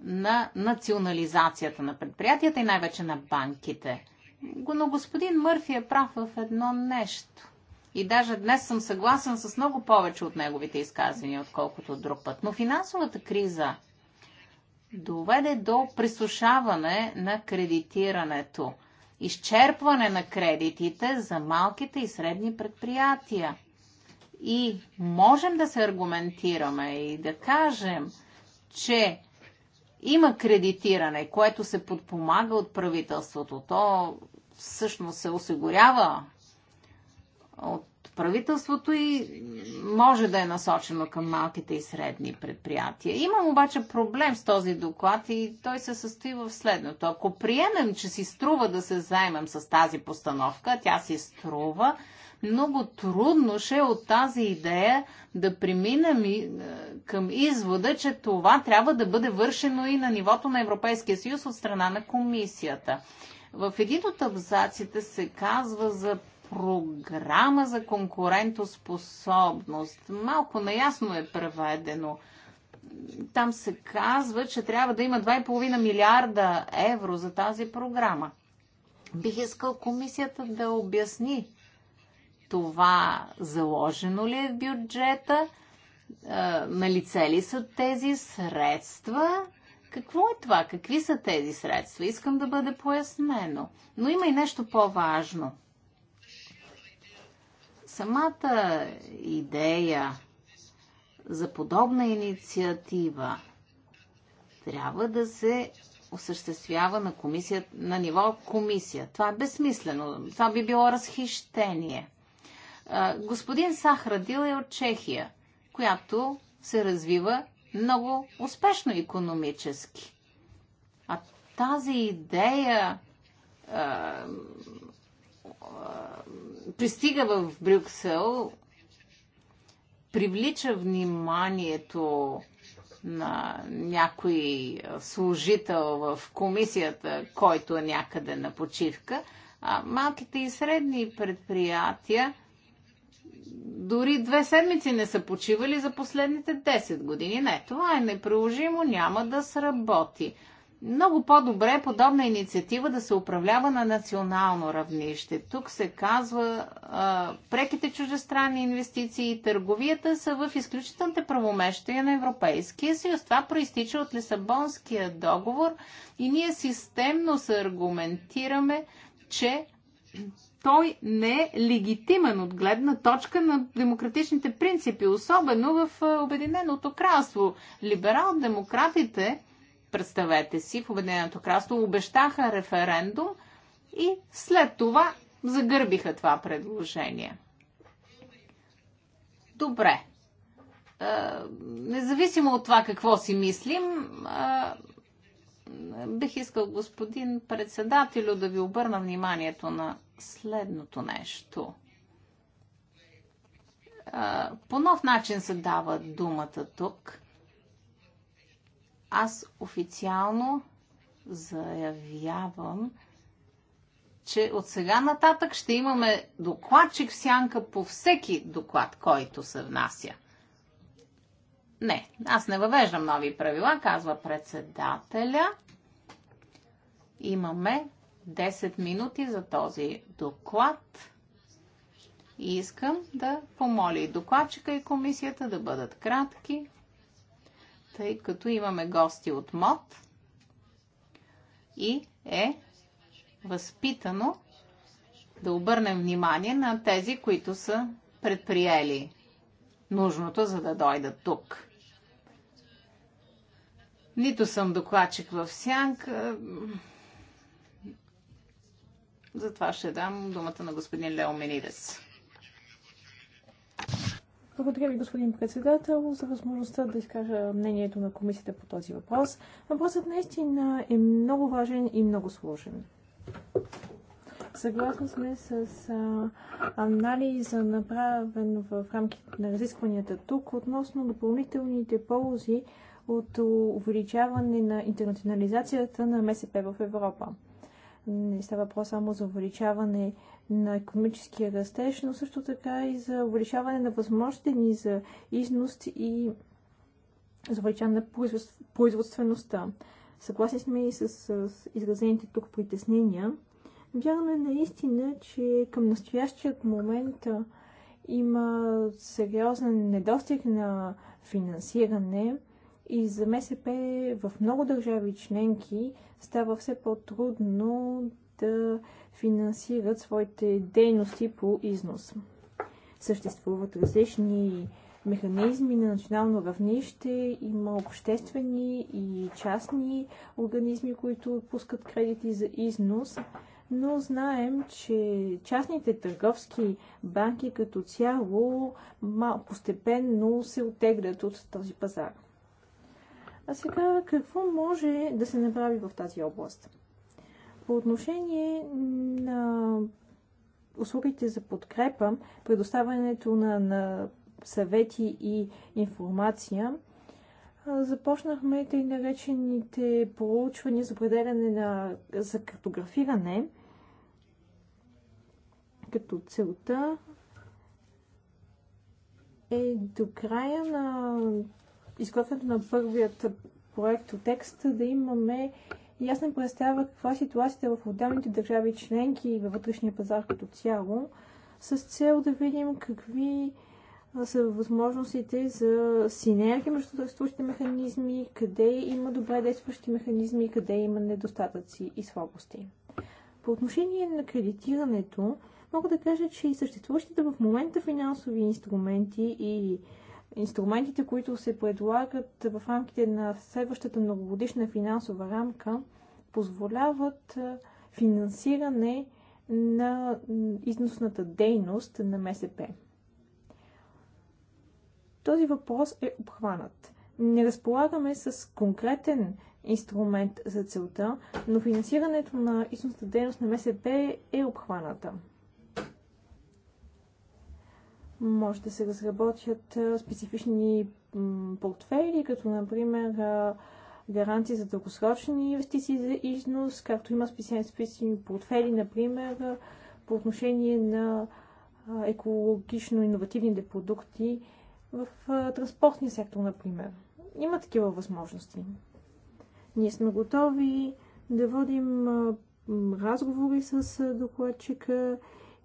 на национализацията на предприятията и най-вече на банките. Но господин Мърфи е прав в едно нещо. И даже днес съм съгласен с много повече от неговите изказвания, отколкото от друг път. Но финансовата криза доведе до присушаване на кредитирането, изчерпване на кредитите за малките и средни предприятия. И можем да се аргументираме и да кажем, че има кредитиране, което се подпомага от правителството. То всъщност се осигурява от правителството и може да е насочено към малките и средни предприятия. Имам обаче проблем с този доклад и той се състои в следното. Ако приемем, че си струва да се заемем с тази постановка, тя си струва, много трудно ще е от тази идея да преминем е, към извода, че това трябва да бъде вършено и на нивото на Европейския съюз от страна на комисията. В един от абзаците се казва за програма за конкурентоспособност. Малко наясно е преведено. Там се казва, че трябва да има 2,5 милиарда евро за тази програма. Бих искал комисията да обясни това заложено ли е в бюджета, е, на лице ли са тези средства какво е това? Какви са тези средства? Искам да бъде пояснено. Но има и нещо по-важно. Самата идея за подобна инициатива трябва да се осъществява на, комисия, на ниво комисия. Това е безсмислено. Това би било разхищение. Господин Сахрадил е от Чехия, която се развива много успешно економически. А тази идея пристига в Брюксел, привлича вниманието на някой служител в комисията, който е някъде на почивка, а малките и средни предприятия дори две седмици не са почивали за последните 10 години. Не, това е неприложимо, няма да сработи много по-добре подобна инициатива да се управлява на национално равнище. Тук се казва, а, преките чуждестранни инвестиции и търговията са в изключителните правомещия на Европейския съюз. Това проистича от Лисабонския договор и ние системно се аргументираме, че той не е легитимен от гледна точка на демократичните принципи, особено в Обединеното кралство. Либерал-демократите представете си, в Обединеното кралство обещаха референдум и след това загърбиха това предложение. Добре. Е, независимо от това какво си мислим, е, бих искал господин председателю да ви обърна вниманието на следното нещо. Е, по нов начин се дава думата тук – аз официално заявявам, че от сега нататък ще имаме докладчик в сянка по всеки доклад, който се внася. Не, аз не въвеждам нови правила, казва председателя. Имаме 10 минути за този доклад. И искам да помоля и докладчика и комисията да бъдат кратки тъй като имаме гости от МОД и е възпитано да обърнем внимание на тези, които са предприели нужното, за да дойдат тук. Нито съм докладчик в сянка. Затова ще дам думата на господин Лео Менидес. Благодаря ви, господин председател, за възможността да изкажа мнението на комисията по този въпрос. Въпросът наистина е много важен и много сложен. Съгласно сме с а, анализа, направен в рамките на разискванията тук, относно допълнителните ползи от увеличаване на интернационализацията на МСП в Европа. Не става въпрос само за увеличаване на економическия растеж, но също така и за увеличаване на възможностите ни за износ и за увеличаване на производствеността. Съгласни сме и с, с изразените тук притеснения. Вярно е наистина, че към настоящият момент има сериозен недостиг на финансиране и за МСП в много държави членки става все по-трудно да финансират своите дейности по износ. Съществуват различни механизми на национално равнище, има обществени и частни организми, които отпускат кредити за износ, но знаем, че частните търговски банки като цяло постепенно се отеглят от този пазар. А сега какво може да се направи в тази област? По отношение на услугите за подкрепа, предоставянето на, на съвети и информация, започнахме тъй наречените проучвания за определяне на, за картографиране, като целта е до края на изготвянето на първият проект от текст да имаме ясна представа каква е ситуацията в отделните държави членки и във вътрешния пазар като цяло, с цел да видим какви са възможностите за синергия между съществуващите механизми, къде има добре действащи механизми, къде има недостатъци и слабости. По отношение на кредитирането, мога да кажа, че и съществуващите в момента финансови инструменти и инструментите, които се предлагат в рамките на следващата многогодишна финансова рамка, позволяват финансиране на износната дейност на МСП. Този въпрос е обхванат. Не разполагаме с конкретен инструмент за целта, но финансирането на износната дейност на МСП е обхваната. Може да се разработят специфични портфели, като например гаранции за дългосрочни инвестиции за износ, както има специални, специфични портфели, например по отношение на екологично-инновативните продукти в транспортния сектор, например. Има такива възможности. Ние сме готови да водим разговори с докладчика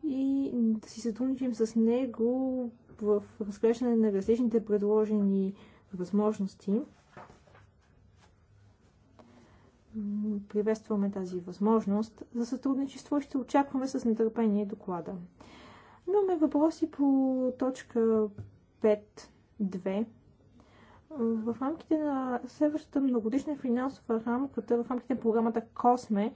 и да си сътрудничим с него в разглеждане на различните предложени възможности. Приветстваме тази възможност за сътрудничество и ще очакваме с нетърпение доклада. Имаме въпроси по точка 5.2. В рамките на следващата многодишна финансова рамка, в рамките на програмата Косме,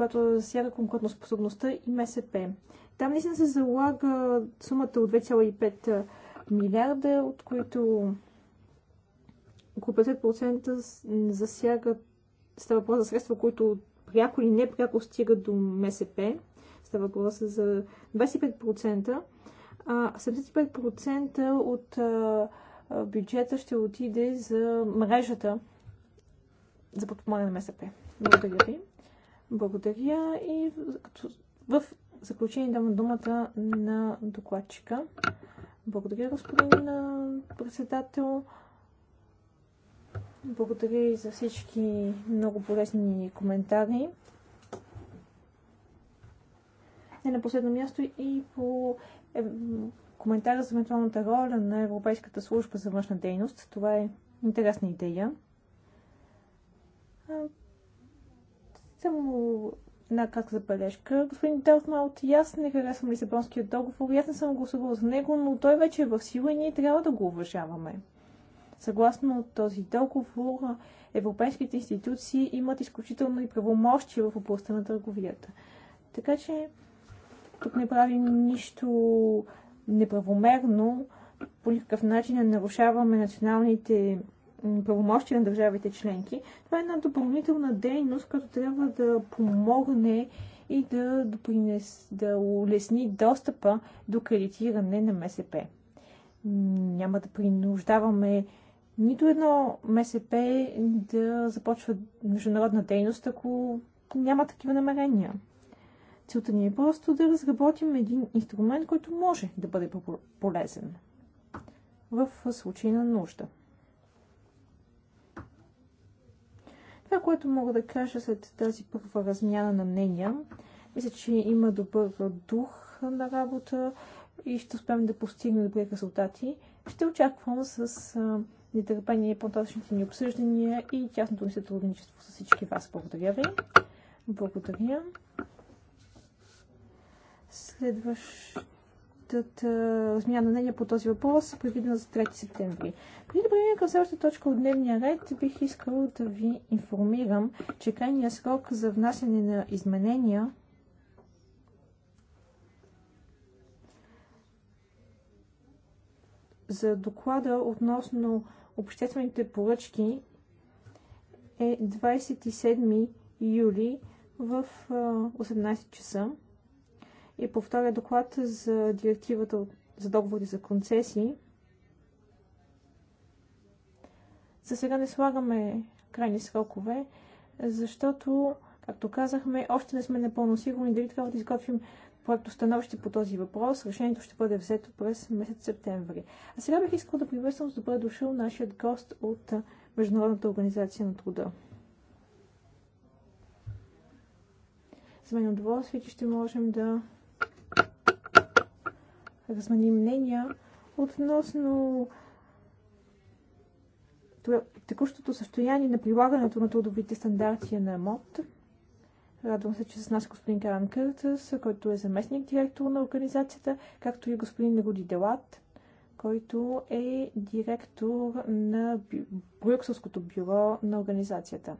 която засяга способността и МСП. Там наистина се залага сумата от 2,5 милиарда, от които около 50% засяга става въпрос за средства, които пряко или непряко стигат до МСП. Става въпрос за 25%. А 75% от бюджета ще отиде за мрежата за подпомагане на МСП. Благодаря ви. Благодаря и в заключение дам думата на докладчика. Благодаря, господин председател. Благодаря и за всички много полезни коментари. Не на последно място и по е, коментара за евентуалната роля на Европейската служба за външна дейност. Това е интересна идея му една как забележка. Господин Дартмаут, и аз не харесвам Лисабонския договор, и аз не съм гласувал за него, но той вече е в сила и ние трябва да го уважаваме. Съгласно този договор, европейските институции имат изключително и правомощия в областта на търговията. Така че тук не правим нищо неправомерно, по никакъв начин не нарушаваме националните правомощия на държавите членки. Това е една допълнителна дейност, като трябва да помогне и да, допринес, да улесни достъпа до кредитиране на МСП. Няма да принуждаваме нито едно МСП да започва международна дейност, ако няма такива намерения. Целта ни е просто да разработим един инструмент, който може да бъде полезен в случай на нужда. Това, което мога да кажа след тази първа размяна на мнения, мисля, че има добър дух на работа и ще успеем да постигнем добри резултати. Ще очаквам с нетърпение по-нататъчните ни обсъждания и тясното ни сътрудничество с всички вас. Благодаря ви. Благодаря. Следващ предвиждат размяна на мнение по този въпрос, предвидена за 3 септември. Преди да преминем към следващата точка от дневния ред, бих искала да ви информирам, че крайният срок за внасяне на изменения за доклада относно обществените поръчки е 27 юли в 18 часа и повторя доклад за директивата за договори за концесии. За сега не слагаме крайни срокове, защото, както казахме, още не сме напълно сигурни дали трябва да изготвим проекто становище по този въпрос. Решението ще бъде взето през месец септември. А сега бих искал да приветствам с добре дошъл нашият гост от Международната организация на труда. За мен е удоволствие, че ще можем да размени мнения относно текущото състояние на прилагането на трудовите стандарти на МОД. Радвам се, че с нас е господин Каран Къртъс, който е заместник директор на организацията, както и господин Руди Делат, който е директор на Брюкселското бюро на организацията.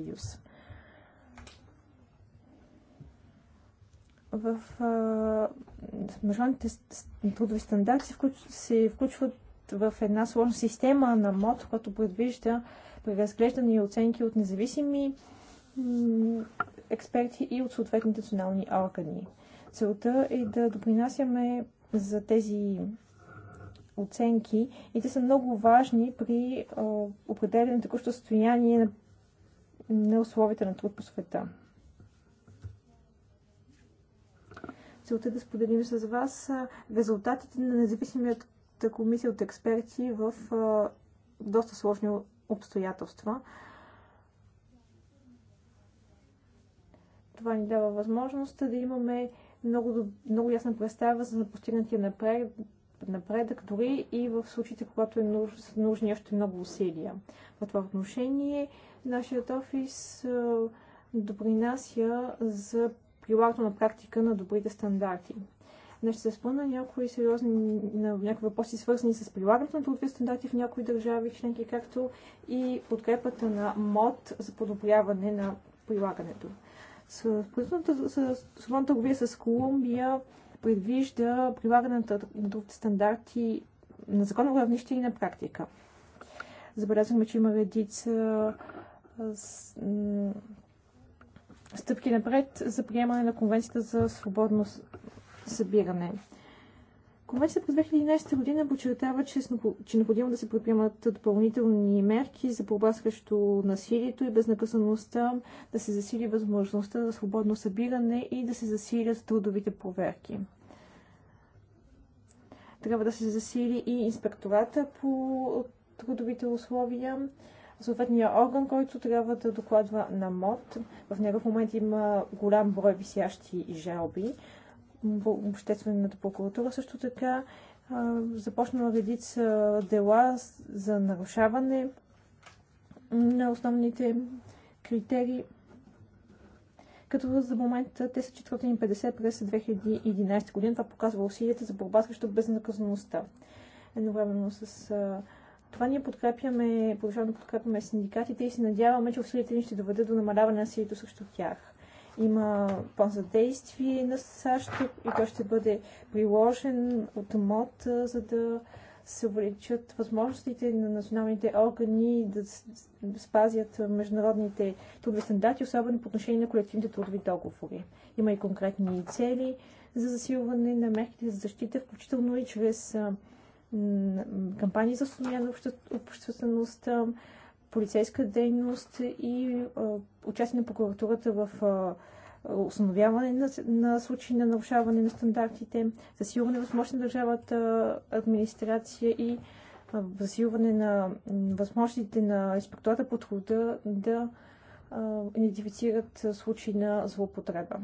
Юс. В а, международните трудови стандарти се включват в една сложна система на МОД, която предвижда преразглеждане и оценки от независими експерти и от съответните национални органи. Целта е да допринасяме за тези оценки и те са много важни при определено текущо състояние на на условията на труд по света. Целта е да споделим с вас резултатите на независимата комисия от експерти в доста сложни обстоятелства. Това ни дава възможност да имаме много, много ясна представа за постигнатия напред, напредък, дори и в случаите, когато е нуж, са нужни още много усилия. В това отношение Нашият офис допринася за прилагането на практика на добрите стандарти. Днес значи, ще се спомня някои сериозни на някои въпроси, свързани с прилагането на трудови стандарти в някои държави членки, както и подкрепата на МОД за подобряване на прилагането. Свободната търговия с Колумбия предвижда прилагането на трудовите стандарти на законно равнище и на практика. Забелязваме, че има редица стъпки напред за приемане на Конвенцията за свободно събиране. Конвенцията през 2011 година подчертава, е че, е необходимо да се предприемат допълнителни мерки за борба срещу насилието и безнаказаността, да се засили възможността за свободно събиране и да се засилят трудовите проверки. Трябва да се засили и инспектората по трудовите условия, съответния орган, който трябва да докладва на МОД. В него в момента има голям брой висящи жалби. Обществената прокуратура също така започнала редица дела за нарушаване на основните критерии като за момента те са 450 през 2011 година. Това показва усилията за борба срещу безнаказаността. Едновременно с това ние подкрепяме, продължаваме да подкрепяме синдикатите и се надяваме, че усилите ни ще доведат до намаляване на силито срещу тях. Има план за действие на САЩ и той ще бъде приложен от МОД, за да се увеличат възможностите на националните органи да спазят международните трудови стандарти, особено по отношение на колективните трудови договори. Има и конкретни цели за засилване на мерките за защита, включително и чрез кампании за осведомяване на обществеността, полицейска дейност и участие на прокуратурата в установяване на, на случаи на нарушаване на стандартите, засилване възможност на държавата администрация и засилване на възможностите на инспектората по труда да идентифицират случаи на злоупотреба.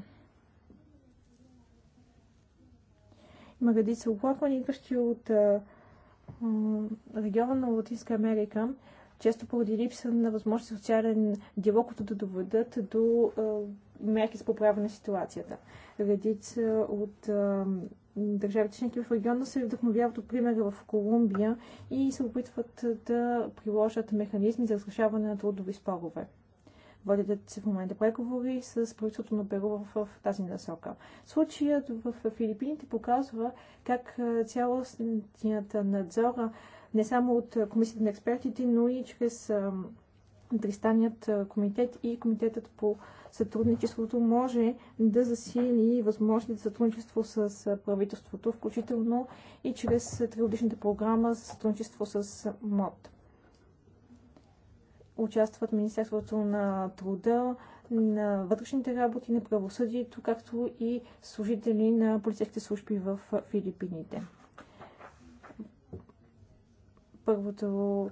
Има редица оплаквания, идващи от а, региона на Латинска Америка, често поради липса на възможност социален диалог, да доведат до мерки за поправяне на ситуацията. Редица от държавите членки в региона се вдъхновяват от примера в Колумбия и се опитват да приложат механизми за разрешаване на трудови спорове. Водят се в момента преговори с правителството на Перу в, в тази насока. Случаят в, в Филипините показва как цялостният надзора не само от комисията на експертите, но и чрез Тристаният комитет и комитетът по сътрудничеството може да засили възможности за сътрудничество с правителството, включително и чрез триодишната програма за сътрудничество с МОД участват Министерството на труда, на вътрешните работи, на правосъдието, както и служители на полицейските служби в Филипините. Първото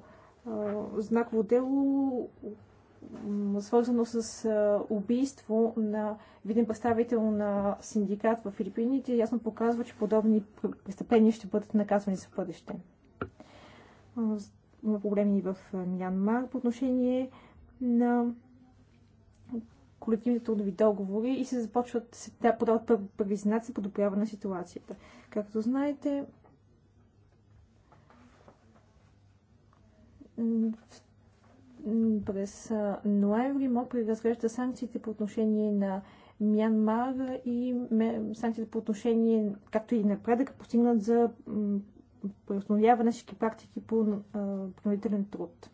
знаково дело, свързано с убийство на виден представител на синдикат в Филипините, ясно показва, че подобни престъпления ще бъдат наказвани за бъдеще. Има проблеми в Мянмар по отношение на колективните трудови договори и се започват, да подават първи знаци по подобряване на ситуацията. Както знаете, през ноември МОК преразглежда санкциите по отношение на Мянмар и санкциите по отношение, както и напредък, постигнат за преустановяване всички практики по принудителен труд.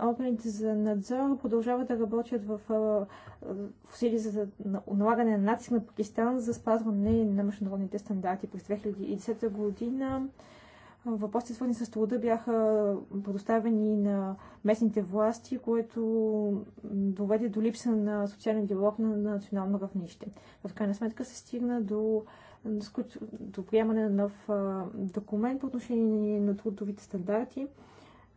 органите за надзор продължават да работят в, усили усилия за налагане на натиск на Пакистан за спазване на международните стандарти. През 2010 година въпросите, свързани с труда, бяха предоставени на местните власти, което доведе до липса на социален диалог на национално равнище. В крайна сметка се стигна до, до приемане на нов документ по отношение на трудовите стандарти,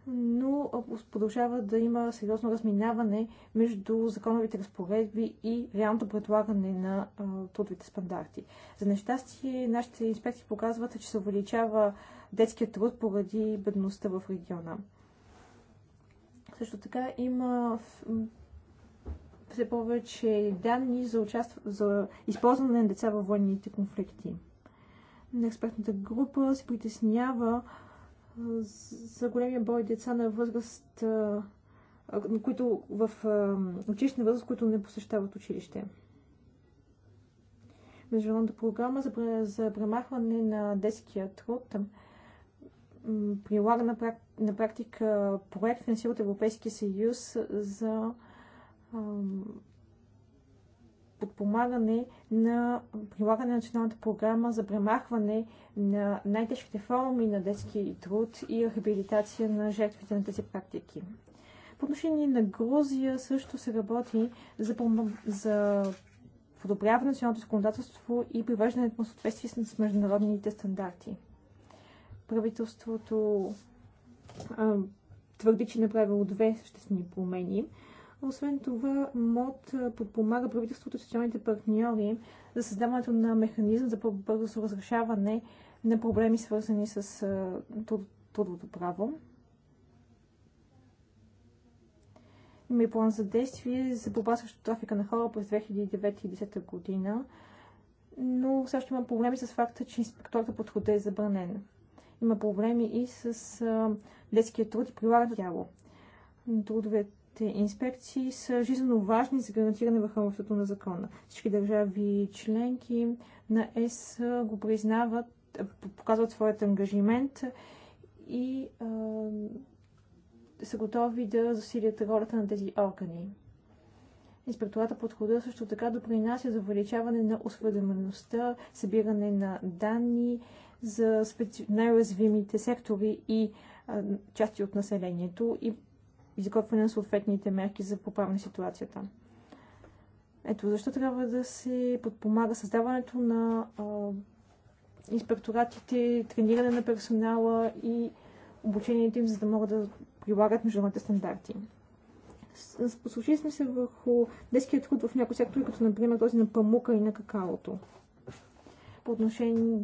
но продължава да има сериозно разминаване между законовите разпоредби и реалното предлагане на трудовите стандарти. За нещастие, нашите инспекции показват, че се увеличава детският труд поради бедността в региона. Също така има все повече данни за, участв... за използване на деца във военните конфликти. На експертната група се притеснява за големия бой деца на възраст, които в училищна възраст, които не посещават училище. Международната програма за, премахване на детския труд прилага на, на практика проект, финансиран от Европейския съюз за подпомагане на прилагане на националната програма за премахване на най-тежките форми на детски труд и рехабилитация на жертвите на тези практики. По отношение на Грузия също се работи за, за подобряване на националното законодателство и привеждането на съответствие с международните стандарти. Правителството а, твърди, че е направило две съществени промени. Освен това, МОД подпомага правителството и социалните партньори за създаването на механизъм за по-бързо разрешаване на проблеми, свързани с трудовото право. Има и план за действие за борба срещу трафика на хора през 2009 2010 година, но също има проблеми с факта, че инспекторът по труда е забранен. Има проблеми и с детския труд и прилагането тяло. Трудовият те инспекции са жизненно важни за гарантиране върховенството на закона. Всички държави членки на ЕС го признават, показват своят ангажимент и а, са готови да засилят ролята на тези органи. Инспектората подхода също така допринася за увеличаване на осведомеността, събиране на данни за специ... най-уязвимите сектори и а, части от населението и изготвяне на съответните мерки за поправяне ситуацията. Ето защо трябва да се подпомага създаването на а, инспекторатите, трениране на персонала и обучението им, за да могат да прилагат международните стандарти. Послушили сме се върху детския труд в някои сектори, като например този на памука и на какаото. По отношение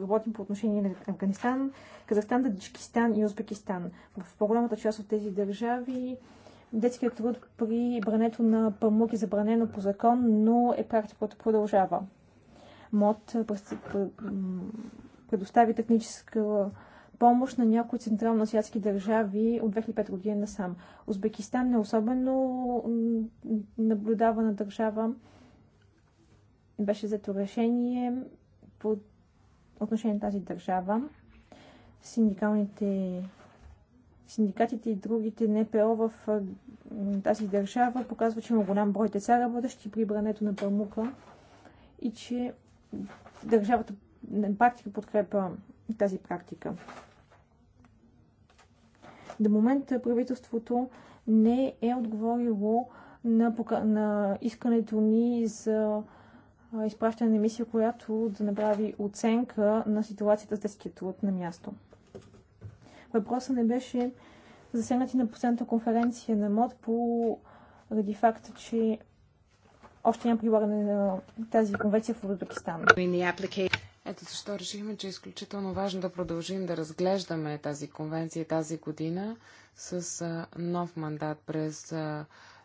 работим по отношение на Афганистан, Казахстан, Таджикистан и Узбекистан. В по-голямата част от тези държави детският труд при брането на памук е забранено по закон, но е практика, която продължава. МОД предостави техническа помощ на някои централно централноазиатски държави от 2005 година насам. Узбекистан е особено наблюдавана държава. Беше взето решение под отношение на тази държава. Синдикалните синдикатите и другите НПО в тази държава показва, че има голям брой деца работещи при брането на памука и че държавата на практика подкрепа тази практика. До момента правителството не е отговорило на, на искането ни за изпращане на мисия, която да направи оценка на ситуацията с детския труд на място. Въпросът не беше засегнат и на последната конференция на МОД по ради факта, че още няма прилагане на тази конвенция в Узбекистан. Ето защо решихме, че е изключително важно да продължим да разглеждаме тази конвенция тази година с нов мандат през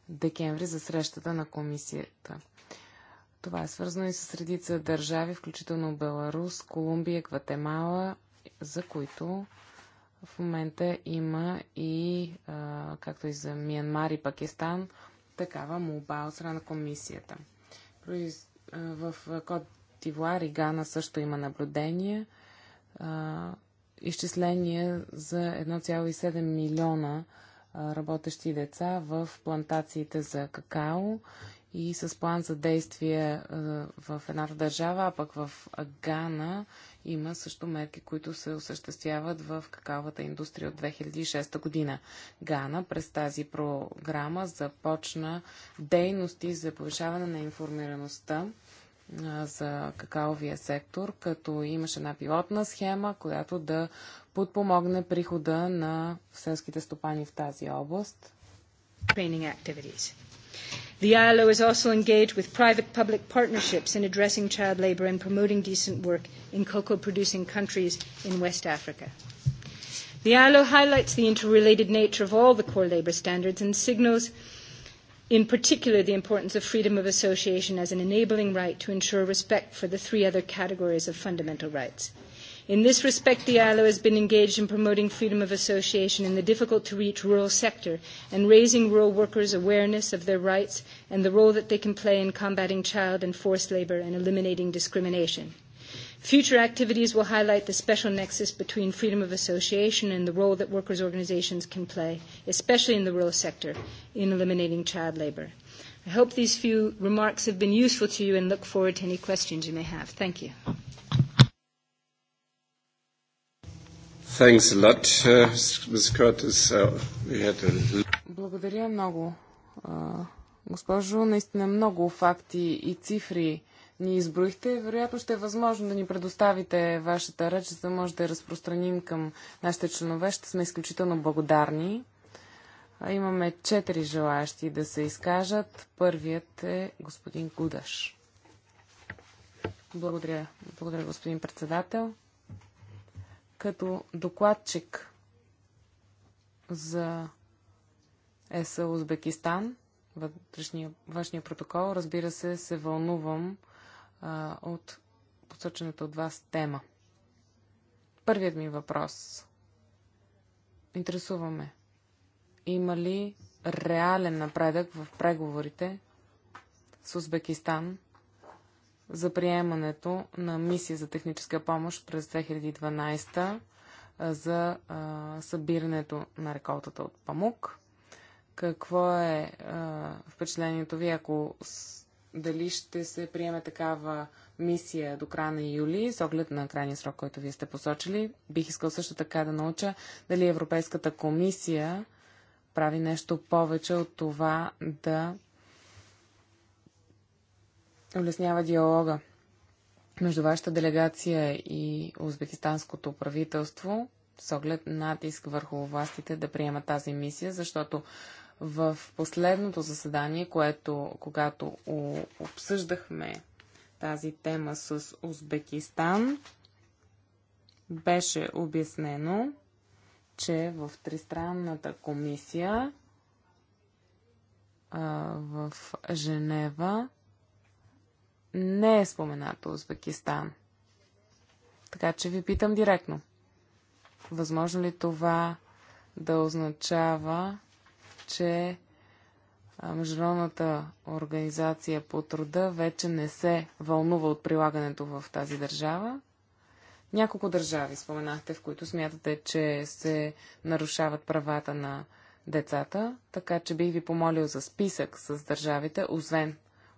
декември за срещата на комисията. Това е свързано и с редица държави, включително Беларус, Колумбия, Гватемала, за които в момента има и, както и за Миянмар и Пакистан, такава молба от страна на комисията. В Код Дивуар и Гана също има наблюдение. изчисление за 1,7 милиона работещи деца в плантациите за какао и с план за действие е, в едната държава, а пък в Гана има също мерки, които се осъществяват в какавата индустрия от 2006 година. Гана през тази програма започна дейности за повишаване на информираността е, за какаовия сектор, като имаше една пилотна схема, която да подпомогне прихода на селските стопани в тази област. Training activities. The ILO is also engaged with private-public partnerships in addressing child labour and promoting decent work in cocoa-producing countries in West Africa. The ILO highlights the interrelated nature of all the core labour standards and signals in particular the importance of freedom of association as an enabling right to ensure respect for the three other categories of fundamental rights. In this respect, the ILO has been engaged in promoting freedom of association in the difficult-to-reach rural sector and raising rural workers' awareness of their rights and the role that they can play in combating child and forced labour and eliminating discrimination. Future activities will highlight the special nexus between freedom of association and the role that workers' organisations can play, especially in the rural sector, in eliminating child labour. I hope these few remarks have been useful to you and look forward to any questions you may have. Thank you. Thanks a lot, uh, Ms. Curtis. Uh, we had a... Благодаря много, госпожо. Наистина много факти и цифри ни изброихте. Вероятно ще е възможно да ни предоставите вашата реч, за да може да я разпространим към нашите членове. Ще сме изключително благодарни. Имаме четири желаящи да се изкажат. Първият е господин Гудаш. Благодаря. Благодаря, господин председател. Като докладчик за ЕСА Узбекистан, вътрешния, външния протокол, разбира се, се вълнувам а, от посочената от вас тема. Първият ми въпрос. Интересуваме. Има ли реален напредък в преговорите с Узбекистан за приемането на мисия за техническа помощ през 2012 за а, събирането на реколтата от памук. Какво е а, впечатлението ви, ако с, дали ще се приеме такава мисия до края на юли, с оглед на крайния срок, който вие сте посочили? Бих искал също така да науча дали Европейската комисия прави нещо повече от това да улеснява диалога между вашата делегация и узбекистанското правителство с оглед натиск върху властите да приемат тази мисия, защото в последното заседание, което, когато обсъждахме тази тема с Узбекистан, беше обяснено, че в Тристранната комисия а, в Женева не е споменато Узбекистан. Така че ви питам директно. Възможно ли това да означава, че Международната организация по труда вече не се вълнува от прилагането в тази държава? Няколко държави споменахте, в които смятате, че се нарушават правата на децата, така че бих ви помолил за списък с държавите, освен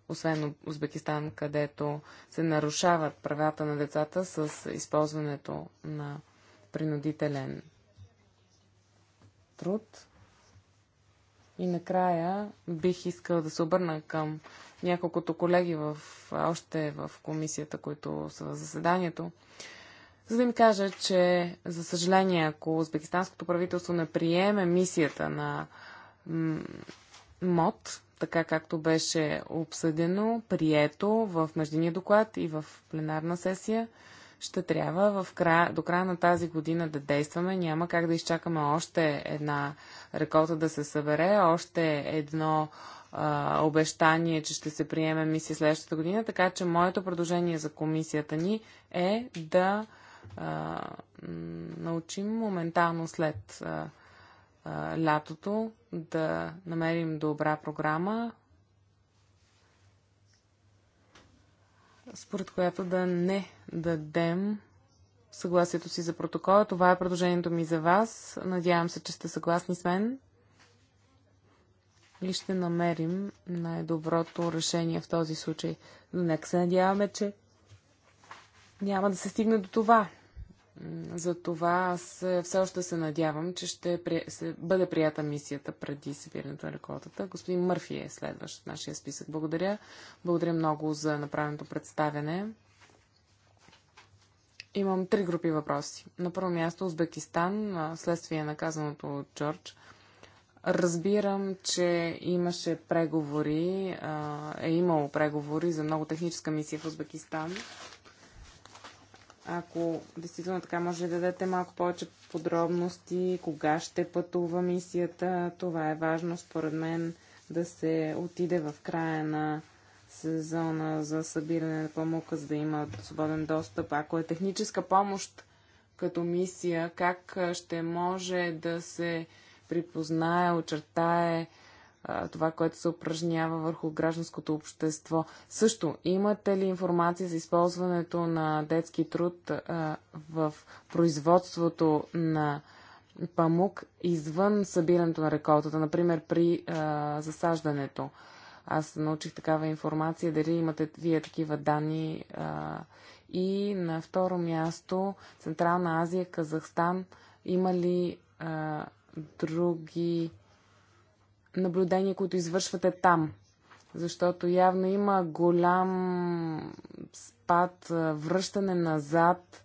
освен Узбекистан, където се нарушават правата на децата с използването на принудителен труд. И накрая бих искал да се обърна към няколкото колеги в, още в комисията, които са в заседанието, за да им кажа, че за съжаление, ако узбекистанското правителство не приеме мисията на МОД, така както беше обсъдено, прието в междиния доклад и в пленарна сесия. Ще трябва в края, до края на тази година да действаме. Няма как да изчакаме още една реколта да се събере, още едно а, обещание, че ще се приеме мисия следващата година. Така че моето предложение за комисията ни е да а, научим моментално след а, лятото да намерим добра програма, според която да не дадем съгласието си за протокола. Това е предложението ми за вас. Надявам се, че сте съгласни с мен. И ще намерим най-доброто решение в този случай. Но нека се надяваме, че няма да се стигне до това. Затова аз е, все още се надявам, че ще при... се... бъде прията мисията преди събирането на реколтата. Господин Мърфи е следващ в нашия списък. Благодаря. Благодаря много за направеното представяне. Имам три групи въпроси. На първо място Узбекистан, следствие на казаното от Джордж. Разбирам, че имаше преговори, е имало преговори за много техническа мисия в Узбекистан ако действително така може да дадете малко повече подробности, кога ще пътува мисията, това е важно според мен да се отиде в края на сезона за събиране на памука, за да има свободен достъп. Ако е техническа помощ като мисия, как ще може да се припознае, очертае това, което се упражнява върху гражданското общество. Също, имате ли информация за използването на детски труд в производството на памук извън събирането на реколтата, например при засаждането? Аз научих такава информация, дали имате вие такива данни. и на второ място, Централна Азия, Казахстан, има ли други наблюдения, които извършвате там? Защото явно има голям спад, връщане назад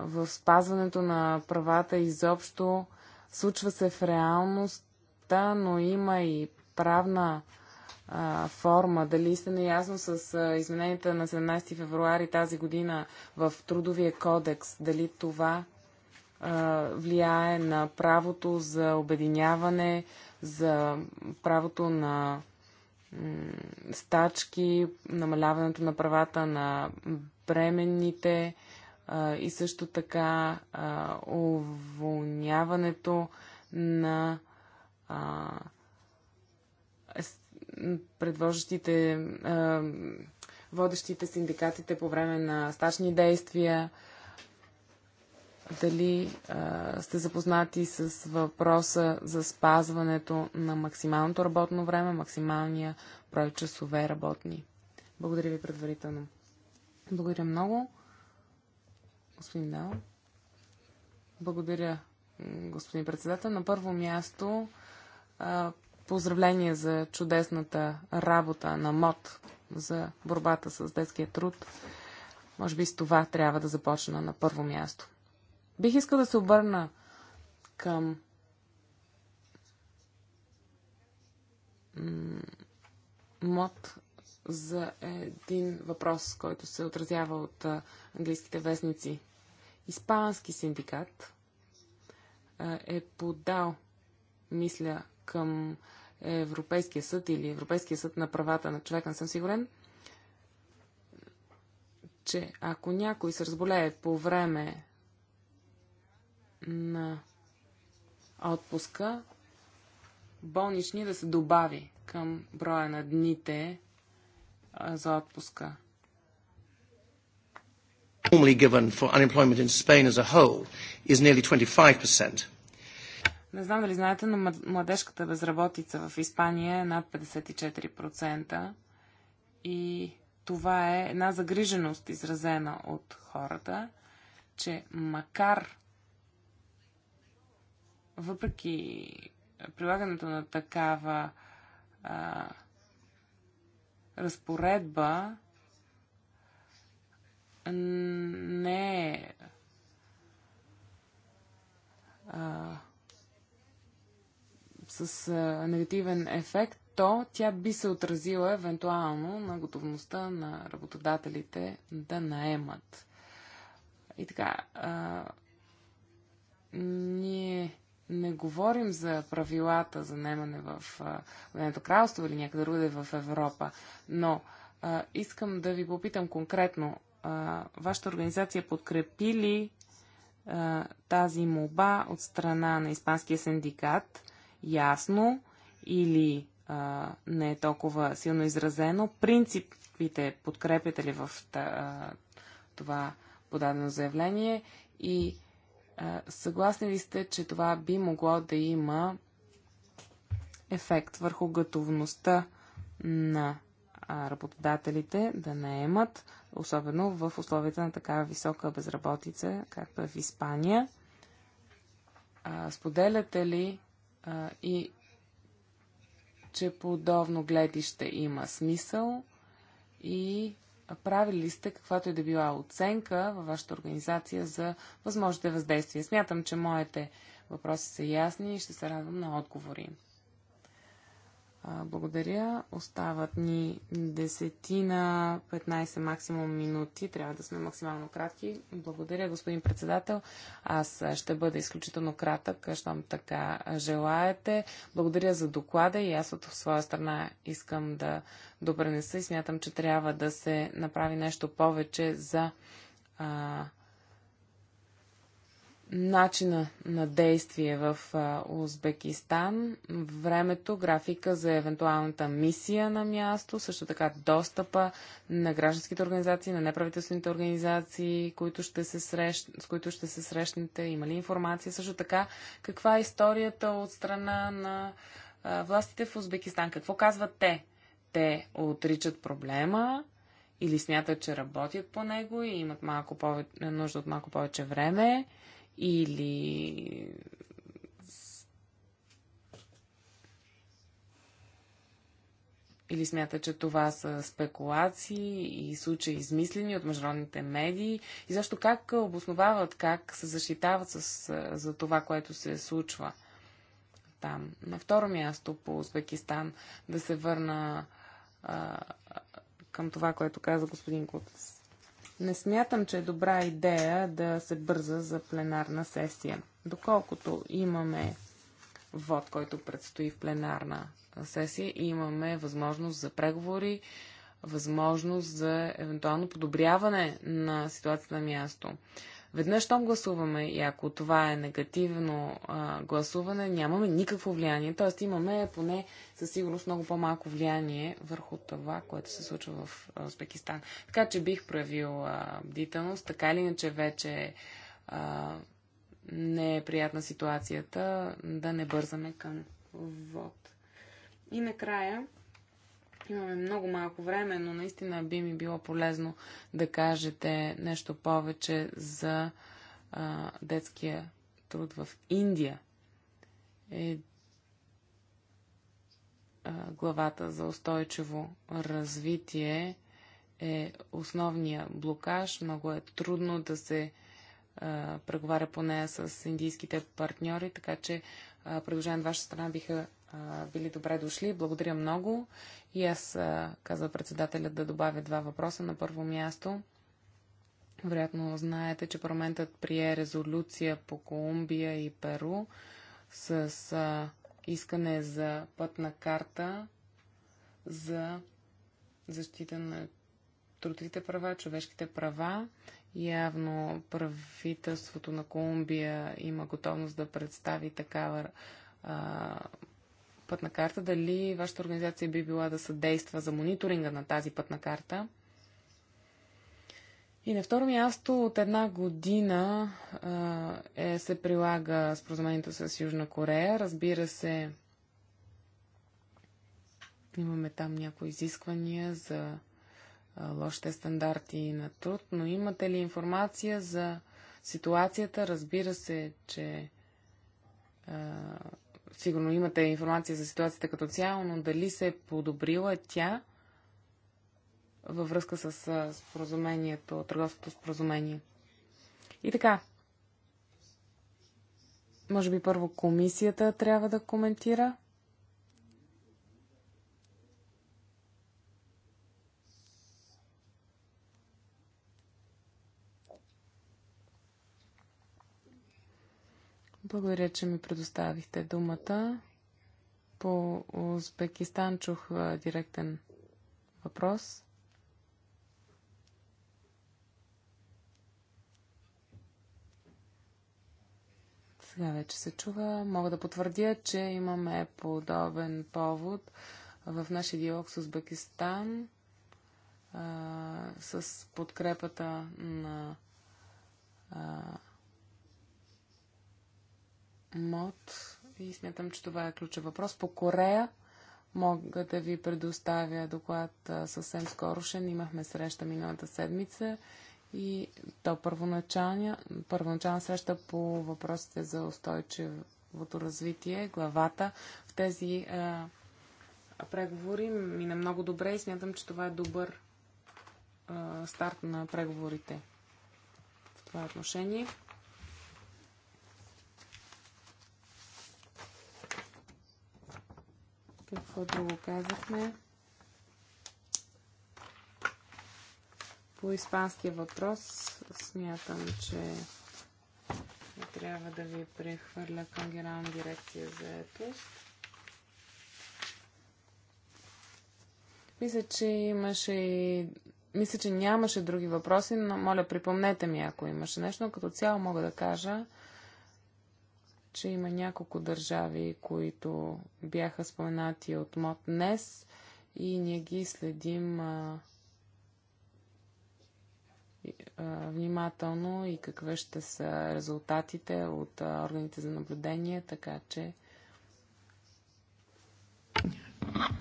в спазването на правата изобщо. Случва се в реалността, но има и правна форма. Дали сте наясно с измененията на 17 февруари тази година в Трудовия кодекс? Дали това влияе на правото за обединяване, за правото на стачки, намаляването на правата на бременните и също така уволняването на предвождащите, водещите синдикатите по време на стачни действия дали а, сте запознати с въпроса за спазването на максималното работно време, максималния брой часове работни. Благодаря ви предварително. Благодаря много. Господин Дал. Благодаря, господин председател. На първо място а, поздравление за чудесната работа на МОД за борбата с детския труд. Може би с това трябва да започна на първо място. Бих искал да се обърна към мод за един въпрос, който се отразява от английските вестници. Испански синдикат е подал, мисля, към Европейския съд или Европейския съд на правата на човека, не съм сигурен, че ако някой се разболее по време на отпуска болнични да се добави към броя на дните за отпуска. Normally given for unemployment in Spain as a whole is nearly 25%. Не знам дали знаете, но младежката безработица в Испания е над 54%. И това е една загриженост, изразена от хората, че макар въпреки прилагането на такава а, разпоредба, не е с а, негативен ефект, то тя би се отразила евентуално на готовността на работодателите да наемат. И така, а, ние не говорим за правилата за немане в Обединеното кралство или някъде другаде в Европа, но а, искам да ви попитам конкретно. А, вашата организация подкрепи ли а, тази моба от страна на Испанския синдикат ясно или а, не е толкова силно изразено? Принципите подкрепите ли в та, а, това подадено заявление и Съгласни ли сте, че това би могло да има ефект върху готовността на работодателите да наемат, особено в условията на такава висока безработица, както е в Испания? Споделяте ли и че подобно гледище има смисъл и правили сте каквато и е да била оценка във вашата организация за възможните въздействия? Смятам, че моите въпроси са ясни и ще се радвам на отговори. Благодаря. Остават ни десетина, 15 максимум минути. Трябва да сме максимално кратки. Благодаря, господин председател. Аз ще бъда изключително кратък, щом така желаете. Благодаря за доклада и аз от своя страна искам да допренеса и смятам, че трябва да се направи нещо повече за а, начина на действие в Узбекистан, времето, графика за евентуалната мисия на място, също така достъпа на гражданските организации, на неправителствените организации, които ще се срещ... с които ще се срещнете, има ли информация, също така каква е историята от страна на властите в Узбекистан, какво казват те? Те отричат проблема, или смятат, че работят по него и имат малко повече, нужда от малко повече време, или или смята, че това са спекулации и случаи измислени от международните медии и защо как обосновават, как се защитават с, за това, което се случва там. На второ място по Узбекистан да се върна а, към това, което каза господин Кутес. Не смятам, че е добра идея да се бърза за пленарна сесия. Доколкото имаме вод, който предстои в пленарна сесия, имаме възможност за преговори, възможност за евентуално подобряване на ситуацията на място. Веднъж, щом гласуваме и ако това е негативно а, гласуване, нямаме никакво влияние. Тоест имаме поне със сигурност много по-малко влияние върху това, което се случва в Узбекистан. Така че бих проявил а, бдителност. Така или иначе вече а, не е приятна ситуацията да не бързаме към вод. И накрая Имаме много малко време, но наистина би ми било полезно да кажете нещо повече за а, детския труд в Индия. Е, а, главата за устойчиво развитие е основния блокаж. Много е трудно да се преговаря по нея с индийските партньори, така че предложение от ваша страна биха били добре дошли. Благодаря много. И аз, а, казва да добавя два въпроса. На първо място, вероятно знаете, че парламентът прие резолюция по Колумбия и Перу с а, искане за пътна карта за защита на трудовите права, човешките права. Явно правителството на Колумбия има готовност да представи такава а, пътна карта, дали вашата организация би била да съдейства за мониторинга на тази пътна карта? И на второ място, от една година е, се прилага споразумението с Южна Корея. Разбира се, имаме там някои изисквания за лошите стандарти на труд, но имате ли информация за ситуацията? Разбира се, че Сигурно имате информация за ситуацията като цяло, но дали се е подобрила тя във връзка с споразумението, търговското споразумение. И така, може би първо комисията трябва да коментира Благодаря, че ми предоставихте думата. По Узбекистан чух директен въпрос. Сега вече се чува. Мога да потвърдя, че имаме подобен повод в нашия диалог с Узбекистан а, с подкрепата на а, МОД и смятам, че това е ключов въпрос. По Корея мога да ви предоставя доклад съвсем скорошен. Имахме среща миналата седмица и то първоначална, първоначална среща по въпросите за устойчивото развитие, главата в тези а, преговори мина много добре и смятам, че това е добър а, старт на преговорите в това отношение. Какво друго казахме? По испанския въпрос смятам, че трябва да ви прехвърля към Генерална дирекция за етост. Мисля, че имаше и... Мисля, че нямаше други въпроси, но моля, припомнете ми, ако имаше нещо. Като цяло мога да кажа, че има няколко държави, които бяха споменати от МОД днес и ние ги следим а, а, внимателно и какви ще са резултатите от а, органите за наблюдение, така че.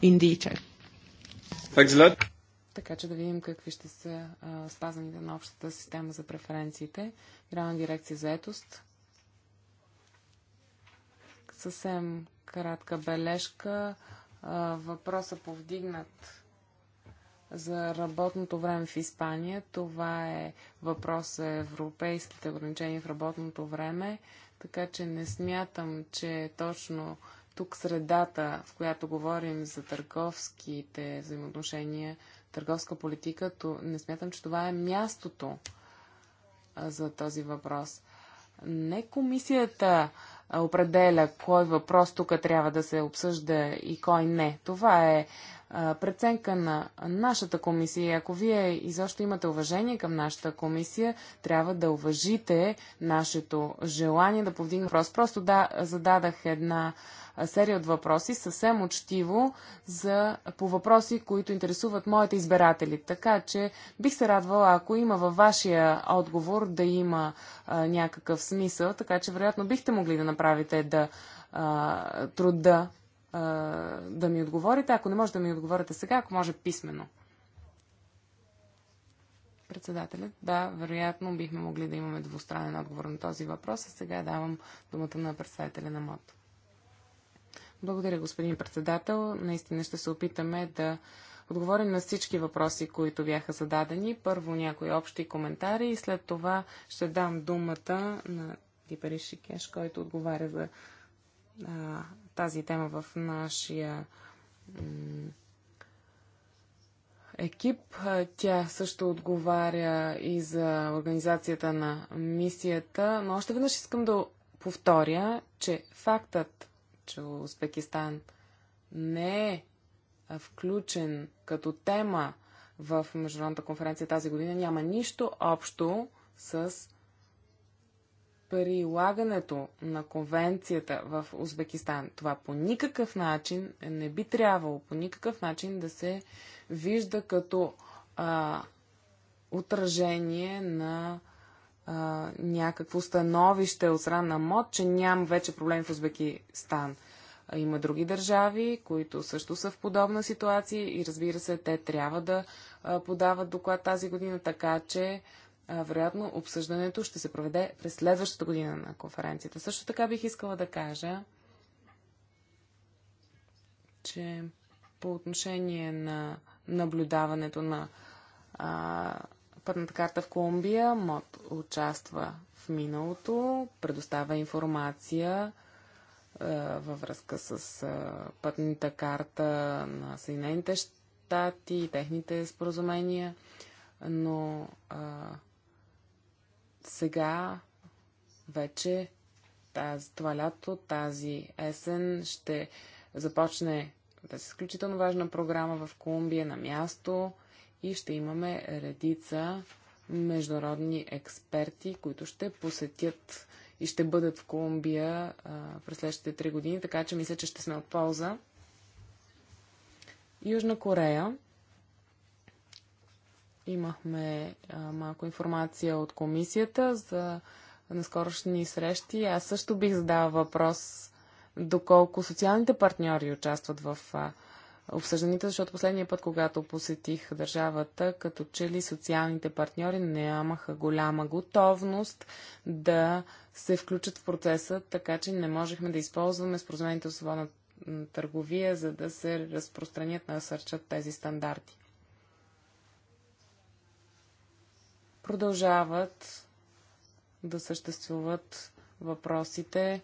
Индийче. Така че да видим какви ще са а, спазаните на общата система за преференциите. Грана дирекция за етост Съвсем кратка бележка. Въпросът повдигнат за работното време в Испания. Това е въпрос за европейските ограничения в работното време, така че не смятам, че е точно тук средата, в която говорим за търговските взаимоотношения, търговска политика, то не смятам, че това е мястото за този въпрос. Не комисията определя кой въпрос тук трябва да се обсъжда и кой не. Това е преценка на нашата комисия. Ако вие изобщо имате уважение към нашата комисия, трябва да уважите нашето желание да повдигнем въпрос. Просто да, зададах една серия от въпроси съвсем учтиво за, по въпроси, които интересуват моите избиратели. Така че бих се радвала, ако има във вашия отговор да има а, някакъв смисъл, така че вероятно бихте могли да направите да, а, труда а, да ми отговорите. Ако не може да ми отговорите сега, ако може писменно председателят. Да, вероятно бихме могли да имаме двустранен отговор на този въпрос, а сега давам думата на представителя на Мото. Благодаря, господин председател. Наистина ще се опитаме да отговорим на всички въпроси, които бяха зададени. Първо някои общи коментари и след това ще дам думата на Дибери Шикеш, който отговаря за а, тази тема в нашия екип. Тя също отговаря и за организацията на мисията, но още веднъж искам да повторя, че фактът, че Узбекистан не е включен като тема в Международната конференция тази година, няма нищо общо с прилагането на конвенцията в Узбекистан. Това по никакъв начин не би трябвало, по никакъв начин да се вижда като а, отражение на а, някакво становище от страна на МОД, че няма вече проблем в Узбекистан. Има други държави, които също са в подобна ситуация и разбира се, те трябва да подават доклад тази година, така че вероятно обсъждането ще се проведе през следващата година на конференцията. Също така бих искала да кажа, че по отношение на наблюдаването на а, Пътната карта в Колумбия. МОД участва в миналото, предоставя информация е, във връзка с е, пътната карта на Съединените щати и техните споразумения, но е, сега вече тази, това лято, тази есен ще започне тази изключително важна програма в Колумбия на място и ще имаме редица международни експерти, които ще посетят и ще бъдат в Колумбия а, през следващите три години, така че мисля, че ще сме от полза. Южна Корея. Имахме а, малко информация от комисията за наскорошни срещи. Аз също бих задала въпрос доколко социалните партньори участват в а, обсъжданите, защото последния път, когато посетих държавата, като че ли социалните партньори нямаха голяма готовност да се включат в процеса, така че не можехме да използваме споразумението за свободна търговия, за да се разпространят, насърчат тези стандарти. Продължават да съществуват въпросите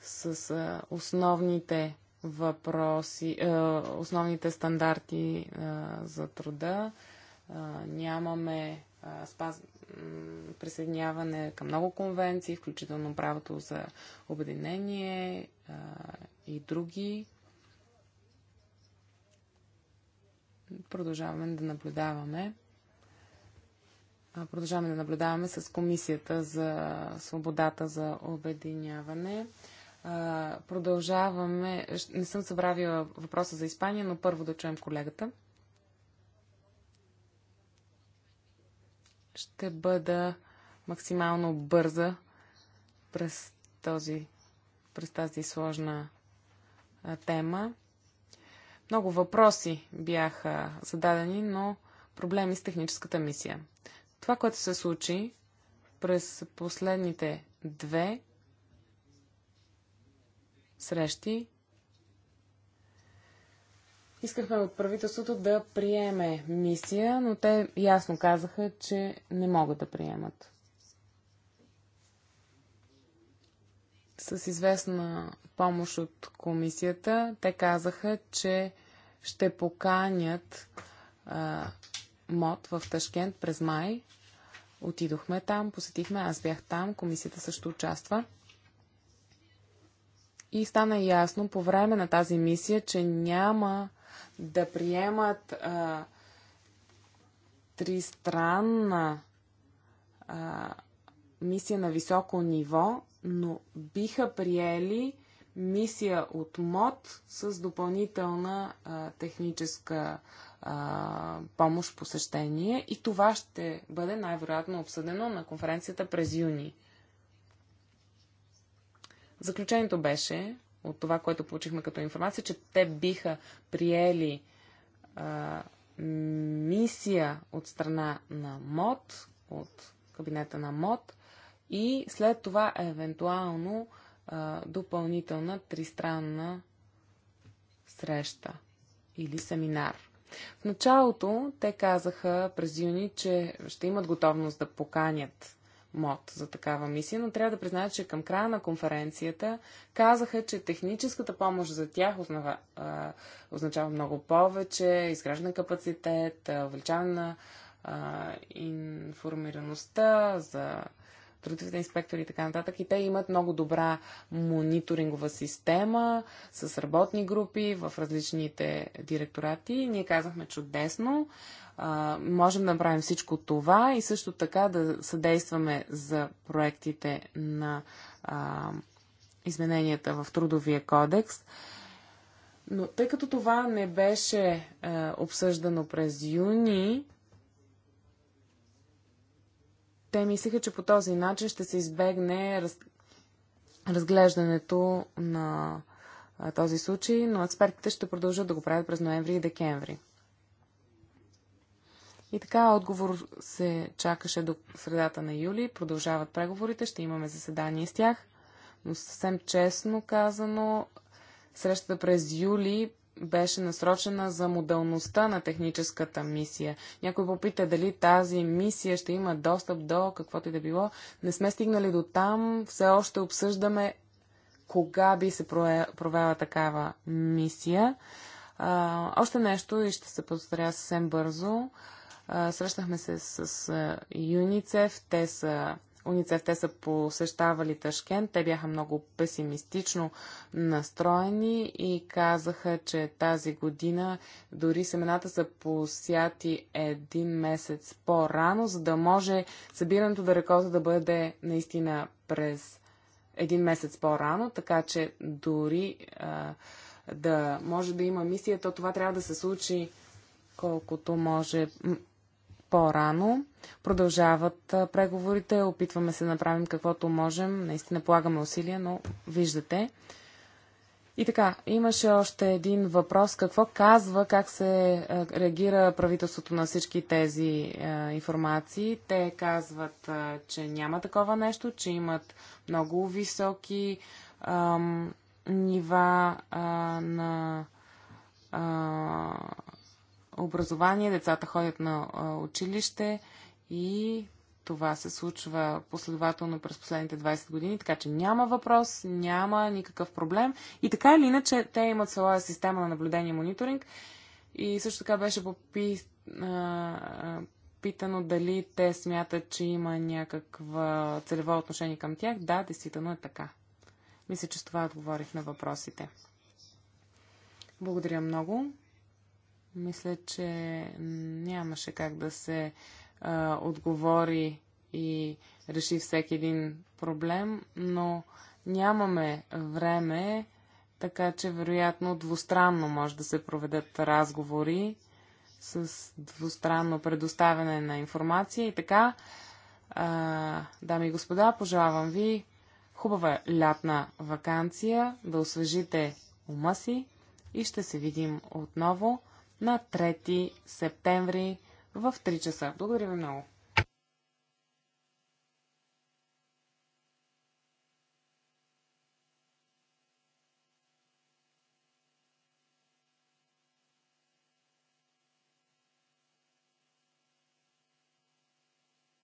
с основните въпроси, е, основните стандарти е, за труда. Е, нямаме спаз... присъединяване към много конвенции, включително правото за обединение и други. Продължаваме да наблюдаваме. Продължаваме да наблюдаваме с Комисията за свободата за обединяване продължаваме. Не съм събравила въпроса за Испания, но първо да чуем колегата. Ще бъда максимално бърза през, този, през тази сложна тема. Много въпроси бяха зададени, но проблеми с техническата мисия. Това, което се случи през последните две срещи искахме от правителството да приеме мисия, но те ясно казаха, че не могат да приемат. С известна помощ от комисията, те казаха, че ще поканят а, МОД в Ташкент през май. Отидохме там, посетихме, аз бях там, комисията също участва и стана ясно по време на тази мисия, че няма да приемат а, тристранна а, мисия на високо ниво, но биха приели мисия от МОД с допълнителна а, техническа а, помощ посещение и това ще бъде най-вероятно обсъдено на конференцията през юни. Заключението беше от това, което получихме като информация, че те биха приели а, мисия от страна на МОД, от кабинета на МОД и след това евентуално а, допълнителна тристранна среща или семинар. В началото те казаха през юни, че ще имат готовност да поканят мод за такава мисия, но трябва да призная, че към края на конференцията казаха, че техническата помощ за тях основа, а, означава много повече, изграждане капацитет, увеличаване на информираността за трудовите инспектори и така нататък. И те имат много добра мониторингова система с работни групи в различните директорати. Ние казахме чудесно можем да направим всичко това и също така да съдействаме за проектите на а, измененията в трудовия кодекс. Но тъй като това не беше а, е, обсъждано през юни, те мислиха, че по този начин ще се избегне раз... разглеждането на е, този случай, но експертите ще продължат да го правят през ноември и декември. И така отговор се чакаше до средата на юли. Продължават преговорите, ще имаме заседание с тях. Но съвсем честно казано, срещата през юли беше насрочена за модалността на техническата мисия. Някой попита дали тази мисия ще има достъп до каквото и да било. Не сме стигнали до там, все още обсъждаме кога би се провела такава мисия. А, още нещо и ще се повторя съвсем бързо. Срещахме срещнахме се с а, ЮНИЦЕФ. Те са УНИЦЕФ, те са посещавали Ташкент. Те бяха много песимистично настроени и казаха, че тази година дори семената са посяти един месец по-рано, за да може събирането да реколта да бъде наистина през един месец по-рано, така че дори а, да може да има мисия, то това трябва да се случи колкото може по-рано. Продължават преговорите, опитваме се да направим каквото можем, наистина полагаме усилия, но виждате. И така, имаше още един въпрос. Какво казва, как се реагира правителството на всички тези информации? Те казват, че няма такова нещо, че имат много високи ам, нива на образование, децата ходят на училище и това се случва последователно през последните 20 години, така че няма въпрос, няма никакъв проблем. И така или иначе, те имат своя система на наблюдение и мониторинг. И също така беше попи, питано дали те смятат, че има някаква целево отношение към тях. Да, действително е така. Мисля, че с това отговорих на въпросите. Благодаря много. Мисля, че нямаше как да се а, отговори и реши всеки един проблем, но нямаме време, така че вероятно двустранно може да се проведат разговори с двустранно предоставяне на информация и така. А, дами и господа, пожелавам ви хубава лятна вакансия, да освежите ума си и ще се видим отново на 3 септември в 3 часа. Благодаря ви много.